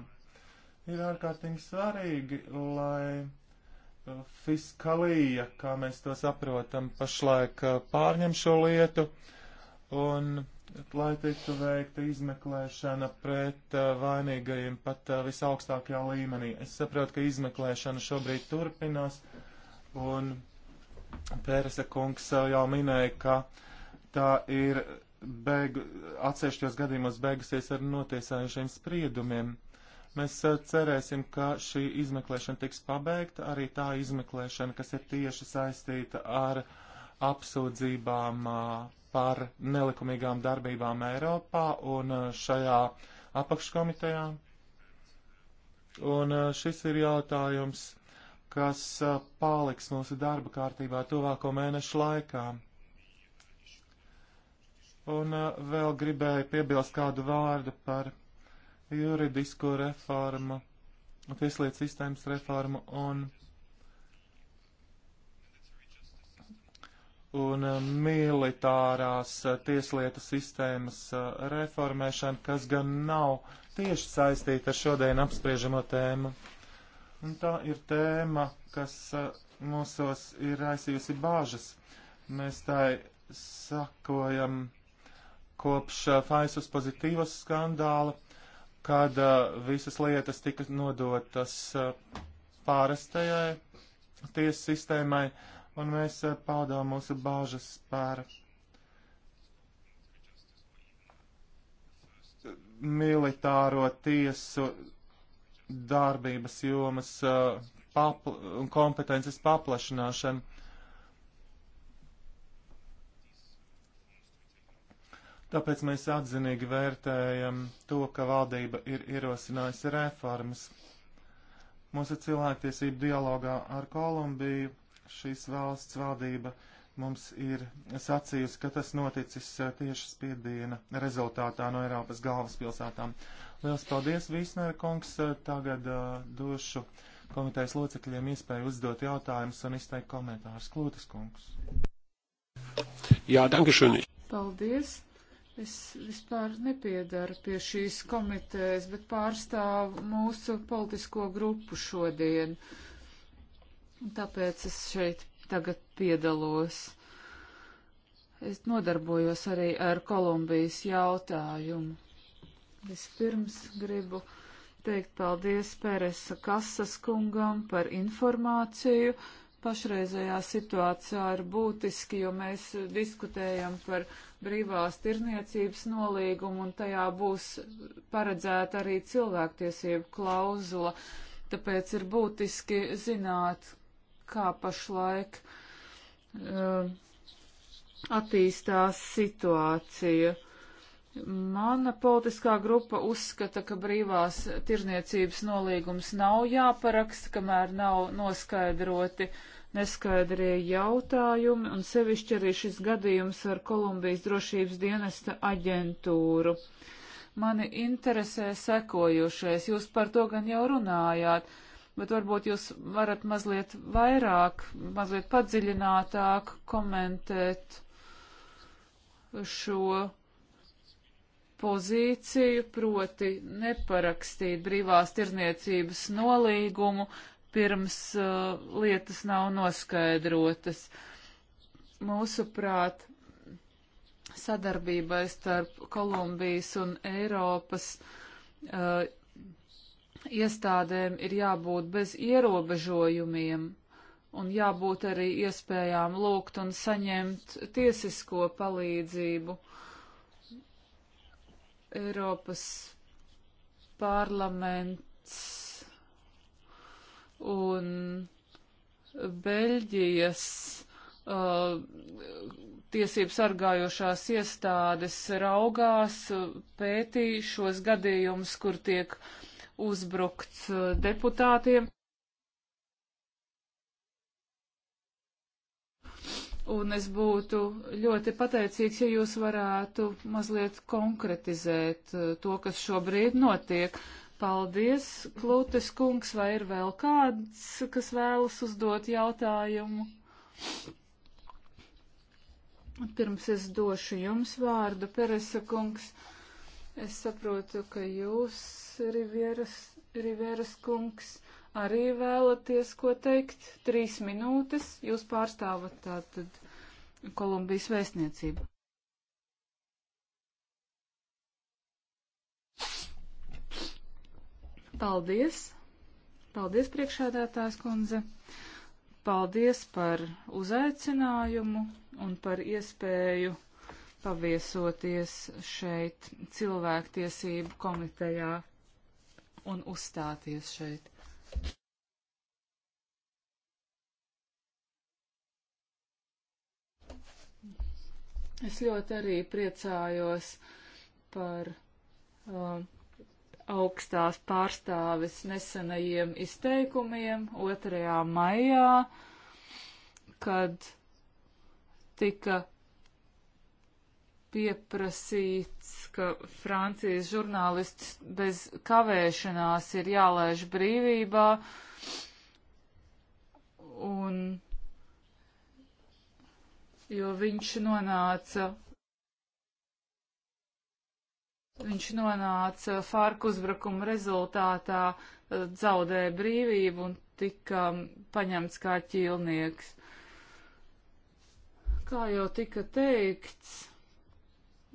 Ir ārkārtīgi svarīgi, lai uh, fiskalija, kā mēs to saprotam, pašlaik uh, pārņem šo lietu. Uh, un lai tiktu veikta izmeklēšana pret uh, vainīgajiem pat uh, visaugstākajā līmenī. Es saprotu, ka izmeklēšana šobrīd turpinās, un Pērese kungs uh, jau minēja, ka tā ir beigu, atsevišķos gadījumos beigusies ar notiesājušiem spriedumiem. Mēs uh, cerēsim, ka šī izmeklēšana tiks pabeigta, arī tā izmeklēšana, kas ir tieši saistīta ar uh, apsūdzībām par nelikumīgām darbībām Eiropā un šajā apakškomitejā. Un šis ir jautājums, kas paliks mūsu darba kārtībā tuvāko mēnešu laikā. Un vēl gribēju piebilst kādu vārdu par juridisko reformu, tieslietu sistēmas reformu un un eh, militārās eh, tieslietu sistēmas eh, reformēšana, kas gan nav tieši saistīta ar šodien apspriežamo tēmu. Un tā ir tēma, kas mūsos ir raisījusi bāžas. Mēs tai sakojam kopš Faisus pozitīvas skandāla, kad visas lietas tika nodotas pārastajai tiesu sistēmai un mēs eh, paudām mūsu bāžas par militāro tiesu darbības jomas eh, papl un kompetences paplašināšanu. Tāpēc mēs atzinīgi vērtējam to, ka valdība ir ierosinājusi reformas. Mūsu cilvēktiesību dialogā ar Kolumbiju šīs valsts valdība mums ir sacījusi, ka tas noticis eh, tieši spiediena rezultātā no Eiropas galvaspilsētām. Liels paldies, Vīsnēra kungs. Eh, tagad uh, došu komitejas locekļiem iespēju uzdot jautājumus un izteikt komentārus. Klūtas kungs. Jā, dankeschön. Paldies. Es vispār nepiedaru pie šīs komitejas, bet pārstāvu mūsu politisko grupu šodien. Uh, Un tāpēc es šeit tagad piedalos. Es nodarbojos arī ar Kolumbijas jautājumu. Vispirms gribu teikt paldies Pēresa Kasas kungam par informāciju. Pašreizējā situācijā ir būtiski, jo mēs diskutējam par brīvās tirniecības nolīgumu un tajā būs paredzēta arī cilvēktiesību klauzula. Tāpēc ir būtiski zināt, kā pašlaik uh, attīstās situācija. Mana politiskā grupa uzskata, ka brīvās tirzniecības nolīgums nav jāparaksta, kamēr nav noskaidroti neskaidrie jautājumi, un sevišķi arī šis gadījums ar Kolumbijas drošības dienesta aģentūru. Mani interesē sekojošais, jūs par to gan jau runājāt bet varbūt jūs varat mazliet vairāk, mazliet padziļinātāk komentēt šo pozīciju, proti neparakstīt brīvās tirzniecības nolīgumu, pirms uh, lietas nav noskaidrotas. Mūsuprāt, sadarbībai starp Kolumbijas un Eiropas uh, iestādēm ir jābūt bez ierobežojumiem un jābūt arī iespējām lūgt un saņemt tiesisko palīdzību. Eiropas parlaments un Beļģijas uh, tiesību sargājošās iestādes raugās, uh, pētī šos gadījumus, kur tiek uh, uzbrukts uh, deputātiem. Un es būtu ļoti pateicīgs, ja jūs varētu mazliet konkretizēt uh, to, kas šobrīd notiek. Paldies, Klūtes kungs, vai ir vēl kāds, kas vēlas uzdot jautājumu? Pirms es došu jums vārdu, Peresa kungs. Uh, Es saprotu, ka jūs, Rivieras, Rivieras kungs, arī vēlaties ko teikt. Trīs minūtes jūs pārstāvat tātad Kolumbijas vēstniecību. Paldies! Paldies, priekšādātājs kundze! Paldies par uzaicinājumu un par iespēju paviesoties šeit cilvēktiesību komitejā un uzstāties šeit. Es ļoti arī priecājos par uh, augstās pārstāvis nesenajiem izteikumiem 2. maijā, kad tika pieprasīts, ka Francijas žurnālists bez kavēšanās ir jālaiž brīvībā. Un, jo viņš nonāca, viņš nonāca fārku uzbrukuma rezultātā, eh, zaudēja brīvību un tika paņemts kā ķīlnieks. Kā jau tika teikts,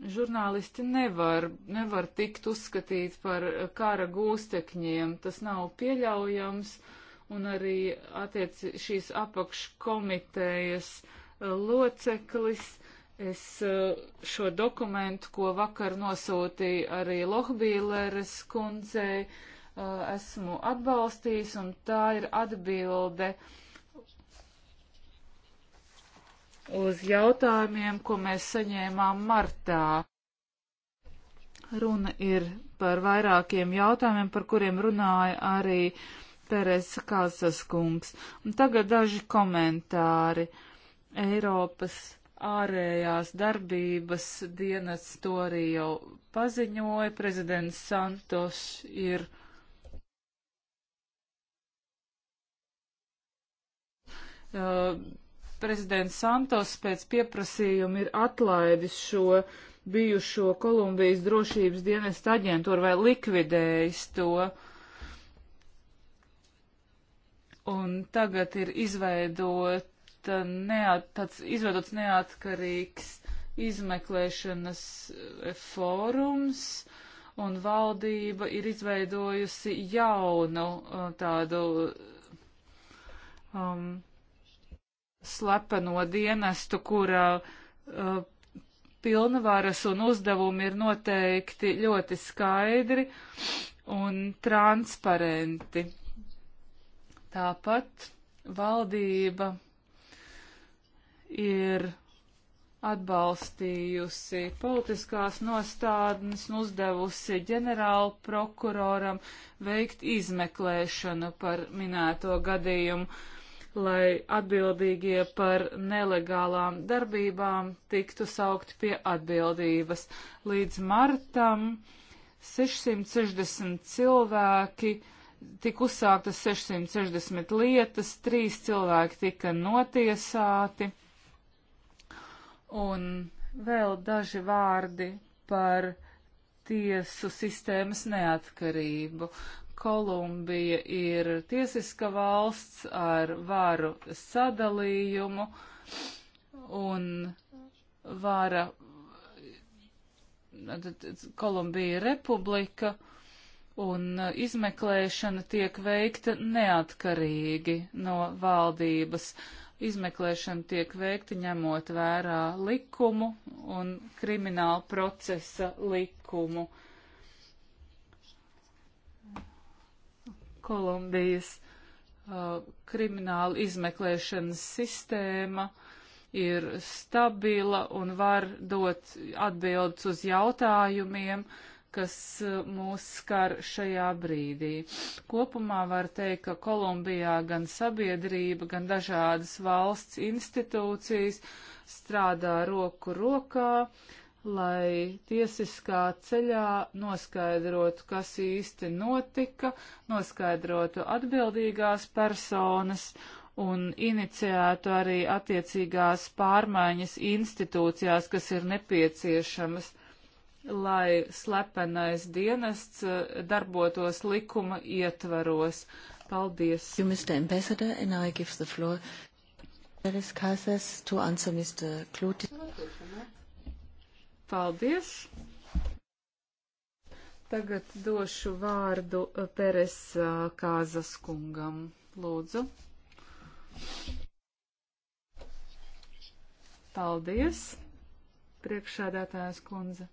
žurnālisti nevar, nevar tikt uzskatīti par kara gūstekņiem. Tas nav pieļaujams, un arī attiec šīs apakškomitejas eh, loceklis. Es eh, šo dokumentu, ko vakar nosūtīja arī Lohbīleres kundzei, eh, esmu atbalstījis, un tā ir atbilde uh, uz jautājumiem, ko mēs saņēmām martā. Runa ir par vairākiem jautājumiem, par kuriem runāja arī Teresa Kāsas kungs. Un tagad daži komentāri. Eiropas ārējās darbības dienas to arī jau paziņoja. Prezidents Santos ir. Uh, prezidents Santos pēc pieprasījuma ir atlaidis šo bijušo Kolumbijas drošības dienesta aģentūru vai likvidējis to. Un tagad ir izveidota uh, neat, tāds izveidots neatkarīgs izmeklēšanas uh, fórums, un valdība ir izveidojusi jaunu uh, tādu um, slepeno dienestu, kura uh, pilnvaras un uzdevumi ir noteikti ļoti skaidri un transparenti. Tāpat valdība ir atbalstījusi politiskās nostādnes un uzdevusi ģenerālu prokuroram veikt izmeklēšanu par minēto gadījumu lai atbildīgie par nelegālām darbībām tiktu saukti pie atbildības. Līdz martam 660 cilvēki, tika uzsāktas 660 lietas, trīs cilvēki tika notiesāti. Un vēl daži vārdi par tiesu sistēmas neatkarību. Kolumbija ir tiesiska valsts ar varu sadalījumu un vara. Kolumbija ir republika un uh, izmeklēšana tiek veikta neatkarīgi no valdības. Izmeklēšana tiek veikta ņemot vērā likumu un krimināla procesa likumu. Uh, Kolumbijas uh, krimināla izmeklēšanas sistēma ir stabila un var dot atbildes uz jautājumiem, kas uh, mūs skar šajā brīdī. Kopumā var teikt, ka Kolumbijā gan sabiedrība, gan dažādas valsts institūcijas strādā roku rokā. Uh, lai tiesiskā ceļā noskaidrotu, kas īsti notika, noskaidrotu atbildīgās personas un iniciētu arī attiecīgās pārmaiņas institūcijās, kas ir nepieciešamas, lai slepenais dienests eh, darbotos likuma ietvaros. Paldies. You, Mr. Ambassador, and I give the floor. There is Casas to answer Mr. Clute. Paldies! Tagad došu vārdu uh, Peres uh, Kāzas kungam. Lūdzu. Paldies, priekšsēdētājas kundze.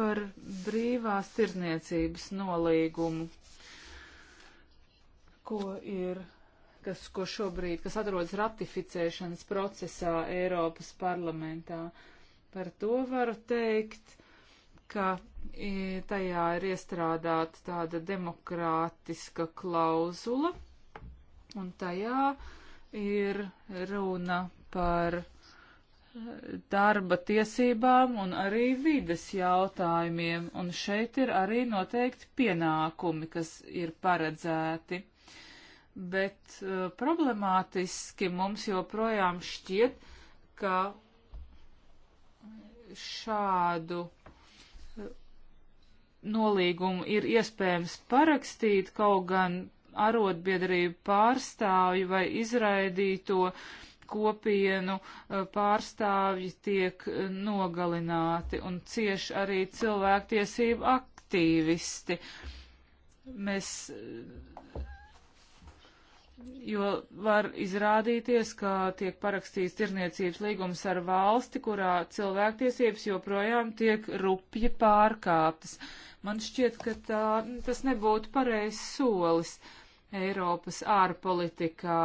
Par brīvās tirzniecības nolīgumu, ko ir kas, ko šobrīd, kas atrodas ratificēšanas procesā Eiropas parlamentā. Par to varu teikt, ka e, tajā ir iestrādāta tāda demokrātiska klauzula, un tajā ir runa par e, darba tiesībām un arī vides jautājumiem, un šeit ir arī noteikti pienākumi, kas ir paredzēti bet uh, problemātiski mums joprojām šķiet, ka šādu uh, nolīgumu ir iespējams parakstīt kaut gan arotbiedrību pārstāvju vai izraidīto kopienu uh, pārstāvji tiek uh, nogalināti un cieši arī cilvēktiesību aktīvisti. Mēs jo var izrādīties, ka tiek parakstīts tirniecības līgums ar valsti, kurā cilvēktiesības joprojām tiek rupji pārkāptas. Man šķiet, ka tā, tas nebūtu pareizs solis Eiropas ārpolitikā.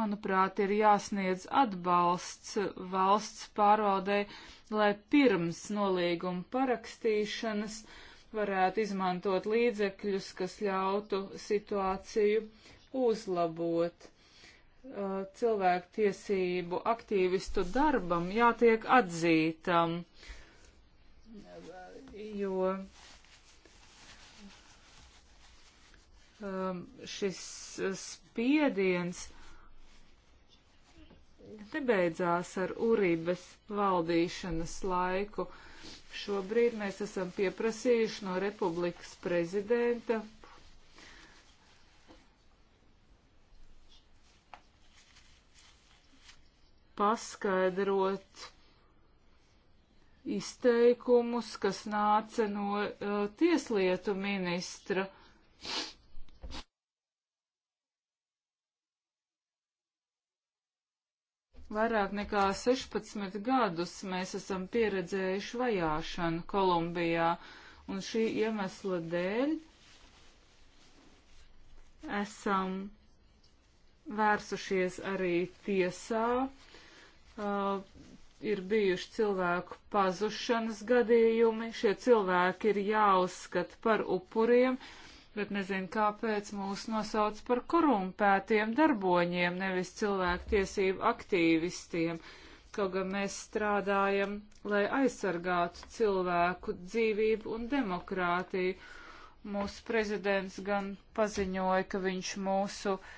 Manuprāt, ir jāsniedz atbalsts valsts pārvaldē, lai pirms nolīguma parakstīšanas varētu izmantot līdzekļus, kas ļautu situāciju uh, uzlabot. Uh, cilvēku tiesību aktīvistu darbam jātiek atzītam, jo um, šis spiediens nebeidzās ar Uribes valdīšanas laiku. Šobrīd mēs esam pieprasījuši no republikas prezidenta paskaidrot izteikumus, kas nāca no uh, tieslietu ministra. Vairāk nekā 16 gadus mēs esam pieredzējuši vajāšanu Kolumbijā, un šī iemesla dēļ esam vērsušies arī tiesā Uh, ir bijuši cilvēku pazušanas gadījumi, šie cilvēki ir jāuzskata par upuriem, bet nezinu, kāpēc mūs nosauc par korumpētiem darboņiem, nevis cilvēku tiesību aktīvistiem. Kaut gan mēs strādājam, lai aizsargātu cilvēku dzīvību un demokrātiju. Mūsu prezidents gan paziņoja, ka viņš mūsu uh,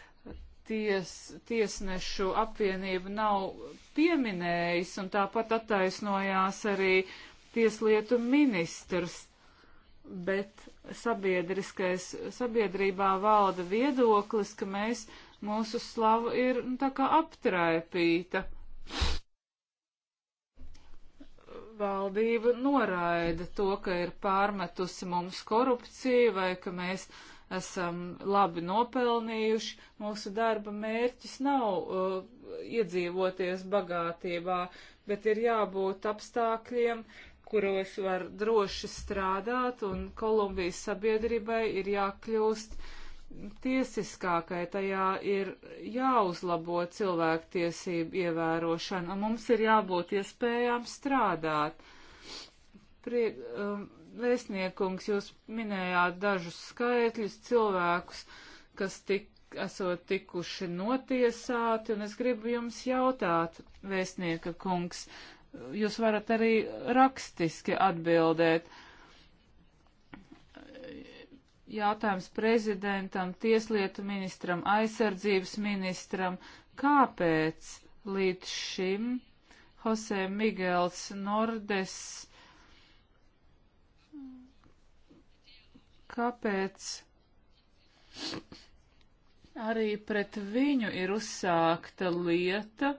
ties, tiesnešu apvienība nav pieminējis, un tāpat attaisnojās arī tieslietu ministrs. Bet sabiedriskais, sabiedrībā valda viedoklis, ka mēs, mūsu slava ir nu, tā kā aptraipīta. Valdība noraida to, ka ir pārmetusi mums korupciju vai ka mēs esam labi nopelnījuši. Mūsu darba mērķis nav uh, iedzīvoties bagātībā, bet ir jābūt apstākļiem, kuros var droši strādāt, un Kolumbijas sabiedrībai ir jākļūst tiesiskākai, tajā ir jāuzlabo cilvēktiesību ievērošana, un mums ir jābūt iespējām strādāt. Prie, um, Vēstniekungs, jūs minējāt dažus skaitļus cilvēkus, kas tik, esot tikuši notiesāti, un es gribu jums jautāt, vēstnieka kungs, jūs varat arī rakstiski atbildēt. Jautājums prezidentam, tieslietu ministram, aizsardzības ministram, kāpēc līdz šim Jose Migels Nordes kāpēc arī pret viņu ir uzsākta lieta.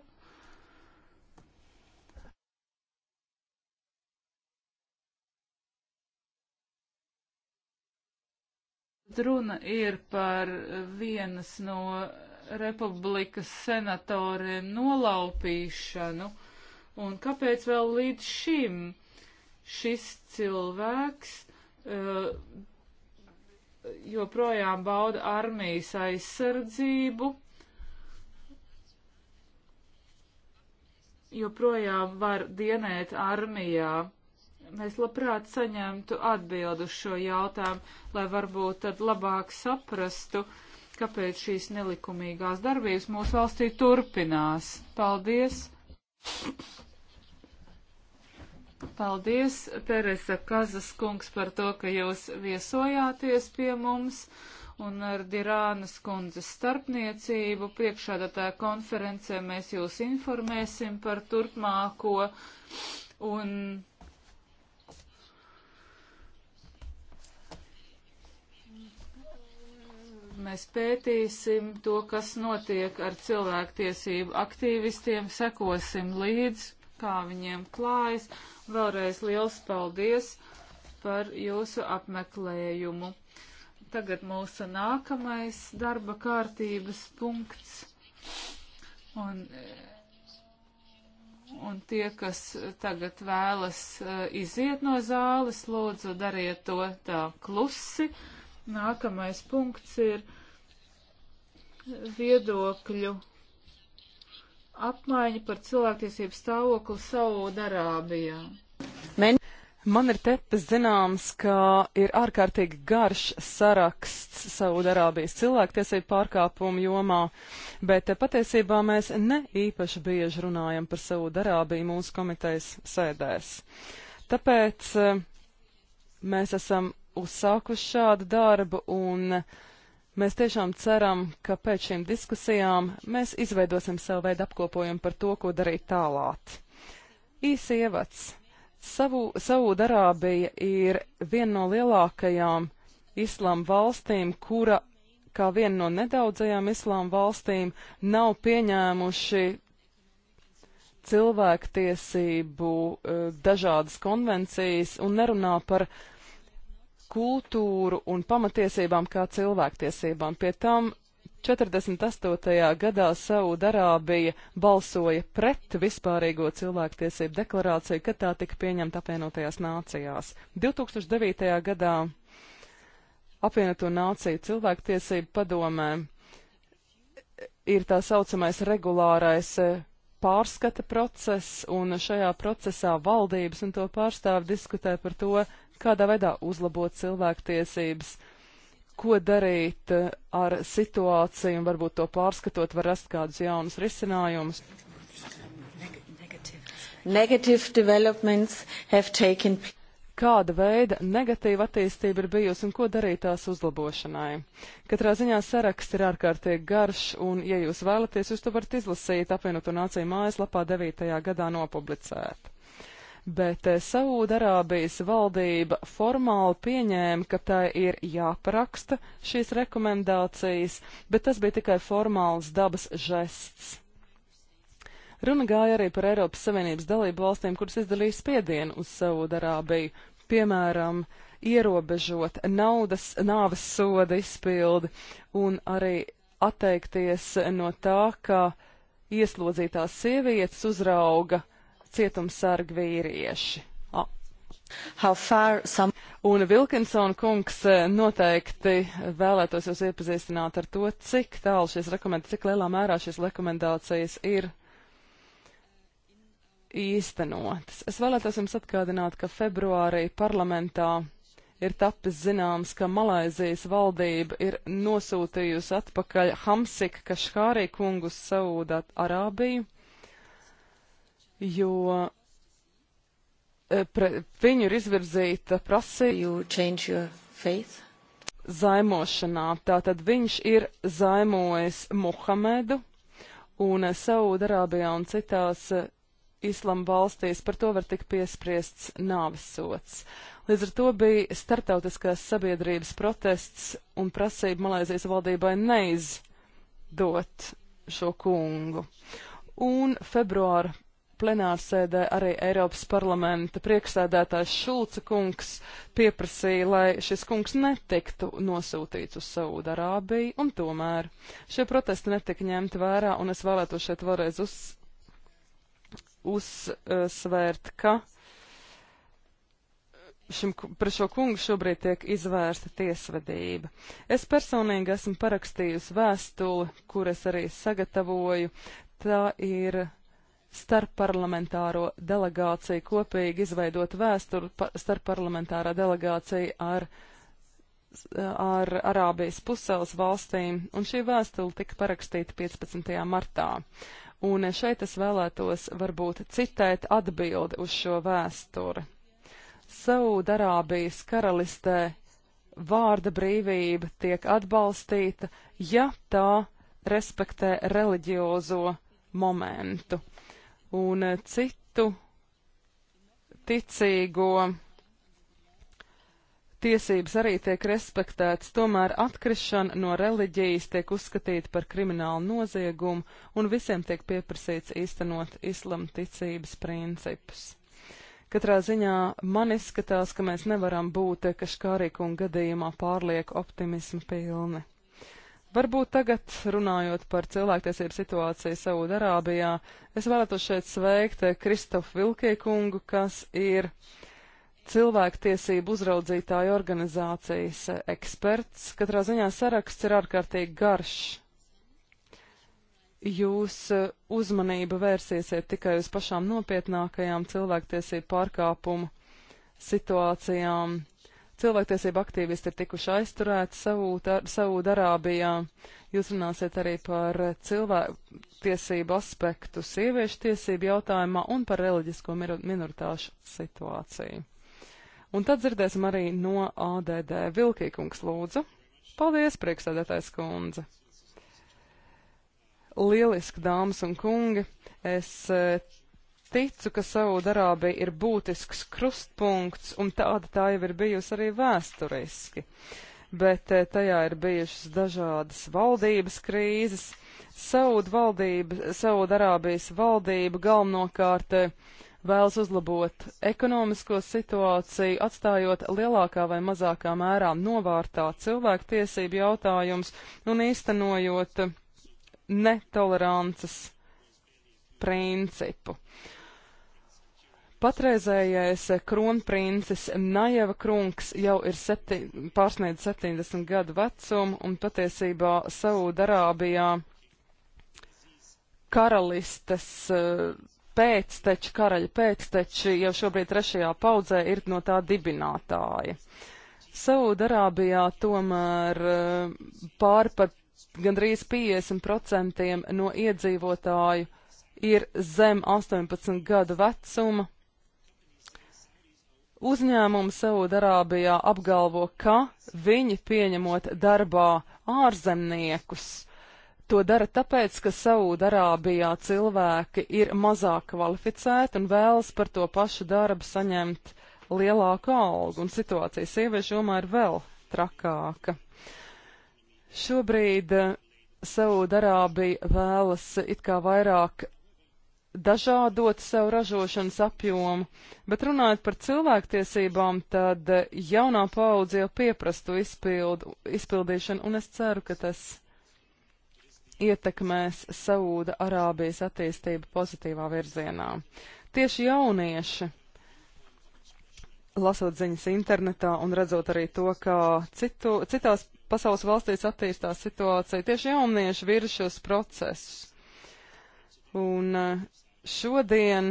Runa ir par vienas no republikas senatoriem nolaupīšanu, un kāpēc vēl līdz šim šis cilvēks uh, joprojām bauda armijas aizsardzību, joprojām var dienēt armijā. Mēs labprāt saņemtu atbildu šo jautājumu, lai varbūt tad labāk saprastu, kāpēc šīs nelikumīgās darbības mūsu valstī turpinās. Paldies! Paldies, Teresa Kazas kungs, par to, ka jūs viesojāties pie mums un ar Dirānas kundzes starpniecību priekšādatā konferencē mēs jūs informēsim par turpmāko un mēs pētīsim to, kas notiek ar cilvēktiesību aktīvistiem, sekosim līdz kā viņiem klājas. Vēlreiz liels paldies par jūsu apmeklējumu. Tagad mūsu nākamais darba kārtības punkts. Un, un tie, kas tagad vēlas eh, iziet no zāles, lūdzu dariet to tā klusi. Nākamais punkts ir viedokļu apmaiņa par cilvēktiesību stāvokli Saudarābijā. Man ir tepes zināms, ka ir ārkārtīgi garš saraksts Saudarābijas cilvēktiesību pārkāpumu jomā, bet patiesībā mēs ne īpaši bieži runājam par Saudarābiju mūsu komitejas sēdēs. Tāpēc eh, mēs esam uzsākuši šādu darbu un uh, Mēs tiešām ceram, ka pēc šīm diskusijām mēs izveidosim sev veidu apkopojumu par to, ko darīt tālāk. Īsi ievads. Savu, Saudarābija ir viena no lielākajām islām valstīm, kura, kā viena no nedaudzajām islām valstīm, nav pieņēmuši cilvēktiesību eh, dažādas konvencijas un nerunā par kultūru un pamatiesībām kā cilvēktiesībām. Pie tam 48. gadā Saudarābija balsoja pret vispārīgo cilvēktiesību deklarāciju, kad tā tika pieņemta apvienotajās nācijās. 2009. gadā apvienoto nāciju cilvēktiesību padomē ir tā saucamais regulārais eh, pārskata process, un šajā procesā valdības un to pārstāvi diskutē par to, kādā veidā uzlabot cilvēktiesības, ko darīt eh, ar situāciju un varbūt to pārskatot var rast kādus jaunus risinājumus. Negative developments have taken place kāda veida negatīva attīstība ir bijusi un ko darīt tās uzlabošanai. Katrā ziņā saraksts ir ārkārtīgi garš, un, ja jūs vēlaties, jūs to varat izlasīt apvienoto nāciju mājaslapā 9. gadā nopublicēt bet eh, Saūdarābijas valdība formāli pieņēma, ka tai ir jāparaksta šīs rekomendācijas, bet tas bija tikai formāls dabas žests. Runa gāja arī par Eiropas Savienības dalību valstīm, kuras izdalīja spiedienu uz Saūdarābiju, piemēram, ierobežot naudas, nāves soda izpildi un arī atteikties no tā, ka ieslodzītās sievietes uzrauga uh, cietumsargu vīrieši. Oh. Some... Un Vilkinsona kungs eh, noteikti vēlētos jūs iepazīstināt ar to, cik tālu šīs rekomendācijas, cik lielā mērā šīs rekomendācijas ir īstenotas. Es vēlētos jums atgādināt, ka februārī parlamentā ir tapis zināms, ka Malaizijas valdība ir nosūtījusi atpakaļ Hamsika Kašhārī kungus Saūda Arābiju jo eh, pre, viņu ir izvirzīta prasība zaimošanā. Tātad viņš ir zaimojis Muhamedu un eh, Saudarābijā un citās eh, islama valstīs par to var tik piespriests nāvisots. Līdz ar to bija startautiskās sabiedrības protests un prasība Malaisijas valdībai neizdot šo kungu. Un februāra plenārsēdē arī Eiropas parlamenta priekšsēdētājs Šulca kungs pieprasīja, lai šis kungs netiktu nosūtīts uz Saūdarābiju, un tomēr šie protesti netika ņemti vērā, un es vēlētos šeit vēlreiz uz, uzsvērt, ka šim, par šo kungu šobrīd tiek izvērsta tiesvedība. Es personīgi esmu parakstījusi vēstuli, kur es arī sagatavoju. Tā ir starpparlamentāro delegāciju, kopīgi izveidot vēsturi pa, starpparlamentārā delegācija ar, ar Arābijas pusēlas valstīm, un šī vēstule tika parakstīta 15. martā. Un šeit es vēlētos varbūt citēt atbildi uz šo vēsturi. Saudarābijas karalistē vārda brīvība tiek atbalstīta, ja tā respektē reliģiozo momentu un eh, citu ticīgo tiesības arī tiek respektētas, tomēr atkrišana no reliģijas tiek uzskatīta par kriminālu noziegumu, un visiem tiek pieprasīts īstenot islama ticības principus. Katrā ziņā man izskatās, ka mēs nevaram būt eh, kaškārīku un gadījumā pārlieku optimismu pilni. Varbūt tagad, runājot par cilvēktiesību situāciju Saudarābijā, es vēlētos šeit sveikt Kristofu Vilkiekungu, kas ir cilvēktiesību uzraudzītāju organizācijas eksperts. Katrā ziņā saraksts ir ārkārtīgi garš. Jūs uzmanību vērsiesiet tikai uz pašām nopietnākajām cilvēktiesību pārkāpumu situācijām Cilvēktiesība aktīvisti ir tikuši aizturēti Saūdarābijā. Jūs runāsiet arī par cilvēktiesību aspektu sieviešu tiesību jautājumā un par reliģisko minoritāšu situāciju. Un tad dzirdēsim arī no ADD Vilkīkungs lūdzu. Paldies, priekšsēdētājs kundze! Lieliski, dāmas un kungi! Es eh, ticu, ka Saudarābija ir būtisks krustpunkts, un tāda tā jau ir bijusi arī vēsturiski. Bet eh, tajā ir bijušas dažādas valdības krīzes. Saudu valdība, Saudarābijas valdība galvenokārt eh, vēlas uzlabot ekonomisko situāciju, atstājot lielākā vai mazākā mērā novārtā cilvēktiesību jautājums un īstenojot eh, netolerances principu. Uh, Patreizējais eh, kronprincis Najeva Krunks jau ir septi, pārsniedz 70 gadu vecumu un patiesībā Saudarābijā karalistes eh, pēcteči, karaļa pēcteči jau šobrīd trešajā paudzē ir no tā dibinātāji. Saudarābijā tomēr eh, pāri par gandrīz 50% no iedzīvotāju ir zem 18 gadu vecuma, Uzņēmumi Saudarābijā apgalvo, ka viņi pieņemot darbā ārzemniekus, to dara tāpēc, ka Saudarābijā cilvēki ir mazāk kvalificēti un vēlas par to pašu darbu saņemt lielāku algu, un situācija sieviešu jomā ir vēl trakāka. Šobrīd eh, Saudarābija vēlas it kā vairāk dažādot savu ražošanas apjomu, bet runājot par cilvēktiesībām, tad eh, jaunā paudze jau pieprastu izpildu, izpildīšanu, un es ceru, ka tas ietekmēs Saūda Arābijas attīstību pozitīvā virzienā. Tieši jaunieši, lasot ziņas internetā un redzot arī to, kā citu, citās pasaules valstīs attīstās situācija, tieši jaunieši virz šos procesus. Un eh, Šodien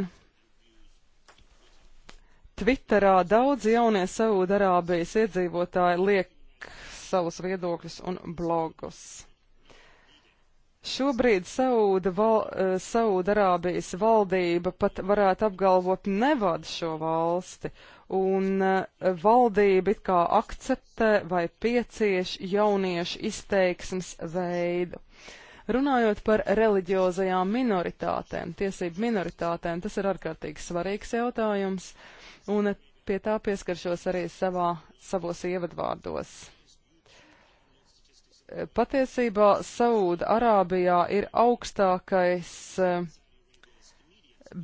Twitterā daudz jaunie Saudarābijas iedzīvotāji liek savus viedokļus un blogus. Šobrīd Sauda val, eh, Saudarābijas valdība pat varētu apgalvot nevada šo valsti, un eh, valdība it kā akceptē vai piecieš jauniešu izteiksmes veidu. Uh, Runājot par reliģiozajām minoritātēm, tiesību minoritātēm, tas ir ārkārtīgi svarīgs jautājums, un pie tā pieskaršos arī savā, savos ievadvārdos. Patiesībā Saūda Arābijā ir augstākais eh,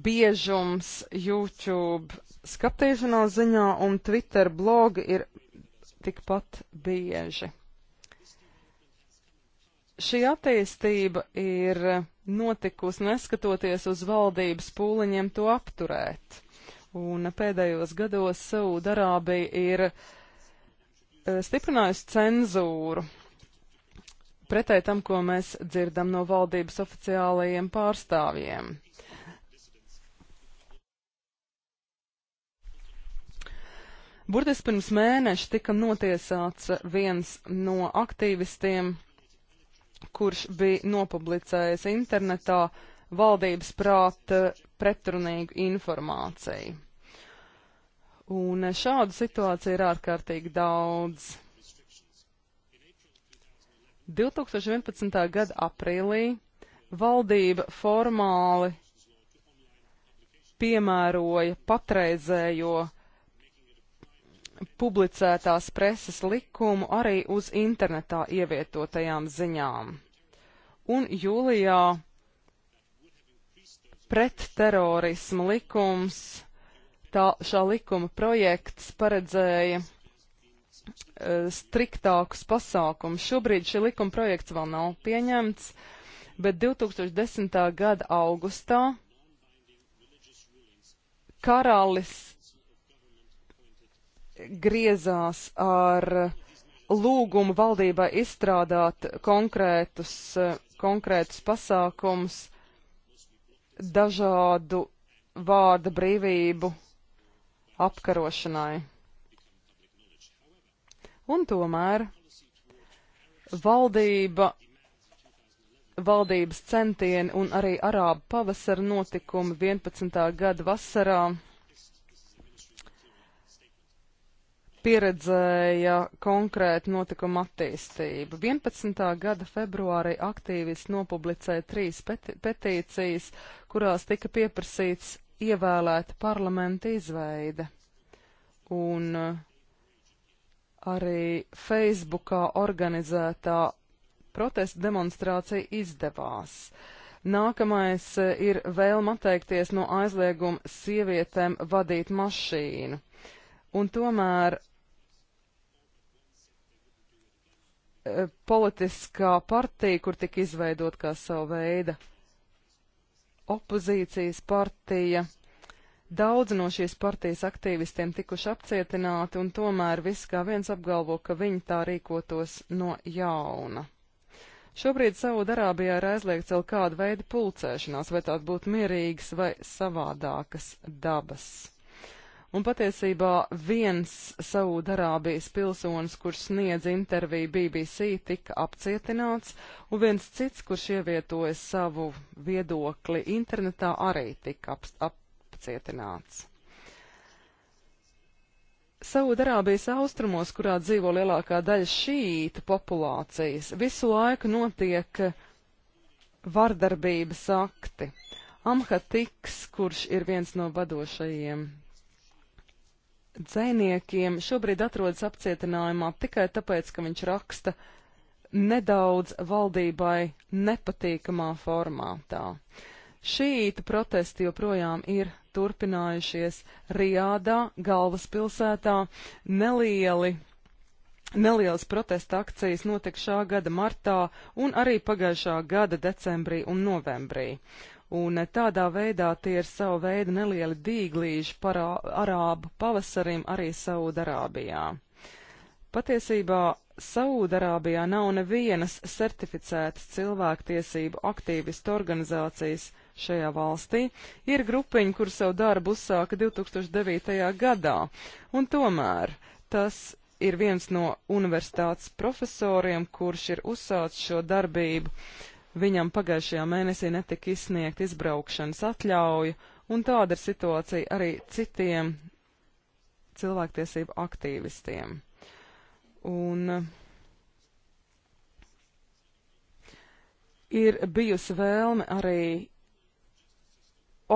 biežums YouTube skatīšanās ziņā, un Twitter blogi ir tikpat bieži. Šī attīstība ir notikusi neskatoties uz valdības pūliņiem to apturēt. Un pēdējos gados Saudarābija ir eh, stiprinājusi cenzūru pretēji tam, ko mēs dzirdam no valdības oficiālajiem pārstāvjiem. Burtiski pirms mēneša tika notiesāts viens no aktīvistiem kurš bija nopublicējis internetā valdības prāta pretrunīgu informāciju. Un šādu situāciju ir ārkārtīgi daudz. 2011. gada aprīlī valdība formāli piemēroja patreizējo publicētās preses likumu arī uz internetā ievietotajām ziņām. Un jūlijā pretterorisma likums, tā, šā likuma projekts paredzēja e, striktākus pasākumus. Šobrīd šī likuma projekts vēl nav pieņemts, bet 2010. gada augustā karalis griezās ar lūgumu valdībai izstrādāt konkrētus, konkrētus pasākums dažādu vārda brīvību apkarošanai. Un tomēr valdība, valdības centieni un arī arābu pavasara notikumi 11. gada vasarā pieredzēja konkrēta notikuma attīstību. 11. gada februārī aktīvisti nopublicēja trīs peti petīcijas, kurās tika pieprasīts ievēlēta parlamenta izveide. Un eh, arī Facebookā organizētā protesta demonstrācija izdevās. Nākamais eh, ir vēlma atteikties no aizlieguma sievietēm vadīt mašīnu. Un tomēr Eh, politiskā partija, kur tika izveidot kā savu veidu opozīcijas partija. Daudz no šīs partijas aktīvistiem tikuši apcietināti, un tomēr viss kā viens apgalvo, ka viņi tā rīkotos no jauna. Šobrīd Saudarābijā ir aizliegts vēl kāda veida pulcēšanās, vai tās būtu mierīgas vai savādākas dabas. Un patiesībā viens Saūdarābijas pilsonis, kurš sniedz interviju BBC, tika apcietināts, un viens cits, kurš ievietoja savu viedokli internetā, arī tika ap apcietināts. Saudarābijas austrumos, kurā dzīvo lielākā daļa šītu populācijas, visu laiku notiek vardarbības akti. Amhatiks, kurš ir viens no vadošajiem dzēniekiem šobrīd atrodas apcietinājumā tikai tāpēc, ka viņš raksta nedaudz valdībai nepatīkamā formā. Tā. Šīta protesti joprojām ir turpinājušies Rijādā, galvaspilsētā. Nelieli, nelielas protesta akcijas notika šā gada martā un arī pagājušā gada decembrī un novembrī un tādā veidā tie ir savu veidu nelieli dīglīži par arābu pavasarim arī Saudarābijā. Patiesībā Saudarābijā nav nevienas certificētas cilvēktiesību aktīvistu organizācijas šajā valstī. Ir grupiņa, kur savu darbu uzsāka 2009. gadā, un tomēr tas ir viens no universitātes profesoriem, kurš ir uzsācis šo darbību. Uh, Viņam pagājušajā mēnesī netika izsniegt izbraukšanas atļauju, un tāda ir situācija arī citiem cilvēktiesību aktīvistiem. Un ir bijusi vēlme arī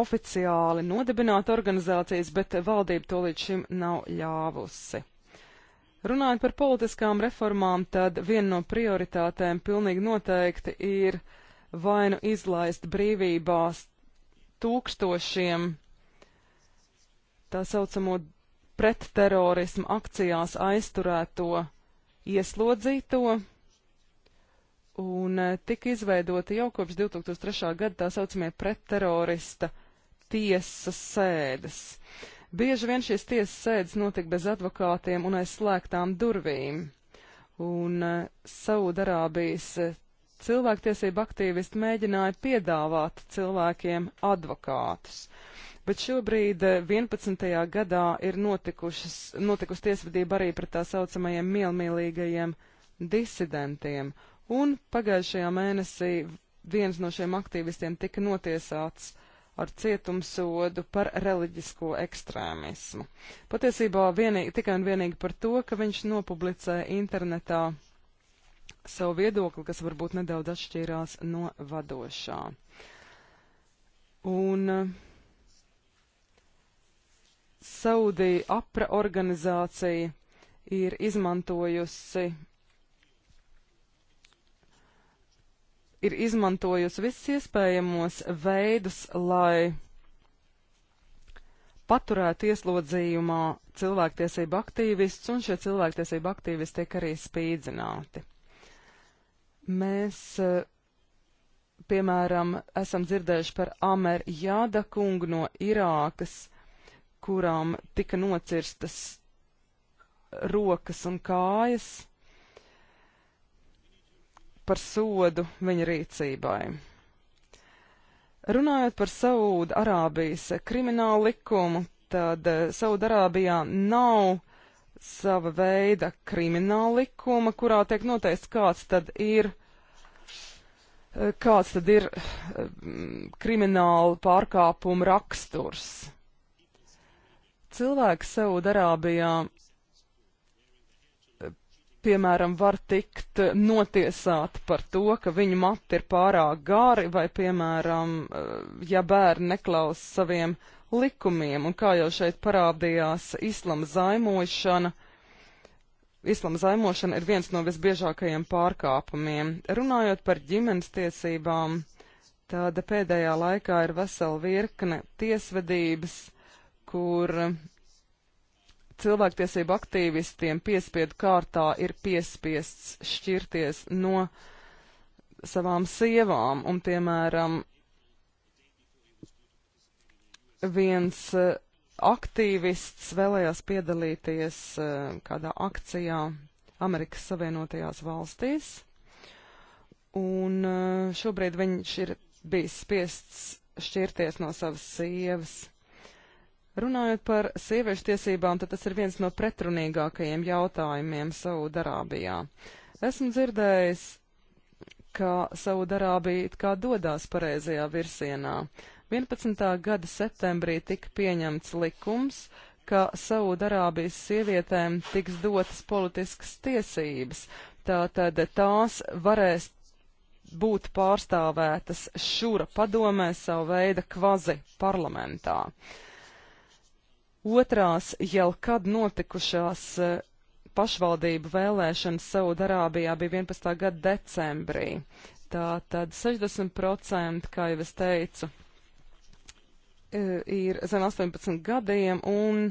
oficiāli nodibināt organizācijas, bet valdība to līdz šim nav ļāvusi. Runājot par politiskām reformām, tad viena no prioritātēm pilnīgi noteikti ir vainu izlaist brīvībās tūkstošiem tā saucamo pretterorismu akcijās aizturēto ieslodzīto, un eh, tika izveidota jau kopš 2003. gada tā saucamie pretterorista tiesas sēdes. Uh, Bieži vien šīs tiesas sēdes notika bez advokātiem un aiz slēgtām durvīm. Un e, Saudarābijas e, cilvēktiesība aktīvisti mēģināja piedāvāt cilvēkiem advokātus. Bet šobrīd 11. E, gadā ir notikusi tiesvedība arī pret tā saucamajiem mielmīlīgajiem disidentiem, un pagājušajā mēnesī viens no šiem aktīvistiem tika notiesāts ar cietumsodu par reliģisko ekstrēmismu. Patiesībā vienīgi, tikai un vienīgi par to, ka viņš nopublicēja internetā savu viedokli, kas varbūt nedaudz atšķīrās no vadošā. Un eh, Saudija apra organizācija ir izmantojusi ir izmantojusi visus iespējamos veidus, lai paturētu ieslodzījumā cilvēktiesību aktīvistus, un šie cilvēktiesību aktīvisti tiek arī spīdzināti. Mēs, eh, piemēram, esam dzirdējuši par Amer Jāda kungu no Irākas, kurām tika nocirstas rokas un kājas, par sodu viņa rīcībai. Runājot par Saūda Arābijas kriminālu likumu, tad eh, Saūda Arābijā nav sava veida krimināla likuma, kurā tiek noteikts, kāds tad ir, eh, kāds tad ir eh, krimināla pārkāpuma raksturs. Cilvēki Saūda Arābijā piemēram, var tikt notiesāti par to, ka viņu mati ir pārāk gari, vai, piemēram, eh, ja bērni neklaus saviem likumiem, un kā jau šeit parādījās, islama zaimošana. Islama zaimošana ir viens no visbiežākajiem pārkāpumiem. Runājot par ģimenes tiesībām, tāda pēdējā laikā ir vesela virkne tiesvedības, kur cilvēktiesību aktīvistiem piespiedu kārtā ir piespiests šķirties no savām sievām, un, piemēram, viens eh, aktīvists vēlējās piedalīties eh, kādā akcijā Amerikas Savienotajās valstīs, un eh, šobrīd viņš ir bijis spiests šķirties no savas sievas. Runājot par sieviešu tiesībām, tad tas ir viens no pretrunīgākajiem jautājumiem Saudarābijā. Esmu dzirdējis, ka Saudarābija it kā dodās pareizajā virsienā. 11. gada septembrī tika pieņemts likums, ka Saudarābijas sievietēm tiks dotas politiskas tiesības, tātad tās varēs būt pārstāvētas šura padomē savu veidu kvazi parlamentā. Uh, otrās jau kad notikušās eh, pašvaldību vēlēšanas Saudarābijā bija 11. gada decembrī. Tā tad 60%, kā jau es teicu, eh, ir zem 18 gadiem un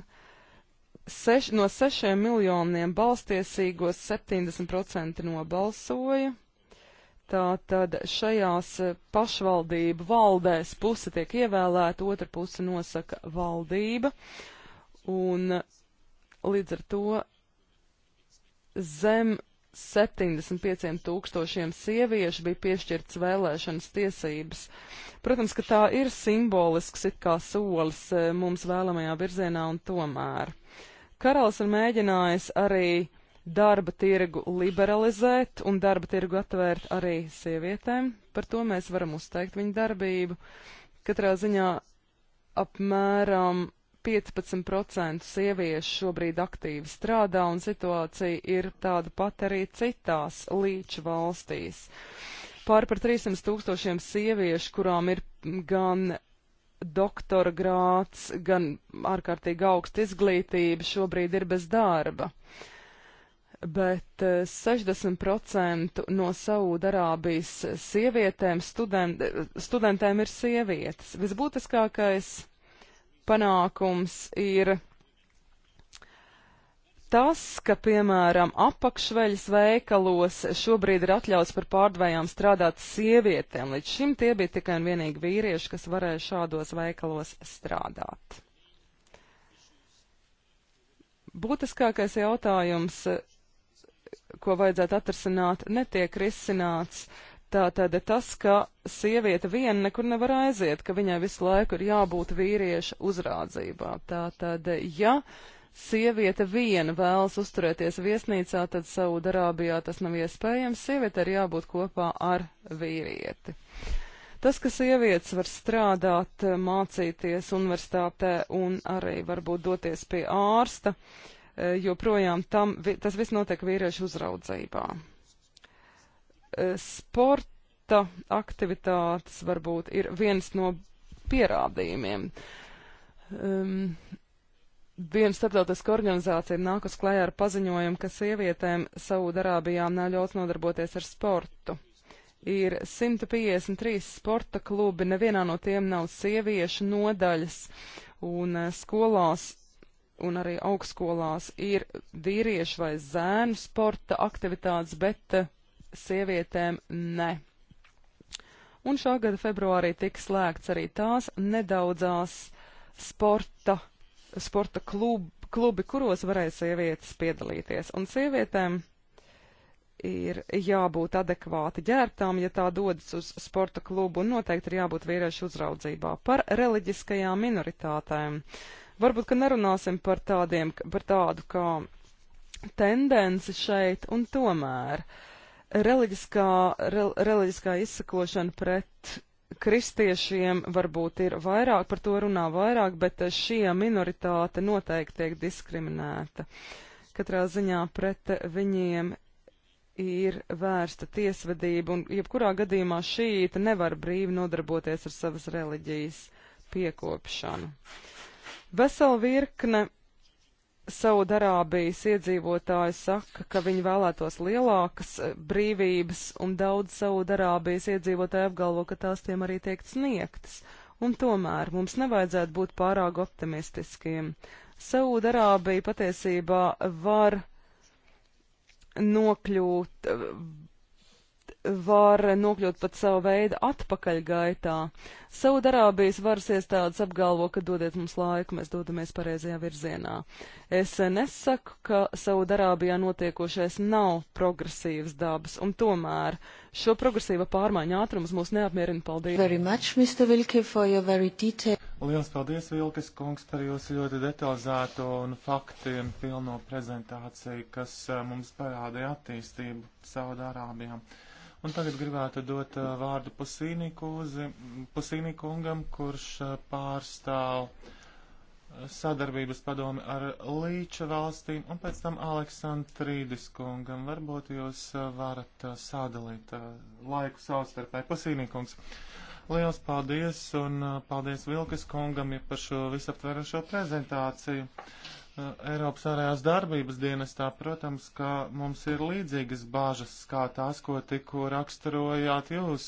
seš, no 6 miljoniem balstiesīgos 70% nobalsoja. Tātad šajās eh, pašvaldību valdēs puse tiek ievēlēta, otra puse nosaka valdība. Uh, un līdz ar to zem 75 tūkstošiem sieviešu bija piešķirts vēlēšanas tiesības. Protams, ka tā ir simbolisks it kā solis e, mums vēlamajā virzienā un tomēr. Karalis ir mēģinājis arī darba tirgu liberalizēt un darba tirgu atvērt arī sievietēm. Par to mēs varam uzteikt viņu darbību. Katrā ziņā apmēram 15% sieviešu šobrīd aktīvi strādā, un situācija ir tāda pat arī citās līča valstīs. Pār par 300 tūkstošiem sieviešu, kurām ir gan doktora grāts, gan ārkārtīgi augsta izglītība, šobrīd ir bez darba bet 60% eh, no Saūda-Arābijas sievietēm student, studentēm ir sievietes. Visbūtiskākais panākums ir tas, ka, piemēram, apakšveļas veikalos šobrīd ir atļauts par pārdevējām strādāt sievietēm. Līdz šim tie bija tikai un vienīgi vīrieši, kas varēja šādos veikalos strādāt. Būtiskākais jautājums, ko vajadzētu atrasināt, netiek risināts. Tātad tas, ka sieviete viena nekur nevar aiziet, ka viņai visu laiku ir jābūt vīrieša uzrādzībā. Tātad, ja sieviete viena vēlas uzturēties viesnīcā, tad Saudarābijā tas nav iespējams. Sieviete ir jābūt kopā ar vīrieti. Tas, ka sievietes var strādāt, mācīties universitātē un arī varbūt doties pie ārsta, eh, joprojām tam, tas viss notiek vīriešu uzraudzībā. Sporta aktivitātes varbūt ir viens no pierādījumiem. Um, Viena starptautiska organizācija ir nākus klajā ar paziņojumu, ka sievietēm Saudarābijā nav ļauts nodarboties ar sportu. Ir 153 sporta klubi, nevienā no tiem nav sieviešu nodaļas, un eh, skolās un arī augstskolās ir vīriešu vai zēnu sporta aktivitātes, bet eh, sievietēm ne. Un šā gada februārī tika slēgts arī tās nedaudzās sporta, sporta klub, klubi, kuros varēja sievietes piedalīties. Un sievietēm ir jābūt adekvāti ģērbtām, ja tā dodas uz sporta klubu, un noteikti ir jābūt vīriešu uzraudzībā par reliģiskajām minoritātēm. Varbūt, ka nerunāsim par, tādiem, par tādu kā tendenci šeit, un tomēr. Uh, Reliģiskā, re, reliģiskā izsakošana pret kristiešiem varbūt ir vairāk, par to runā vairāk, bet šī minoritāte noteikti tiek diskriminēta. Katrā ziņā pret viņiem ir vērsta tiesvedība, un jebkurā gadījumā šīta nevar brīvi nodarboties ar savas reliģijas piekopšanu. Vesela virkne Saudarābijas iedzīvotāji saka, ka viņi vēlētos lielākas eh, brīvības, un daudz Saudarābijas iedzīvotāji apgalvo, ka tās tiem arī tiek sniegtas. Un tomēr mums nevajadzētu būt pārāk optimistiskiem. Saudarābija patiesībā var nokļūt, eh, var nokļūt pat savu veidu atpakaļgaitā. Saudarābijas varas iestādes apgalvo, ka dodiet mums laiku, mēs dodamies pareizajā virzienā. Es nesaku, ka Saudarābijā notiekošais nav progresīvas dabas, un tomēr šo progresīva pārmaiņa ātrums mūs neapmierina. Paldies! Much, Vilke, detail... Liels paldies, Vilkes kungs, par jūsu ļoti detalizēto un faktiem pilno prezentāciju, kas eh, mums parādīja attīstību Saudārābijā. Un tagad gribētu dot uh, vārdu Pusīnī kungam, kurš uh, pārstāv uh, sadarbības padomi ar Līča valstīm, un pēc tam Aleksandrīdis kungam. Varbūt jūs uh, varat uh, sadalīt uh, laiku savstarpēji. Pusīnī kungs, liels paldies, un uh, paldies Vilkas kungam ja par šo visaptverošo prezentāciju. Uh, Eiropas ārējās darbības dienestā, protams, ka mums ir līdzīgas bāžas kā tās, ko tikko raksturojāt jūs.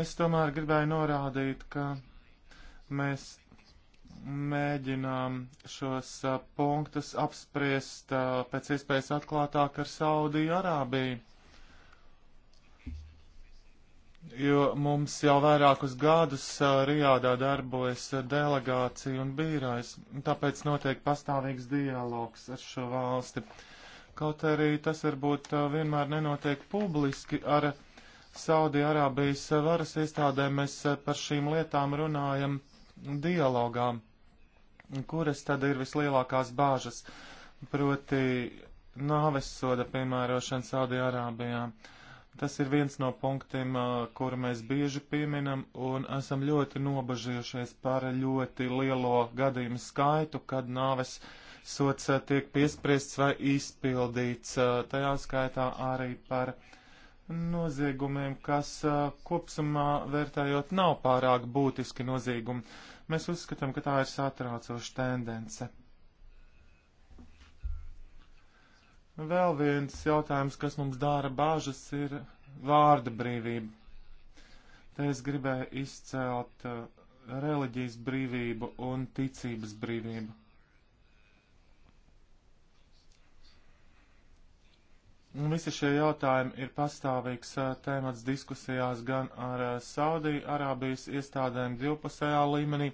Es tomēr gribēju norādīt, ka mēs mēģinām šos a, punktus apspriest a, pēc iespējas atklātāk ar Saudiju Arābiju jo mums jau vairākus gadus Rijādā darbojas delegācija un bīrais, tāpēc notiek pastāvīgs dialogs ar šo valsti. Kaut arī tas varbūt vienmēr nenotiek publiski ar Saudi-Arābijas varas iestādēm, mēs par šīm lietām runājam dialogā, kuras tad ir vislielākās bāžas, proti nāves soda piemērošana Saudi-Arābijā. Uh, Tas ir viens no punktiem, kuru mēs bieži pieminam, un esam ļoti nobažījušies par ļoti lielo gadījumu skaitu, kad nāves sots tiek piespriests vai izpildīts. Tajā skaitā arī par noziegumiem, kas kopsumā vērtējot nav pārāk būtiski noziegumi. Mēs uzskatām, ka tā ir satraucoša tendence. Vēl viens jautājums, kas mums dara bāžas, ir vārda brīvība. Te es gribēju izcelt uh, reliģijas brīvību un ticības brīvību. Un visi šie jautājumi ir pastāvīgs uh, tēmats diskusijās gan ar uh, Saudiju Arābijas iestādēm divpusējā līmenī,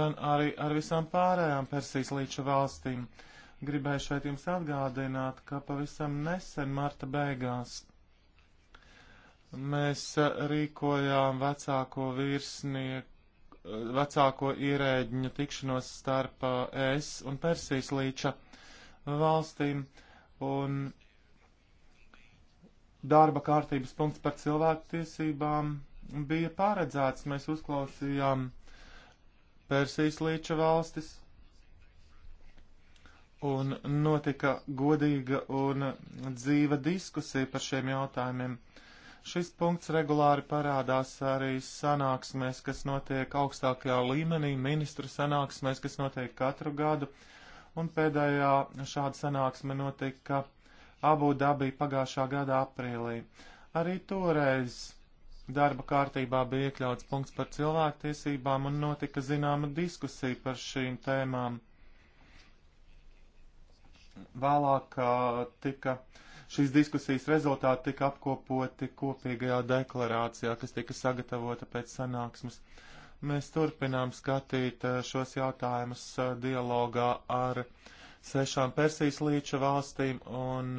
gan arī ar visām pārējām Persijas līča valstīm. Uh, Gribēju šeit jums atgādināt, ka pavisam nesen marta beigās mēs eh, rīkojām vecāko virsnieku eh, vecāko ierēģiņu tikšanos starp eh, ES un Persijas līča valstīm. Un darba kārtības punkts par cilvēktiesībām bija paredzēts. Mēs uzklausījām Persijas līča valstis un notika godīga un dzīva diskusija par šiem jautājumiem. Šis punkts regulāri parādās arī sanāksmēs, kas notiek augstākajā līmenī, ministru sanāksmēs, kas notiek katru gadu, un pēdējā šāda sanāksme notika Abu Dabī pagājušā gada aprīlī. Arī toreiz darba kārtībā bija iekļauts punkts par cilvēktiesībām un notika zināma diskusija par šīm tēmām. Vēlāk tika šīs diskusijas rezultāti tika apkopoti kopīgajā deklarācijā, kas tika sagatavota pēc sanāksmes. Mēs turpinām skatīt šos jautājumus dialogā ar sešām Persijas līča valstīm un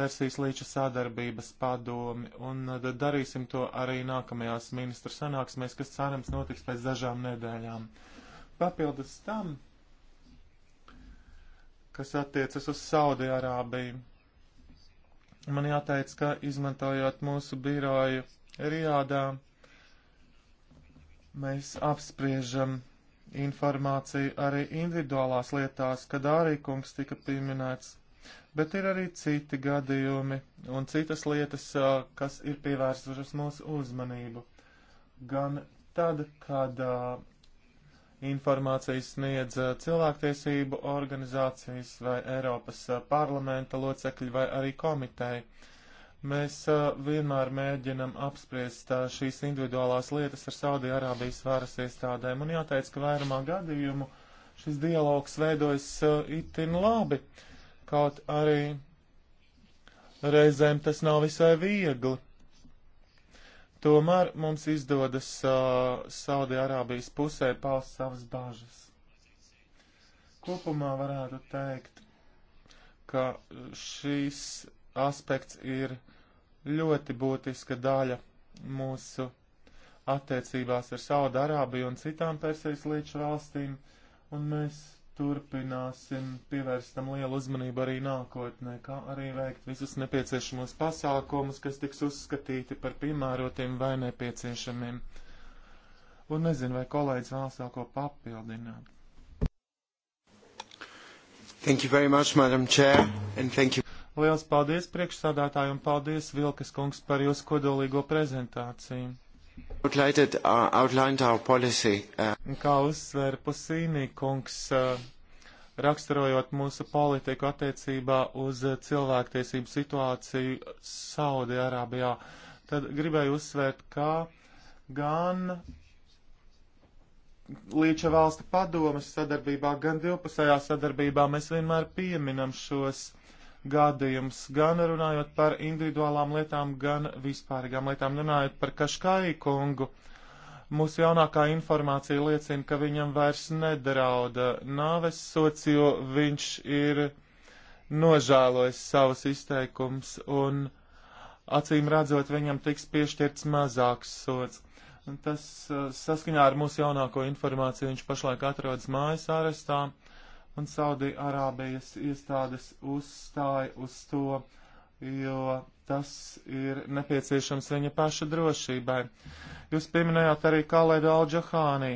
Persijas līča sadarbības padomi, un darīsim to arī nākamajās ministru sanāksmēs, kas cerams notiks pēc dažām nedēļām. Papildus tam kas attiecas uz Saudi-Arābiju. Man jāteic, ka izmantojot mūsu biroju Rijādā, mēs apspriežam informāciju arī individuālās lietās, kad arī kungs tika pieminēts, bet ir arī citi gadījumi un citas lietas, kas ir pievērsušas mūsu uzmanību. Gan tad, kad informācijas sniedz eh, cilvēktiesību organizācijas vai Eiropas eh, parlamenta locekļi vai arī komiteja. Mēs eh, vienmēr mēģinam apspriest šīs individuālās lietas ar Saudi-Arābijas varas iestādēm, un jāteic, ka vairumā gadījumu šis dialogs veidojas itin labi, kaut arī reizēm tas nav visai viegli Tomēr mums izdodas uh, Saudi-Arābijas pusē paust savas bažas. Kopumā varētu teikt, ka šīs aspekts ir ļoti būtiska daļa mūsu attiecībās ar Saudi-Arābiju un citām Persijas līča valstīm, un mēs turpināsim pievērst tam lielu uzmanību arī nākotnē, kā arī veikt visus nepieciešamos pasākumus, kas tiks uzskatīti par piemērotiem vai nepieciešamiem. Un nezinu, vai kolēģis vēlas vēl ko papildināt. Thank you very much, Madam Chair, and thank you. Liels paldies priekšsādātāju un paldies Vilkas kungs par jūsu kodolīgo prezentāciju. Uh, uh, Kā uzsver Pusīnī kungs, uh, raksturojot mūsu politiku attiecībā uz cilvēktiesību situāciju Saudi-Arābijā, tad gribēju uzsvērt, ka gan Līča valstu padomas sadarbībā, gan divpusējā sadarbībā mēs vienmēr pieminam šos gadījums, gan runājot par individuālām lietām, gan vispārīgām lietām, runājot par Kaškai kungu. Mūsu jaunākā informācija liecina, ka viņam vairs nedrauda nāves sots, jo viņš ir nožēlojis savus izteikums un acīm redzot viņam tiks piešķirts mazāks sots. Tas uh, saskaņā ar mūsu jaunāko informāciju viņš pašlaik atrodas mājas arestā un Saudija-Arābijas iestādes uzstāja uz to, jo tas ir nepieciešams viņa paša drošībai. Jūs pieminējāt arī Kaledu Al-Džahānī,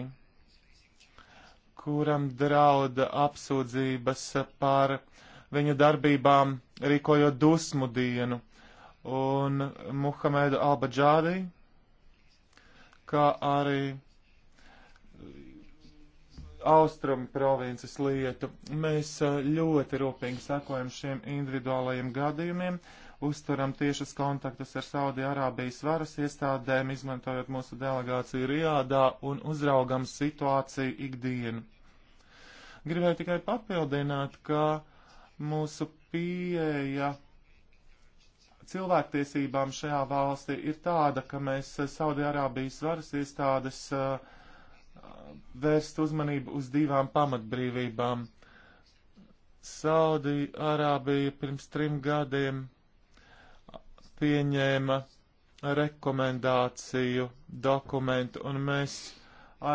kuram drauda apsūdzības par viņa darbībām rīkojot dusmu dienu, un Muhamedu Al-Baģādī, kā arī austrumu provinces lietu. Mēs ļoti rūpīgi sekojam šiem individuālajiem gadījumiem, uzturam tiešas kontaktus ar Saudi-Arābijas varas iestādēm, izmantojot mūsu delegāciju Riādā un uzraugam situāciju ikdienu. Gribēju tikai papildināt, ka mūsu pieeja cilvēktiesībām šajā valstī ir tāda, ka mēs Saudi-Arābijas varas iestādes uh, vērst uzmanību uz divām pamatbrīvībām. Saudi Arābija pirms trim gadiem pieņēma rekomendāciju dokumentu, un mēs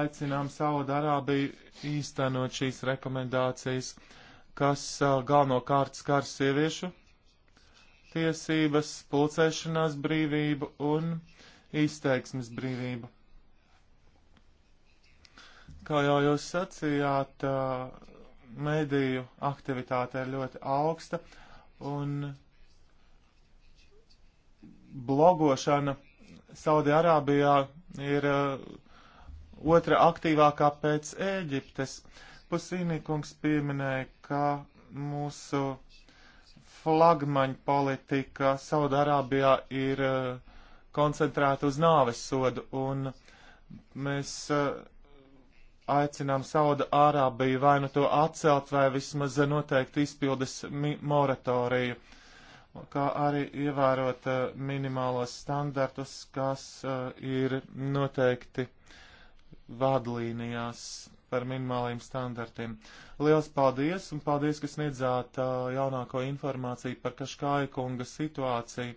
aicinām Saudi Arābiju īstenot šīs rekomendācijas, kas galvenokārt skar sieviešu tiesības, pulcēšanās brīvību un izteiksmes brīvību. Kā jau jūs sacījāt, mediju aktivitāte ir ļoti augsta un blogošana Saudi-Arābijā ir otra aktīvākā pēc Ēģiptes. Pusīnīkums pieminēja, ka mūsu flagmaņa politika Saudārābijā ir uh, koncentrēta uz nāves sodu, un mēs uh, aicinām Sauda Ārābiju vai nu to atcelt, vai vismaz noteikti izpildes moratoriju, kā arī ievērot uh, minimālos standartus, kas uh, ir noteikti vadlīnijās par minimāliem standartiem. Liels paldies un paldies, ka sniedzāt uh, jaunāko informāciju par Kaškāja kunga situāciju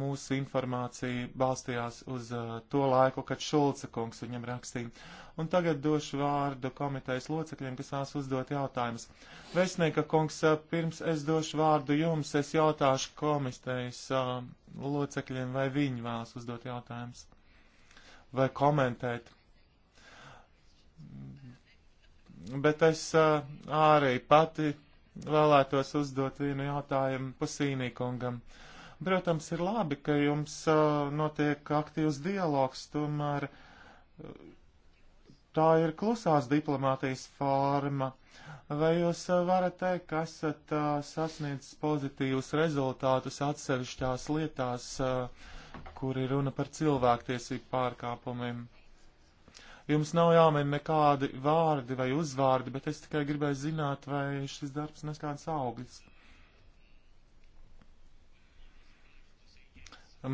mūsu informācija balstījās uz uh, to laiku, kad Šulca kungs viņam rakstīja. Un tagad došu vārdu komitejas locekļiem, kas vēlas uzdot jautājumus. Vēstnieka kungs, uh, pirms es došu vārdu jums, es jautāšu komitejas uh, locekļiem, vai viņi vēlas uzdot jautājumus vai komentēt. Bet es uh, arī pati vēlētos uzdot vienu jautājumu Pusīnī kungam. Uh, Protams, ir labi, ka jums uh, notiek aktīvs dialogs, tomēr uh, tā ir klusās diplomātijas forma. Vai jūs uh, varat teikt, ka esat uh, sasniedzis pozitīvus rezultātus atsevišķās lietās, uh, kur ir runa par cilvēktiesību pārkāpumiem? Jums nav jāmin nekādi vārdi vai uzvārdi, bet es tikai gribēju zināt, vai šis darbs nes kādas augļas.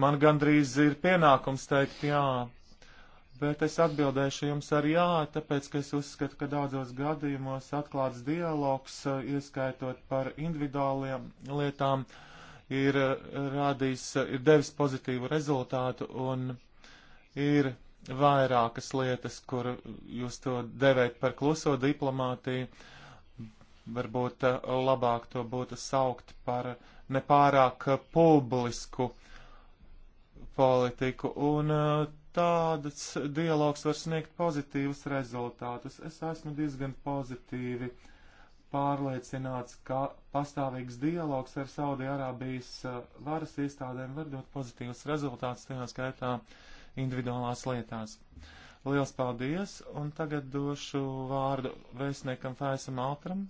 Man gandrīz ir pienākums teikt jā, bet es atbildēšu jums ar jā, tāpēc, ka es uzskatu, ka daudzos gadījumos atklāts dialogs, ieskaitot par individuāliem lietām, ir eh, rādījis, ir devis pozitīvu rezultātu un ir vairākas lietas, kur jūs to devēt par kluso diplomātiju. Varbūt eh, labāk to būtu saukt par nepārāk publisku politiku, un uh, tāds dialogs var sniegt pozitīvus rezultātus. Es esmu diezgan pozitīvi pārliecināts, ka pastāvīgs dialogs ar Saudi-Arābijas uh, varas iestādēm var dot pozitīvus rezultātus, tajā skaitā individuālās lietās. Liels paldies, un tagad došu vārdu vēstniekam Faisam Altram.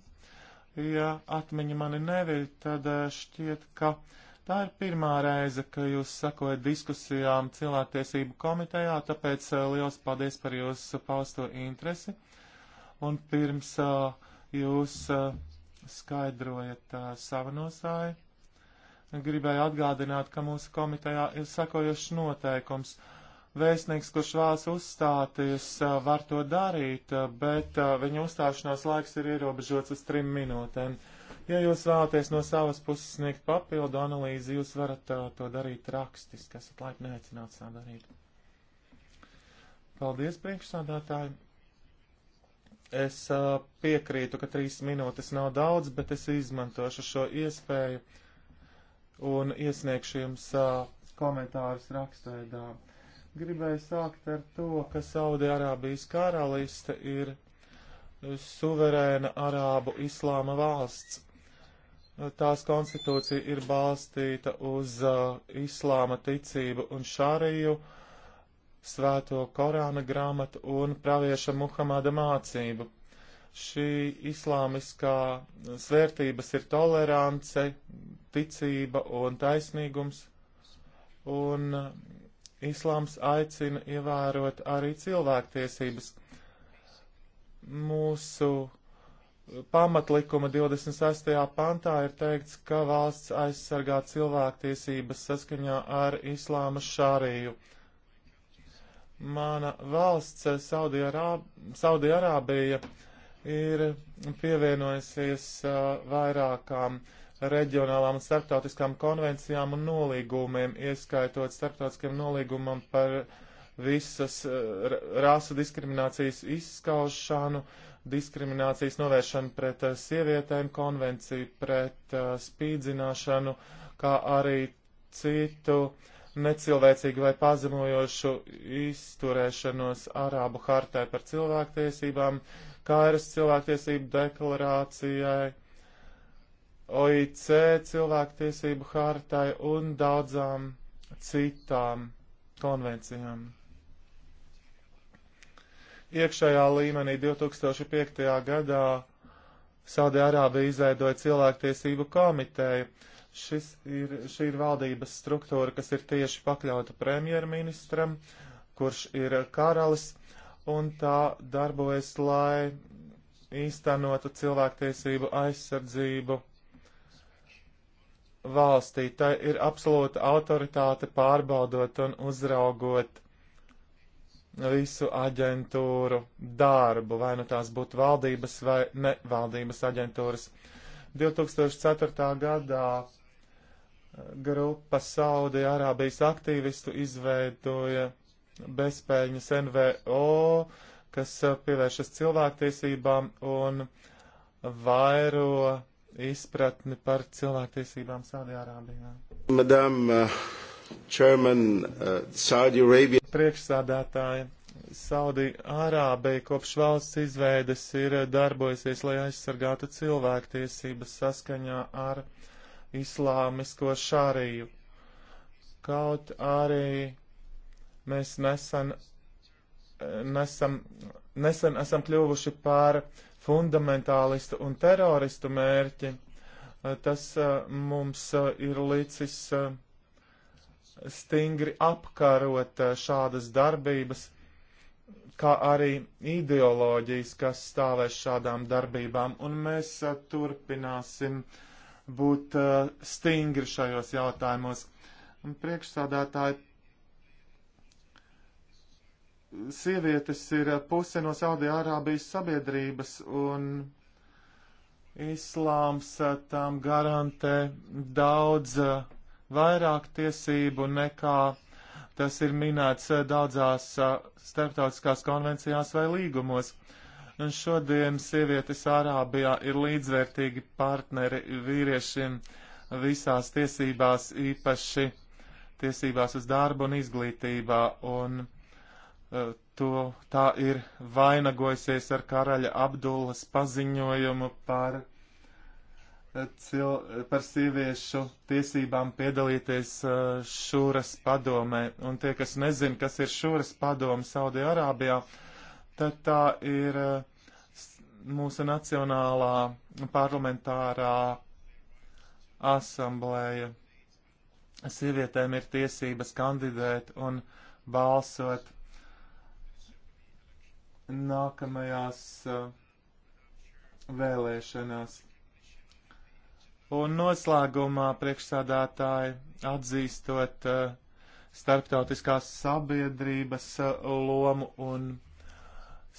Ja atmiņa mani neviļ, tad uh, šķiet, ka Tā ir pirmā reize, ka jūs sakojat diskusijām cilvēktiesību komitejā, tāpēc liels paldies par jūsu pausto interesi. Un pirms jūs skaidrojat savu nosāju, gribēju atgādināt, ka mūsu komitejā ir sakojuši noteikums. Vēstnieks, kurš vēlas uzstāties, var to darīt, bet viņa uzstāšanās laiks ir ierobežots uz trim minūtēm. Ja jūs vēlaties no savas puses sniegt papildu analīzi, jūs varat uh, to darīt rakstiski. Esat laipni aicināts tā darīt. Paldies, priekšsādātāji. Es uh, piekrītu, ka trīs minūtes nav daudz, bet es izmantošu šo iespēju un iesniegšu jums uh, komentārus rakstveidā. Gribēju sākt ar to, ka Saudi-Arābijas karaliste ir suverēna arābu islāma valsts tās konstitūcija ir balstīta uz uh, islāma ticību un šāriju, svēto Korāna grāmatu un pravieša Muhamada mācību. Šī islāmiskā svērtības ir tolerance, ticība un taisnīgums, un islāms aicina ievērot arī cilvēktiesības. Mūsu pamatlikuma 26. pantā ir teikts, ka valsts aizsargā cilvēktiesības saskaņā ar Islāma šāriju. Mana valsts, Saudi-Arābija, Saudi ir pievienojusies uh, vairākām reģionālām un starptautiskām konvencijām un nolīgumiem, ieskaitot starptautiskiem nolīgumam par visas uh, rasu diskriminācijas izskaušanu, uh, diskriminācijas novēršanu pret eh, sievietēm, konvenciju pret uh, spīdzināšanu, kā arī citu necilvēcīgu vai pazemojošu izturēšanos Arābu hartē par cilvēktiesībām, Kairas cilvēktiesību deklarācijai, OIC cilvēktiesību hartai un daudzām citām konvencijām iekšējā līmenī 2005. gadā Saudi-Arābija izveidoja cilvēktiesību komiteju. Šis ir, šī ir valdības struktūra, kas ir tieši pakļauta premjerministram, kurš ir karalis, un tā darbojas, lai īstenotu cilvēktiesību aizsardzību valstī. Tā ir absolūta autoritāte pārbaudot un uzraugot visu aģentūru darbu, vai nu tās būtu valdības vai nevaldības aģentūras. 2004. gadā eh, grupa Saudi Arābijas aktīvistu izveidoja bezpēļņas NVO, kas eh, pievēršas cilvēktiesībām un vairo izpratni par cilvēktiesībām Saudi Arābijā. Madam, uh, Chairman, uh, Saudi Arabia priekšsādātāja. Saudi Ārābija kopš valsts izveides ir darbojusies, lai aizsargātu cilvēktiesības saskaņā ar islāmisko šāriju. Kaut arī mēs nesen, nesam, nesen esam kļuvuši par fundamentālistu un teroristu mērķi, tas eh, mums eh, ir līdzis eh, stingri apkarot eh, šādas darbības, kā arī ideoloģijas, kas stāvēs šādām darbībām, un mēs eh, turpināsim būt eh, stingri šajos jautājumos. Priekšsādātāji, sievietes ir puse no Saudi-Arābijas sabiedrības, un islāms tām garantē daudz uh, vairāk tiesību nekā tas ir minēts eh, daudzās eh, starptautiskās konvencijās vai līgumos. Un šodien sievietes Arābijā ir līdzvērtīgi partneri vīriešiem visās tiesībās, īpaši tiesībās uz darbu un izglītībā, un uh, to tā ir vainagojusies ar karaļa Abdullas paziņojumu par cil, par sieviešu tiesībām piedalīties šūras padomē. Un tie, kas nezin, kas ir šūras padome Saudi-Arābijā, tad tā ir mūsu nacionālā parlamentārā asamblēja. Sievietēm ir tiesības kandidēt un balsot nākamajās vēlēšanās. Un noslēgumā priekšsādātāji atzīstot uh, starptautiskās sabiedrības uh, lomu un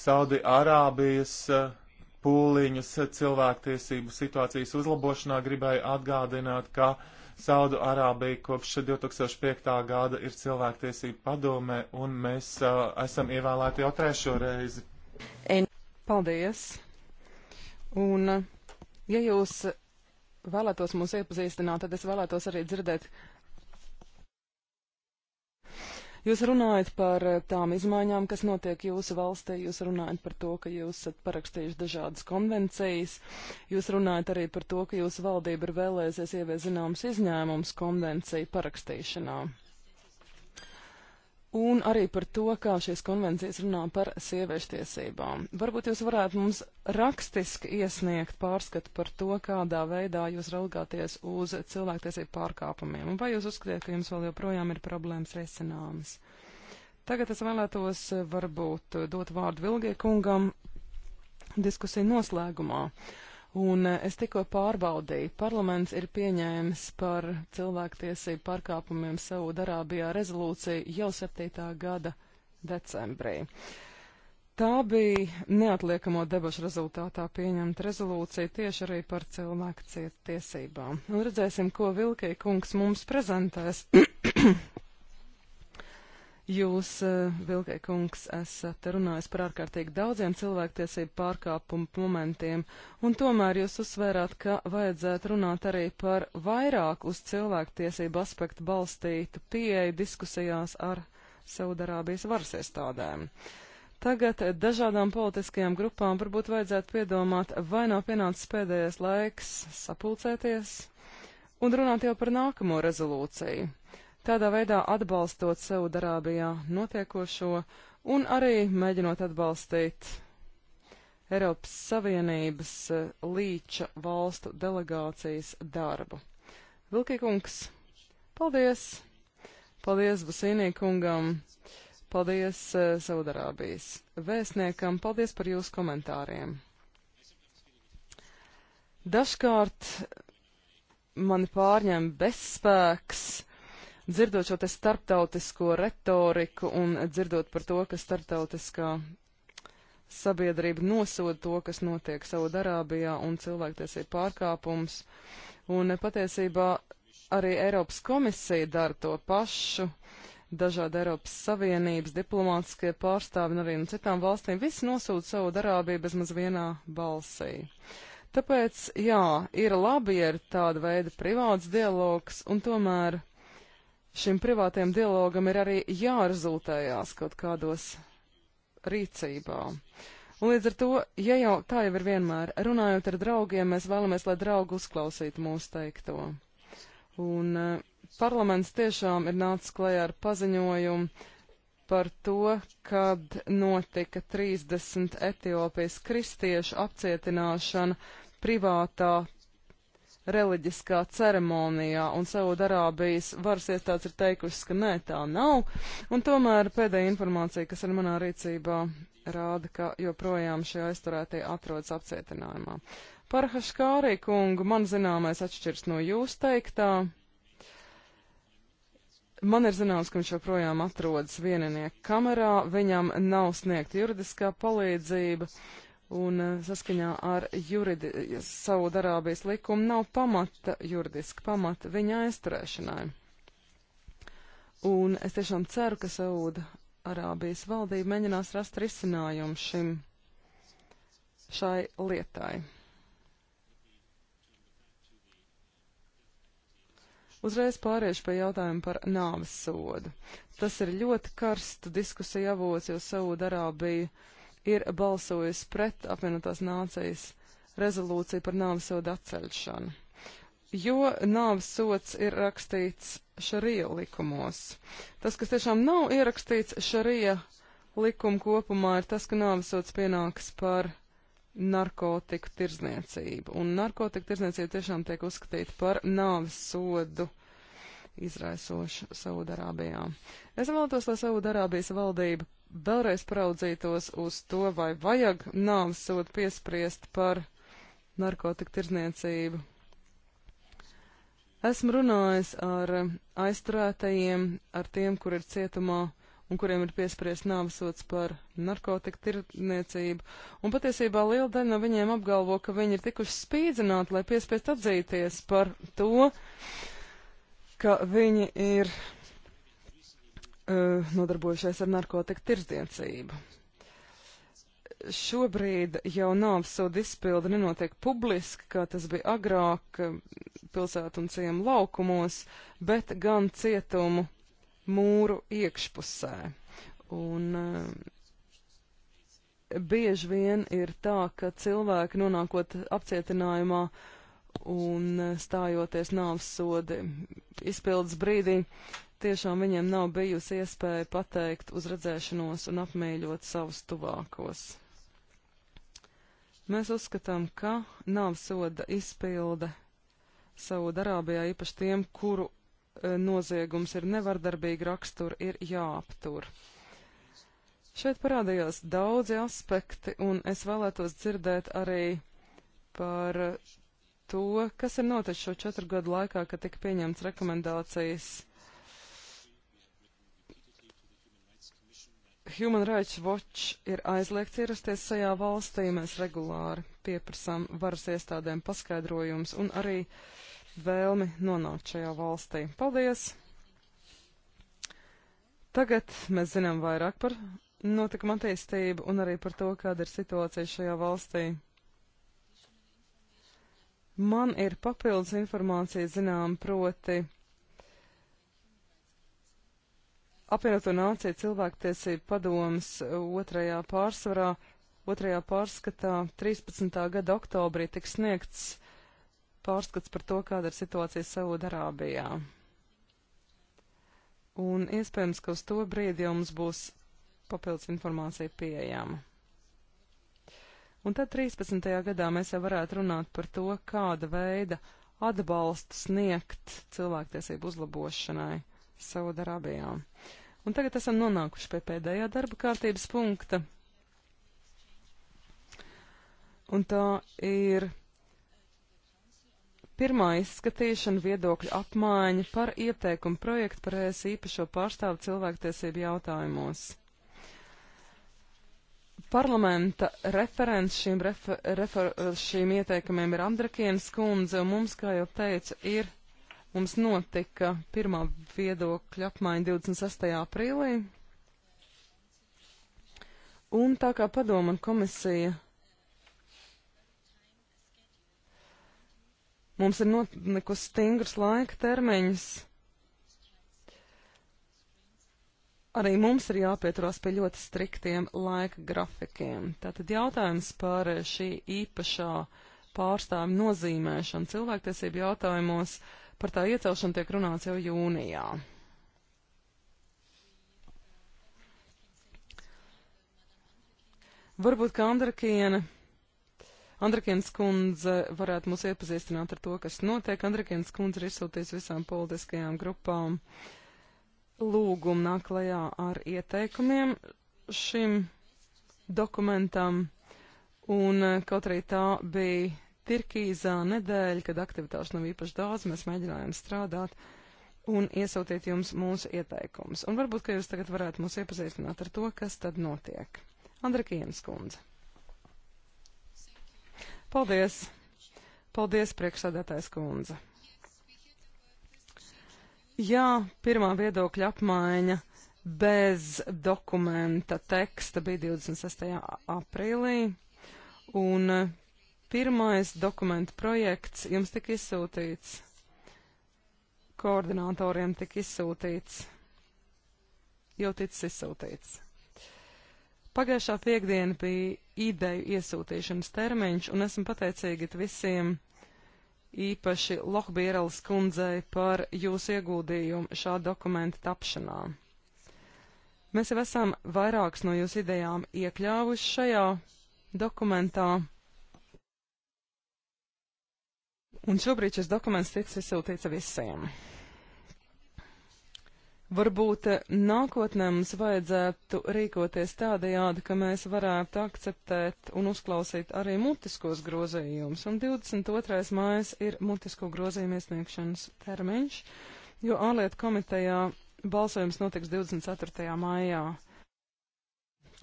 Saudi Arābijas uh, eh, pūliņus cilvēktiesību situācijas uzlabošanā, gribēju atgādināt, ka Saudu Arābija kopš 2005. gada ir cilvēktiesību padomē, un mēs uh, esam ievēlēti jau trešo reizi. Paldies! Un, ja jūs vēlētos mūs iepazīstināt, tad es vēlētos arī dzirdēt. Jūs runājat par tām izmaiņām, kas notiek jūsu valstī, jūs runājat par to, ka jūs esat parakstījuši dažādas konvencijas, jūs runājat arī par to, ka jūsu valdība ir vēlēsies ievies zināmas izņēmums konvenciju parakstīšanā un arī par to, kā šīs konvencijas runā par sieviešu tiesībām. Varbūt jūs varētu mums rakstiski iesniegt pārskatu par to, kādā veidā jūs raugāties uz cilvēktiesību pārkāpumiem, un vai jūs uzskatiet, ka jums vēl joprojām ir problēmas risināmas. Tagad es vēlētos eh, varbūt dot vārdu Vilgie kungam diskusiju noslēgumā. Uh, Un eh, es tikko pārbaudīju, parlaments ir pieņēmis par cilvēktiesību pārkāpumiem Saudarābijā rezolūciju jau 7. gada decembrī. Tā bija neatliekamo debašu rezultātā pieņemta rezolūcija tieši arī par cilvēku tiesībām. Un redzēsim, ko Vilkija kungs mums prezentēs. Jūs, eh, Vilkai kungs, esat runājis par ārkārtīgi daudziem cilvēktiesību pārkāpumu momentiem, un tomēr jūs uzsvērāt, ka vajadzētu runāt arī par vairāk uz cilvēktiesību aspektu balstītu pieeju diskusijās ar Saudarābijas varas iestādēm. Tagad dažādām politiskajām grupām varbūt vajadzētu piedomāt, vai nav pienācis pēdējais laiks sapulcēties un runāt jau par nākamo rezolūciju tādā veidā atbalstot Saudarābijā notiekošo un arī mēģinot atbalstīt Eiropas Savienības eh, līča valstu delegācijas darbu. Vilkīkungs, paldies! Paldies Basīnī kungam! Paldies eh, Saudarābijas vēstniekam! Paldies par jūsu komentāriem! Dažkārt mani pārņem bezspēks Dzirdot šo te starptautisko retoriku un dzirdot par to, ka starptautiskā sabiedrība nosoda to, kas notiek Saudarābijā un cilvēktiesību pārkāpums. Un patiesībā arī Eiropas komisija dara to pašu. Dažādi Eiropas Savienības diplomātiskie pārstāvi un arī no citām valstīm visi nosūta savu darābību bezmaz vienā balsī. Tāpēc, jā, ir labi, ja ir tāda veida privāts dialogs, un tomēr šim privātiem dialogam ir arī jārezultējās kaut kādos rīcībā. Un līdz ar to, ja jau tā jau ir vienmēr, runājot ar draugiem, mēs vēlamies, lai draugi uzklausītu mūsu teikto. Un eh, parlaments tiešām ir nācis klajā ar paziņojumu, par to, kad notika 30 Etiopijas kristiešu apcietināšana privātā reliģiskā ceremonijā, un Saudarābijas varas iestādes ir teikušas, ka nē, tā nav, un tomēr pēdējā informācija, kas ir manā rīcībā, rāda, ka joprojām šie aizturētie atrodas apcietinājumā. Par Haškārī kungu man zināmais atšķirs no jūs teiktā. Man ir zināms, ka viņš joprojām atrodas vieninieka kamerā, viņam nav sniegta juridiskā palīdzība. Uh, un eh, saskaņā ar juridi, Saudarābijas likumu nav pamata, juridiska pamata viņa aizturēšanai. Un es tiešām ceru, ka Sauda Arābijas valdība mēģinās rast risinājumu šim šai lietai. Uzreiz pāriešu pie jautājuma par nāves sodu. Tas ir ļoti karstu diskusiju avots, jo Sauda Arābija uh, ir balsojis pret apvienotās nācijas rezolūciju par nāvisodu atceļšanu, jo nāvisods ir rakstīts šarija likumos. Tas, kas tiešām nav ierakstīts šarija likuma kopumā, ir tas, ka nāvisods pienāks par narkotiku tirzniecību, un narkotiku tirzniecība tiešām tiek uzskatīta par nāvisodu izraisošu Saudarābijā. Es vēlētos, lai Saudarābijas valdība vēlreiz paraudzītos uz to, vai vajag nāves sodu piespriest par narkotiku tirzniecību. Esmu runājis ar aizturētajiem, ar tiem, kur ir cietumā un kuriem ir piespriezt nāvesots par narkotiku tirniecību, un patiesībā liela daļa no viņiem apgalvo, ka viņi ir tikuši spīdzināti, lai piespiest atzīties par to, ka viņi ir E, nodarbojušies ar narkotiku tirdzniecību. Šobrīd jau nāves sodu izpildi nenotiek publiski, kā tas bija agrāk e, pilsētu un ciemu laukumos, bet gan cietumu mūru iekšpusē. Un e, bieži vien ir tā, ka cilvēki nonākot apcietinājumā un stājoties nāves sodi izpildes brīdī, tiešām viņiem nav bijusi iespēja pateikt uzredzēšanos un apmīļot savus tuvākos. Mēs uzskatām, ka nāvsoda izpilde Saudarābijā īpaši tiem, kuru e, noziegums ir nevardarbīga rakstura, ir jāaptur. Šeit parādījās daudzi aspekti, un es vēlētos dzirdēt arī par to, kas ir noticis šo četru gadu laikā, kad tika pieņemts rekomendācijas Human Rights Watch ir aizliegts ierasties šajā valstī. Mēs regulāri pieprasām varas iestādēm paskaidrojums un arī vēlmi nonākt šajā valstī. Paldies! Tagad mēs zinām vairāk par notikuma attīstību un arī par to, kāda ir situācija šajā valstī. Man ir papildus informācija zinām proti apvienoto nāciju cilvēktiesību padomas uh, otrajā pārsvarā, otrajā pārskatā 13. gada oktobrī tiks sniegts pārskats par to, kāda ir situācija Saudarābijā. Un iespējams, ka uz to brīdi jau mums būs papildus informācija pieejama. Un tad 13. gadā mēs jau varētu runāt par to, kāda veida atbalstu sniegt cilvēktiesību uzlabošanai Saudarābijā. Un tagad esam nonākuši pie pēdējā darba kārtības punkta. Un tā ir pirmā izskatīšana viedokļa apmaiņa par ieteikumu projektu par ES īpašo pārstāvu cilvēktiesību jautājumos. Parlamenta referents šīm, refer, refer, šīm ieteikumiem ir Andrakienas kundze, un mums, kā jau teicu, ir Mums notika pirmā viedokļa apmaiņa 26. aprīlī. Un tā kā padoma un komisija mums ir notikusi stingrs laika termiņus, arī mums ir jāpieturās pie ļoti striktiem laika grafikiem. Tātad jautājums par šī īpašā pārstāvja nozīmēšanu cilvēktiesību jautājumos. Uh, Par tā iecelšanu tiek runāts jau jūnijā. Varbūt, ka Andrakiena, Andrakienas kundze varētu mūs iepazīstināt ar to, kas notiek. Andrakienas kundze ir izsūtījis visām politiskajām grupām lūgumu nāklajā ar ieteikumiem šim dokumentam. Un eh, kaut arī tā bija Tirkīzā nedēļa, kad aktivitāšu nav īpaši daudz, mēs mēģinājām strādāt un iesūtiet jums mūsu ieteikumus. Un varbūt, ka jūs tagad varētu mūs iepazīstināt ar to, kas tad notiek. Andra Kienas kundze. Paldies! Paldies, priekšsādātājs kundze! Jā, pirmā viedokļa apmaiņa bez dokumenta teksta bija 26. aprīlī, un Pirmais dokumenta projekts jums tika izsūtīts. Koordinatoriem tika izsūtīts. Jau ticis izsūtīts. Pagājušā piekdiena bija ideju iesūtīšanas termiņš, un esmu pateicīga visiem, īpaši Lohbīrelas kundzei, par jūsu ieguldījumu šā dokumenta tapšanā. Mēs jau esam vairākas no jūsu idejām iekļāvuši šajā dokumentā. Un šobrīd šis dokuments tiks izsūtīts visiem. Varbūt nākotnē mums vajadzētu rīkoties tādajādi, ka mēs varētu akceptēt un uzklausīt arī mutiskos grozījumus, un 22. mājas ir mutisko grozījumu iesniegšanas termiņš, jo ārlietu komitejā balsojums notiks 24. maijā.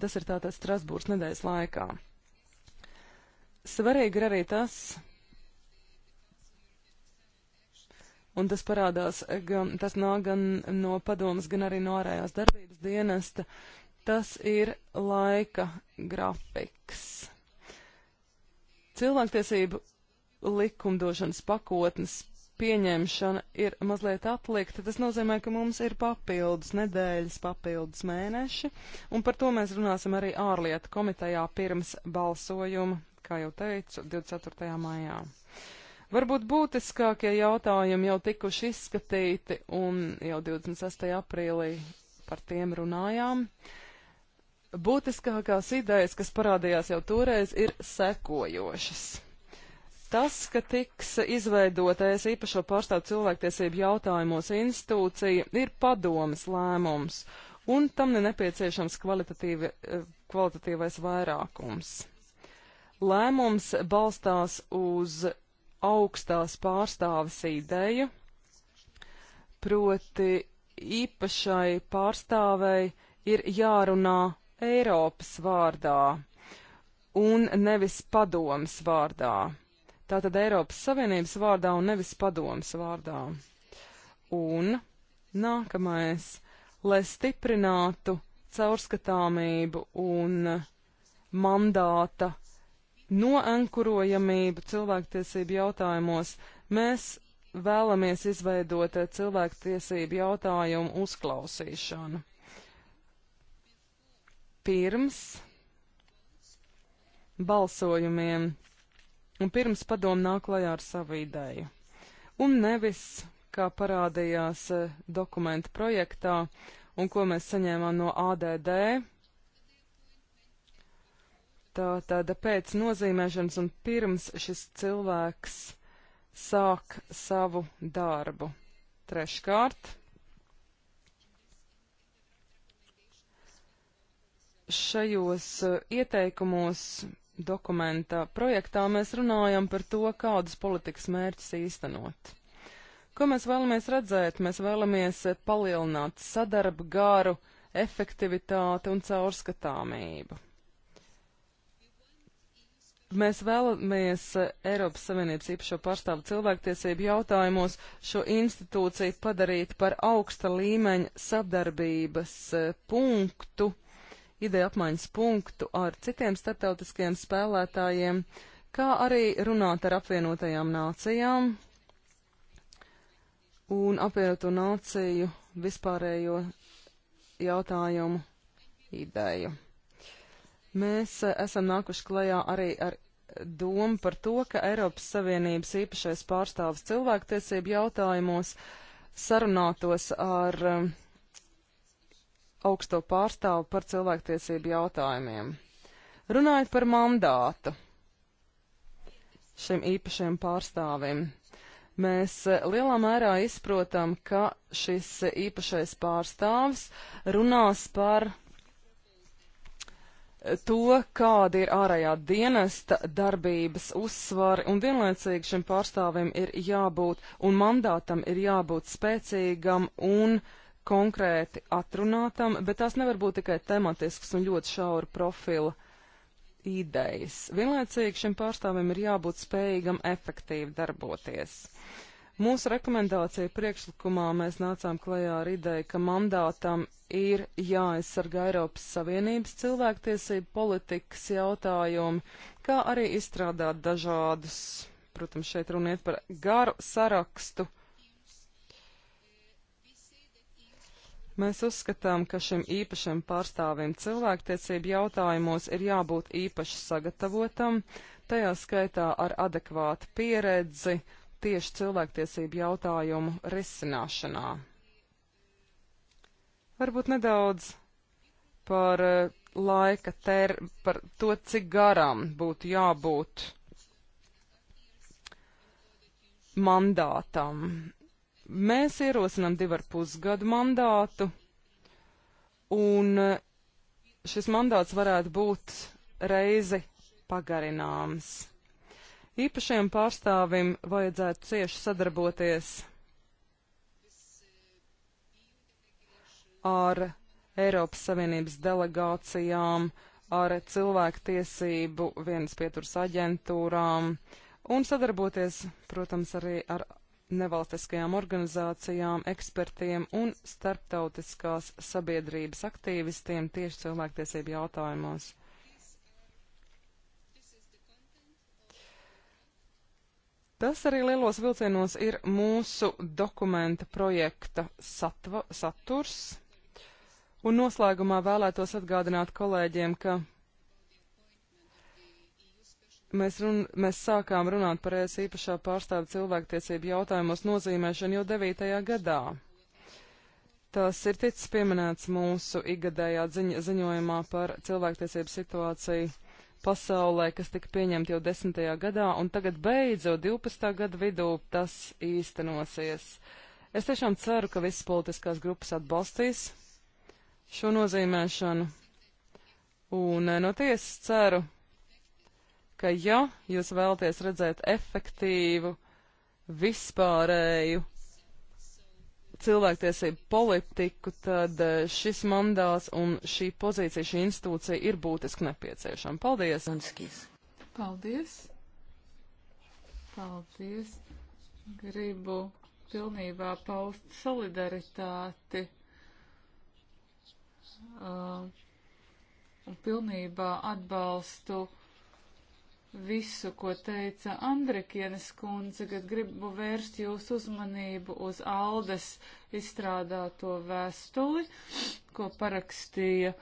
Tas ir tātad Strasbūrs nedēļas laikā. Svarīgi ir arī tas, Un tas parādās, eh, gan, tas nāk gan no padomas, gan arī no ārējās darbības dienesta. Tas ir laika grafiks. Cilvēktiesību likumdošanas pakotnes pieņemšana ir mazliet atlikta, tas nozīmē, ka mums ir papildus nedēļas, papildus mēneši, un par to mēs runāsim arī ārlietu komitejā pirms balsojuma, kā jau teicu, 24. maijā. Varbūt būtiskākie jautājumi jau tikuši izskatīti un jau 26. aprīlī par tiem runājām. Būtiskākās idejas, kas parādījās jau toreiz, ir sekojošas. Tas, ka tiks izveidotais īpašo pārstāvu cilvēktiesību jautājumos institūcija, ir padomas lēmums, un tam ir nepieciešams eh, kvalitatīvais vairākums. Lēmums balstās uz augstās pārstāvis ideja, proti īpašai pārstāvei ir jārunā Eiropas vārdā un nevis padomas vārdā. Tātad Eiropas Savienības vārdā un nevis padomas vārdā. Un nākamais, lai stiprinātu caurskatāmību un mandāta noankurojamību cilvēktiesību jautājumos. Mēs vēlamies izveidot eh, cilvēktiesību jautājumu uzklausīšanu. Pirms balsojumiem un pirms padomu nāk klajā ar savu ideju. Un nevis, kā parādījās eh, dokumentu projektā un ko mēs saņēmām no ADD, Tā tad pēc nozīmēšanas un pirms šis cilvēks sāk savu darbu. Treškārt, šajos eh, ieteikumos dokumentā projektā mēs runājam par to, kādus politikas mērķus īstenot. Ko mēs vēlamies redzēt? Mēs vēlamies eh, palielināt sadarbu garu, efektivitāti un caurskatāmību. Mēs vēlamies eh, Eiropas Savienības īpašo pārstāvu cilvēktiesību jautājumos šo institūciju padarīt par augsta līmeņa sadarbības eh, punktu, ideja apmaiņas punktu ar citiem starptautiskiem spēlētājiem, kā arī runāt ar apvienotajām nācijām un apvienoto nāciju vispārējo jautājumu ideju. Mēs eh, esam nākuši klajā arī ar doma par to, ka Eiropas Savienības īpašais pārstāvis cilvēktiesību jautājumos sarunātos ar um, augsto pārstāvu par cilvēktiesību jautājumiem. Runājot par mandātu šim īpašajam pārstāvim, mēs eh, lielā mērā izprotam, ka šis īpašais pārstāvis runās par to, kāda ir ārējā dienesta darbības uzsvari, un vienlaicīgi šim pārstāvim ir jābūt, un mandātam ir jābūt spēcīgam un konkrēti atrunātam, bet tās nevar būt tikai tematisks un ļoti šaura profila idejas. Vienlaicīgi šim pārstāvim ir jābūt spējīgam efektīvi darboties. Uh, Mūsu rekomendācija priekšlikumā mēs nācām klajā ar ideju, ka mandātam ir jāaizsarga Eiropas Savienības cilvēktiesību politikas jautājumi, kā arī izstrādāt dažādus, protams, šeit runiet par garu sarakstu. Mēs uzskatām, ka šim īpašam pārstāvim cilvēktiesību jautājumos ir jābūt īpaši sagatavotam, tajā skaitā ar adekvātu pieredzi tieši cilvēktiesību jautājumu risināšanā. Varbūt nedaudz par eh, laika ter, par to, cik garam būtu jābūt mandātam. Mēs ierosinām divu ar pusgadu mandātu, un eh, šis mandāts varētu būt reizi pagarināms. Īpašiem pārstāvim vajadzētu cieši sadarboties ar Eiropas Savienības delegācijām, ar cilvēku tiesību vienas pieturas aģentūrām un sadarboties, protams, arī ar nevalstiskajām organizācijām, ekspertiem un starptautiskās sabiedrības aktīvistiem tieši cilvēktiesību jautājumos. Tas arī lielos vilcienos ir mūsu dokumenta projekta satva, saturs. Un noslēgumā vēlētos atgādināt kolēģiem, ka mēs, run, mēs sākām runāt par ES īpašā pārstāve cilvēktiesību jautājumos nozīmēšanu jau 9. gadā. Tas ir ticis pieminēts mūsu igadējā ziņ, ziņojumā par cilvēktiesību situāciju pasaulē, kas tika pieņemti jau 10. gadā, un tagad beidzot 12. gada vidū tas īstenosies. Es tiešām ceru, ka visas politiskās grupas atbalstīs šo nozīmēšanu, un eh, no tiesas ceru, ka ja jūs vēlaties redzēt efektīvu, vispārēju cilvēktiesību politiku, tad eh, šis mandāts un šī pozīcija, šī institūcija ir būtiski nepieciešama. Paldies! Paldies! Paldies! Gribu pilnībā paust solidaritāti uh, un pilnībā atbalstu uh, visu, ko teica Andrikienes kundze, kad gribu vērst jūsu uzmanību uz Aldes izstrādāto vēstuli, ko parakstīja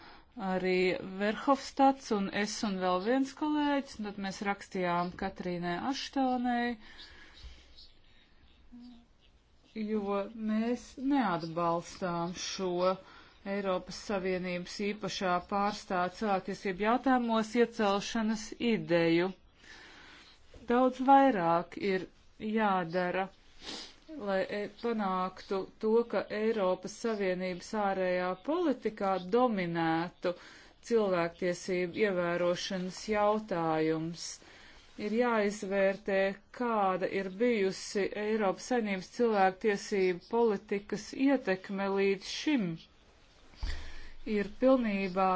arī Verhofstads un es un vēl viens kolēģis, un tad mēs rakstījām Katrīnai Aštānei, jo mēs neatbalstām šo Eiropas Savienības īpašā pārstāvja cilvēktiesību jautājumos iecelšanas ideju. Daudz vairāk ir jādara, lai e, panāktu to, ka Eiropas Savienības ārējā politikā dominētu cilvēktiesību ievērošanas jautājums ir jāizvērtē, kāda ir bijusi Eiropas saimnības cilvēktiesību politikas ietekme līdz šim. Ir pilnībā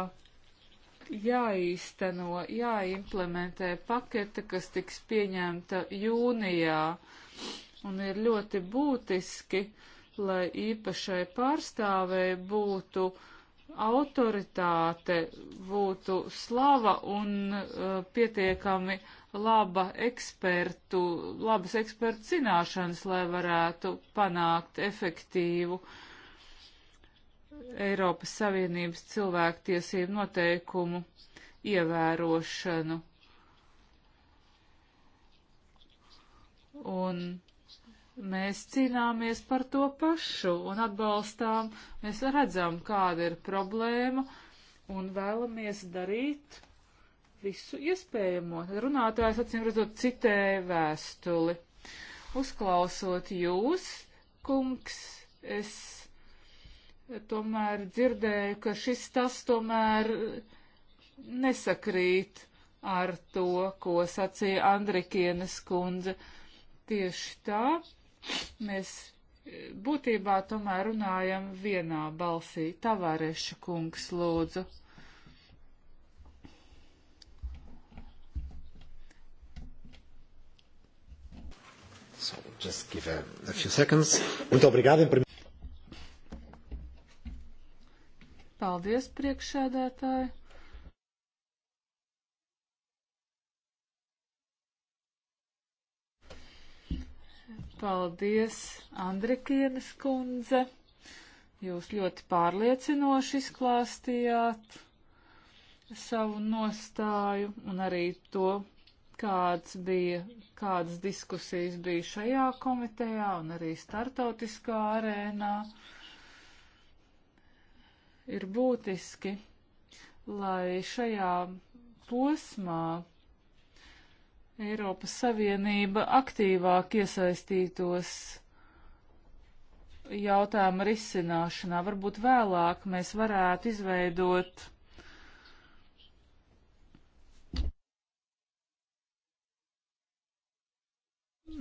jāīsteno, jāimplementē pakete, kas tiks pieņemta jūnijā. Un ir ļoti būtiski, lai īpašai pārstāvēji būtu autoritāte, būtu slava un uh, pietiekami laba ekspertu, labas ekspertu zināšanas, lai varētu panākt efektīvu uh, Eiropas Savienības cilvēktiesību noteikumu ievērošanu. Un mēs cīnāmies par to pašu un atbalstām, mēs redzam, kāda ir problēma un vēlamies darīt visu iespējamo. Tad runātājs acīm redzot citēja vēstuli. Uzklausot jūs, kungs, es tomēr dzirdēju, ka šis tas tomēr nesakrīt ar to, ko sacīja Andrikienes kundze. Tieši tā mēs būtībā tomēr runājam vienā balsī. Tavareša kungs lūdzu. So, just give a, a few seconds. Muito obrigado. Paldies, priekšsēdētāji! Paldies, Andrikienes kundze! Jūs ļoti pārliecinoši izklāstījāt savu nostāju un arī to, kāds bija, kādas diskusijas bija šajā komitejā un arī startautiskā arēnā ir būtiski, lai šajā posmā Eiropas Savienība aktīvāk iesaistītos jautājuma risināšanā. Varbūt vēlāk mēs varētu izveidot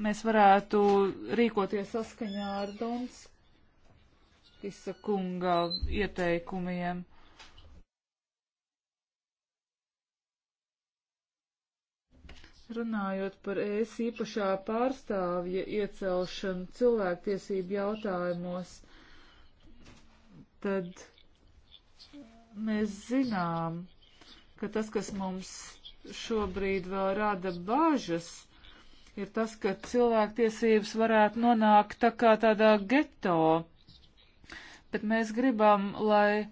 mēs varētu rīkoties saskaņā ar Donsk Kisa kunga ieteikumiem. Runājot par ES īpašā pārstāvja iecelšanu cilvēktiesību jautājumos, tad mēs zinām, ka tas, kas mums šobrīd vēl rada bāžas, ir tas, ka cilvēktiesības varētu nonākt tā kā tādā geto bet mēs gribam, lai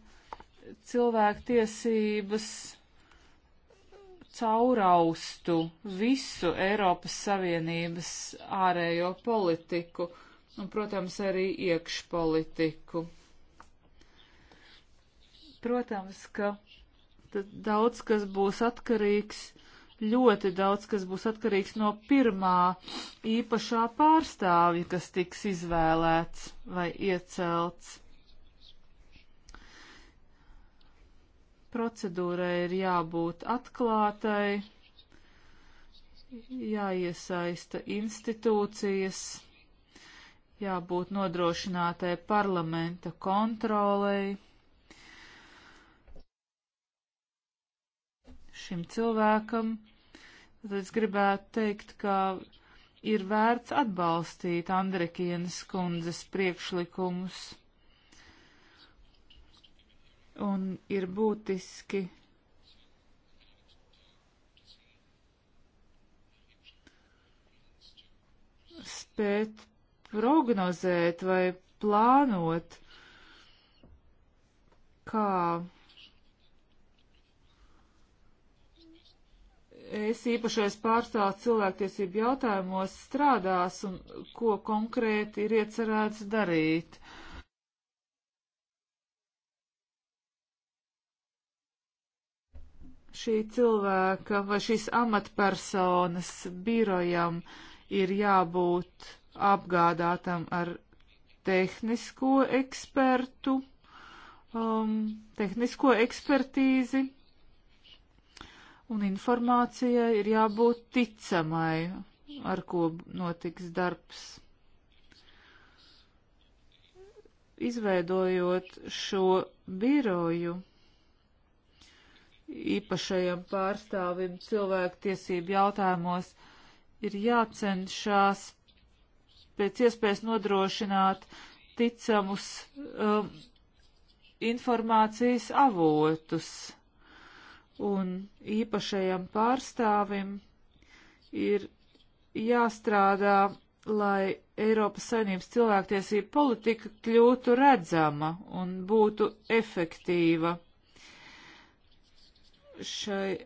cilvēku tiesības cauraustu visu Eiropas Savienības ārējo politiku un, protams, arī iekšpolitiku. Protams, ka daudz kas būs atkarīgs, ļoti daudz kas būs atkarīgs no pirmā īpašā pārstāvja, kas tiks izvēlēts vai iecelts. Procedūrai ir jābūt atklātai, jāiesaista institūcijas, jābūt nodrošinātai parlamenta kontrolei. Šim cilvēkam, tad es gribētu teikt, ka ir vērts atbalstīt Andrekienas kundzes priekšlikumus un ir būtiski spēt prognozēt vai plānot, kā es īpašais pārstāvs cilvēktiesību jautājumos strādās un ko konkrēti ir iecerēts darīt. šī cilvēka vai šīs amatpersonas birojam ir jābūt apgādātam ar tehnisko ekspertu, um, tehnisko ekspertīzi, un informācijai ir jābūt ticamai, ar ko notiks darbs. Izveidojot šo biroju, īpašajam pārstāvim cilvēktiesību jautājumos ir jācenšas pēc iespējas nodrošināt ticamus um, informācijas avotus. Un īpašajam pārstāvim ir jāstrādā, lai Eiropas saimnības cilvēktiesība politika kļūtu redzama un būtu efektīva šai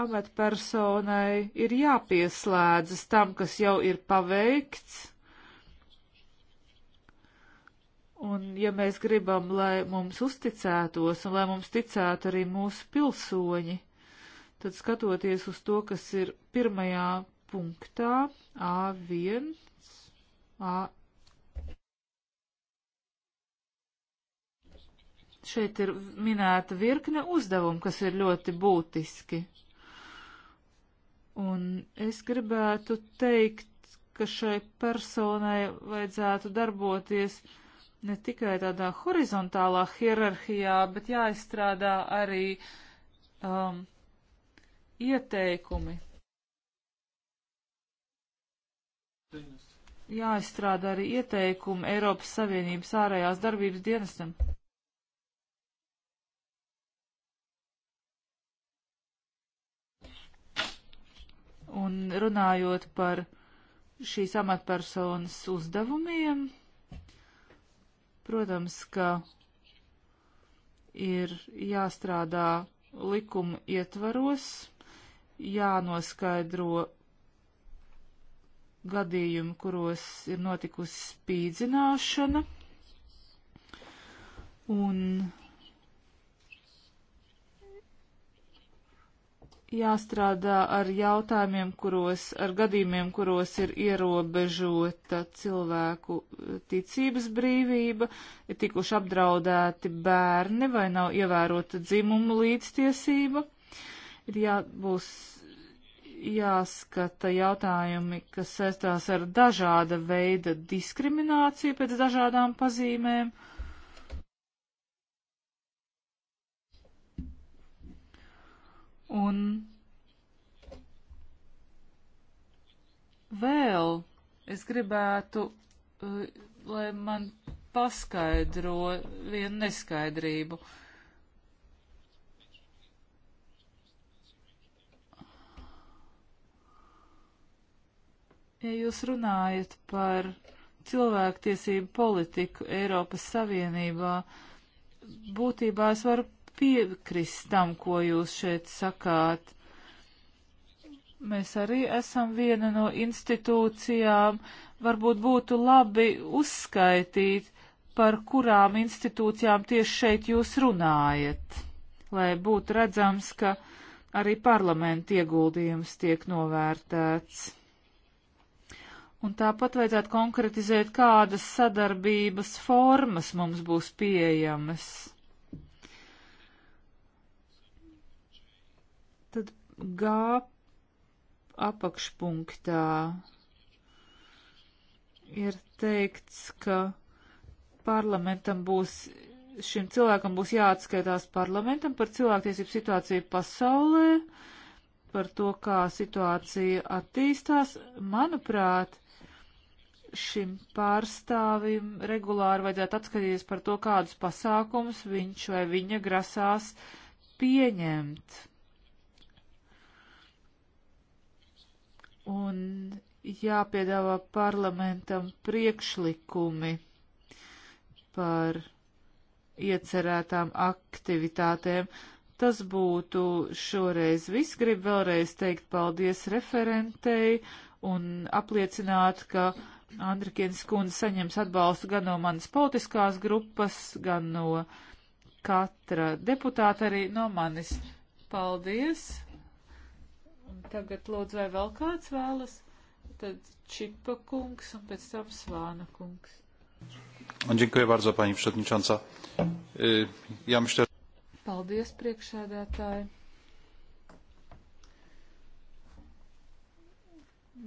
amatpersonai ir jāpieslēdzas tam, kas jau ir paveikts. Un ja mēs gribam, lai mums uzticētos un lai mums ticētu arī mūsu pilsoņi, tad skatoties uz to, kas ir pirmajā punktā A1, A Šeit ir minēta virkne uzdevumu, kas ir ļoti būtiski. Un es gribētu teikt, ka šai personai vajadzētu darboties ne tikai tādā horizontālā hierarhijā, bet jāizstrādā arī um, ieteikumi. Jāizstrādā arī ieteikumi Eiropas Savienības ārējās darbības dienestam. Un runājot par šīs amatpersonas uzdevumiem, protams, ka ir jāstrādā likuma ietvaros, jānoskaidro gadījumi, kuros ir notikusi spīdzināšana. Un jāstrādā ar jautājumiem, kuros, ar gadījumiem, kuros ir ierobežota cilvēku eh, ticības brīvība, ir tikuši apdraudēti bērni vai nav ievērota dzimuma līdztiesība. Ir jābūs jāskata jautājumi, kas saistās ar dažāda veida diskrimināciju pēc dažādām pazīmēm. Uh, Un vēl es gribētu, eh, lai man paskaidro vienu neskaidrību. Ja jūs runājat par cilvēktiesību politiku Eiropas Savienībā, būtībā es varu piekrist tam, ko jūs šeit sakāt. Mēs arī esam viena no institūcijām. Varbūt būtu labi uzskaitīt, par kurām institūcijām tieši šeit jūs runājat, lai būtu redzams, ka arī parlamenta ieguldījums tiek novērtēts. Un tāpat vajadzētu konkretizēt, kādas sadarbības formas mums būs pieejamas. Tad G apakšpunktā ir teikts, ka parlamentam būs, šim cilvēkam būs jāatskaitās parlamentam par cilvēktiesību situāciju pasaulē, par to, kā situācija attīstās. Manuprāt, šim pārstāvim regulāri vajadzētu atskatīties par to, kādus pasākums viņš vai viņa grasās pieņemt. un jāpiedāvā parlamentam priekšlikumi par iecerētām aktivitātēm. Tas būtu šoreiz viss. Gribu vēlreiz teikt paldies referentei un apliecināt, ka Andrikienas kundze saņems atbalstu gan no manas politiskās grupas, gan no katra deputāta, arī no manis. Paldies! Tagad lūdzu, vai vēl kāds vēlas? Tad Čipa kungs un pēc tam Svāna kungs. Dziękuję bardzo, pani przewodnicząca. Ja myślę... Paldies, priekšsēdētāji.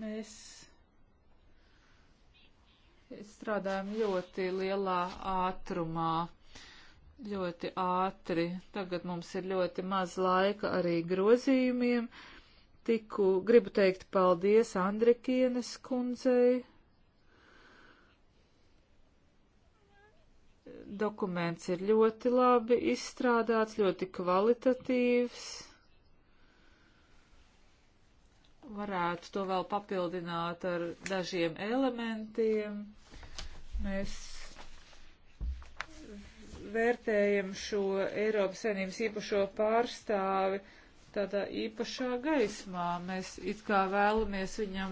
Mēs strādājam ļoti lielā ātrumā ļoti ātri. Tagad mums ir ļoti maz laika arī grozījumiem, tiku, gribu teikt paldies Andrikienes kundzei. Dokuments ir ļoti labi izstrādāts, ļoti kvalitatīvs. Varētu to vēl papildināt ar dažiem elementiem. Mēs vērtējam šo Eiropas saimnības īpašo pārstāvi tādā īpašā gaismā. Mēs it kā vēlamies viņam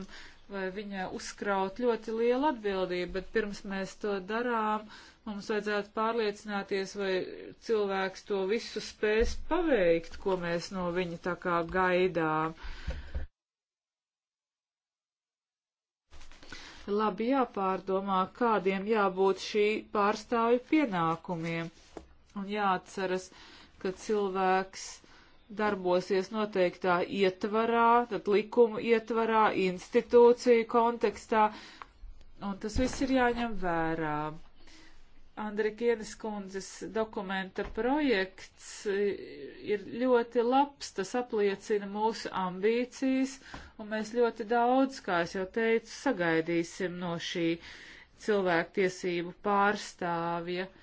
vai viņai uzkraut ļoti lielu atbildību, bet pirms mēs to darām, mums vajadzētu pārliecināties, vai cilvēks to visu spēs paveikt, ko mēs no viņa tā kā gaidām. Labi jāpārdomā, kādiem jābūt šī pārstāvju pienākumiem. Un jāatceras, ka cilvēks darbosies noteiktā ietvarā, tad likumu ietvarā, institūciju kontekstā, un tas viss ir jāņem vērā. Andrikienes kundzes dokumenta projekts ir ļoti labs, tas apliecina mūsu ambīcijas, un mēs ļoti daudz, kā es jau teicu, sagaidīsim no šī cilvēktiesību pārstāvja. Uh,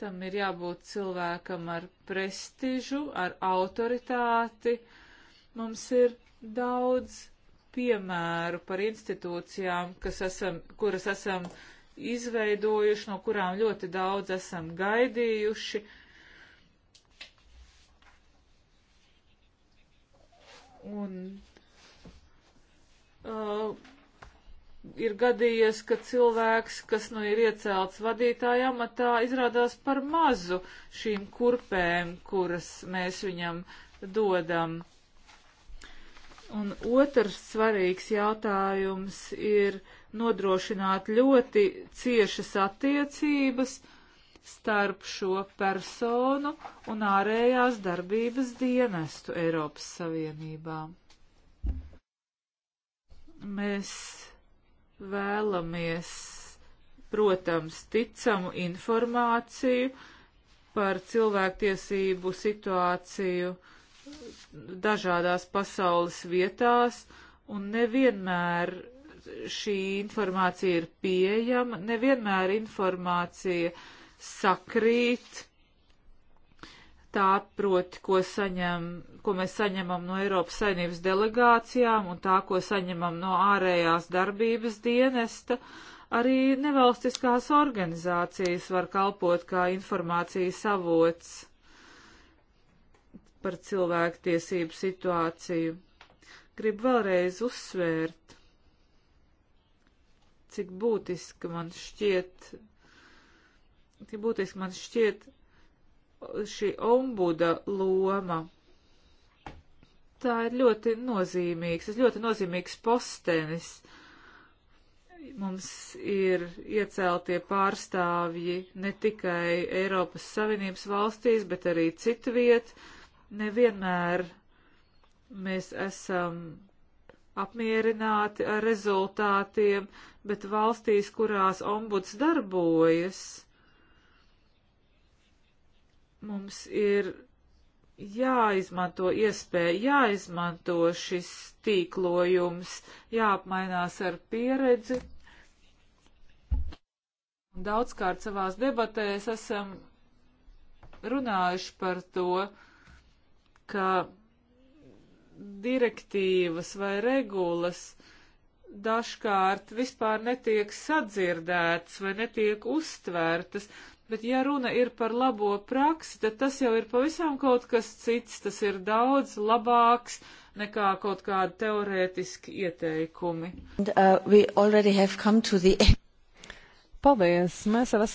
Tam ir jābūt cilvēkam ar prestižu, ar autoritāti. Mums ir daudz piemēru par institūcijām, esam, kuras esam izveidojuši, no kurām ļoti daudz esam gaidījuši. Un, uh, ir gadījies, ka cilvēks, kas nu ir iecelts vadītāja amatā, izrādās par mazu šīm kurpēm, kuras mēs viņam dodam. Un otrs svarīgs jautājums ir nodrošināt ļoti ciešas attiecības starp šo personu un ārējās darbības dienestu Eiropas Savienībā. Mēs vēlamies, protams, ticamu informāciju par cilvēktiesību situāciju dažādās pasaules vietās, un nevienmēr šī informācija ir pieejama, nevienmēr informācija sakrīt tā proti, ko, saņem, ko mēs saņemam no Eiropas saimnības delegācijām un tā, ko saņemam no ārējās darbības dienesta, arī nevalstiskās organizācijas var kalpot kā informācijas avots par cilvēku tiesību situāciju. Gribu vēlreiz uzsvērt, cik būtiski man šķiet, cik būtiski man šķiet šī ombuda loma. Tā ir ļoti nozīmīgs, tas ļoti nozīmīgs postenis. Mums ir ieceltie pārstāvji ne tikai Eiropas Savienības valstīs, bet arī citu vietu. Nevienmēr mēs esam apmierināti ar rezultātiem, bet valstīs, kurās ombuds darbojas, Mums ir jāizmanto iespēja, jāizmanto šis tīklojums, jāapmainās ar pieredzi. Daudzkārt savās debatēs esam runājuši par to, ka direktīvas vai regulas dažkārt vispār netiek sadzirdētas vai netiek uztvērtas, Bet ja runa ir par labo praksi, tad tas jau ir pavisam kaut kas cits, tas ir daudz labāks nekā kaut kādi teorētiski ieteikumi. And, uh, Paldies! Mēs jau esam